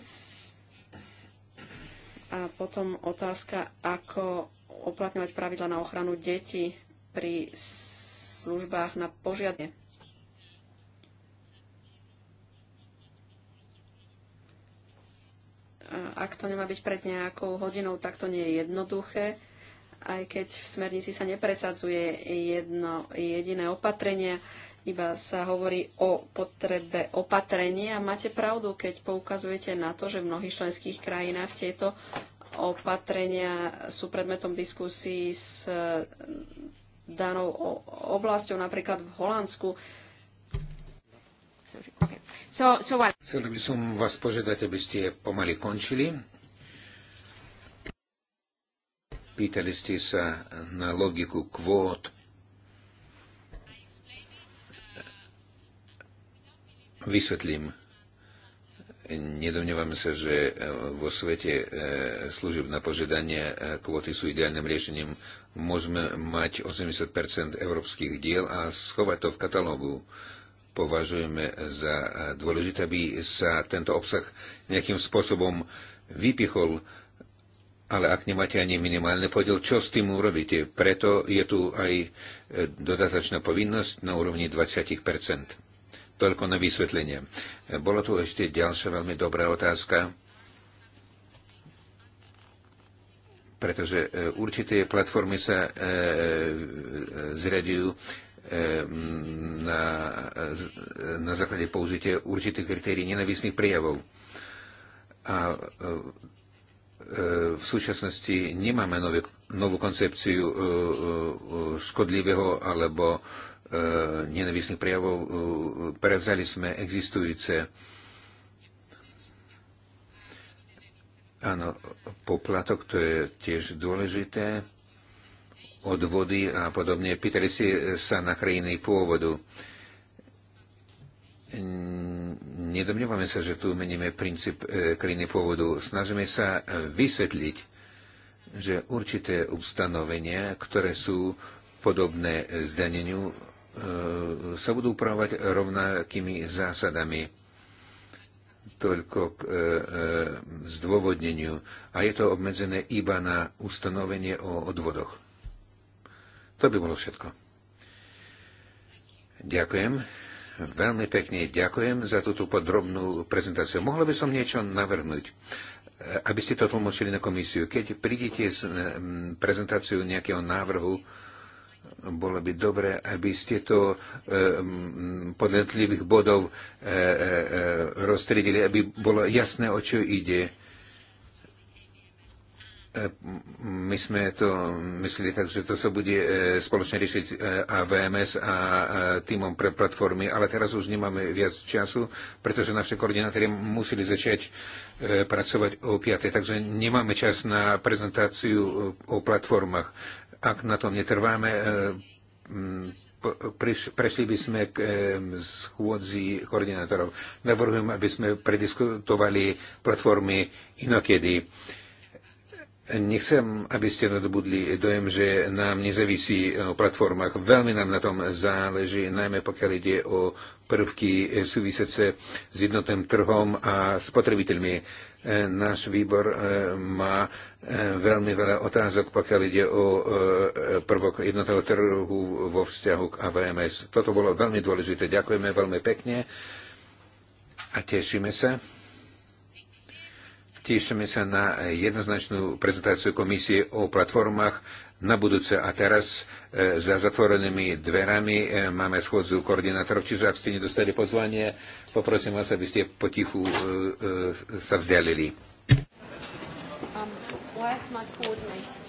A potom otázka, ako uplatňovať pravidla na ochranu detí pri službách na požiadne. Ak to nemá byť pred nejakou hodinou, tak to nie je jednoduché. Aj keď v smernici sa nepresadzuje jedno jediné opatrenie, iba sa hovorí o potrebe opatrenia. a máte pravdu, keď poukazujete na to, že v mnohých členských krajinách tieto opatrenia sú predmetom diskusí s danou oblasťou, napríklad v Holandsku Okay. So, so what... Chcel by som vás požiadať, aby ste pomaly končili. Pýtali ste sa na logiku kvót. Vysvetlím. Nedomnievam sa, že vo svete e, služieb na požiadanie e, kvóty sú ideálnym riešením. Môžeme mať 80 európskych diel a schovať to v katalógu považujeme za eh, dôležité, aby sa tento obsah nejakým spôsobom vypichol, ale ak nemáte ani minimálny podiel, čo s tým urobíte? Preto je tu aj eh, dodatočná povinnosť na úrovni 20 Toľko na vysvetlenie. Bola tu ešte ďalšia veľmi dobrá otázka, pretože eh, určité platformy sa zriadujú Ehm, na, na základe použitia určitých kritérií nenavisných prejavov. A e, e, v súčasnosti nemáme nové, novú koncepciu e, škodlivého alebo nenavisných prejavov. Prevzali sme existujúce Áno, poplatok to je tiež dôležité odvody a podobne. Pýtali si sa na krajiny pôvodu. Nedomňujeme sa, že tu meníme princíp e, krajiny pôvodu. Snažíme sa vysvetliť, že určité ustanovenia, ktoré sú podobné zdaneniu, e, sa budú upravovať rovnakými zásadami. Toľko k e, zdôvodneniu. A je to obmedzené iba na ustanovenie o odvodoch. To by bolo všetko. Ďakujem. Veľmi pekne ďakujem za túto podrobnú prezentáciu. Mohla by som niečo navrhnúť, eh, aby ste to tlmočili na komisiu. Keď prídete s eh, prezentáciou nejakého návrhu, bolo by dobre, aby ste to e, eh, podľa jednotlivých bodov e, e, rozstredili, aby bolo jasné, o čo ide. My sme to mysleli tak, že to sa bude e, spoločne riešiť e, a VMS a e, týmom pre platformy, ale teraz už nemáme viac času, pretože naše koordinátory museli začať pracovať o 5. Takže nemáme čas na prezentáciu o platformách. Ak na tom netrváme, prešli by sme k schôdzi koordinátorov. Navrhujem, aby sme prediskutovali platformy inokedy Nechcem, aby ste nadobudli dojem, že nám nezavisí eh, o platformách. Veľmi nám na tom záleží, najmä pokiaľ ide o prvky eh, súvisece s jednotným trhom a spotrebiteľmi. Eh, náš výbor má veľmi veľa otázok, pokiaľ ide o prvok jednotného trhu vo vzťahu k AVMS. Toto bolo veľmi dôležité. Ďakujeme veľmi pekne a tešíme sa. Tešíme sa na jednoznačnú prezentáciu komisie o platformách na budúce. A teraz e, za zatvorenými dverami e, máme schôdzu koordinátorov, čiže ak ste nedostali pozvanie, poprosím vás, aby ste potichu e, e, sa vzdialili. Um,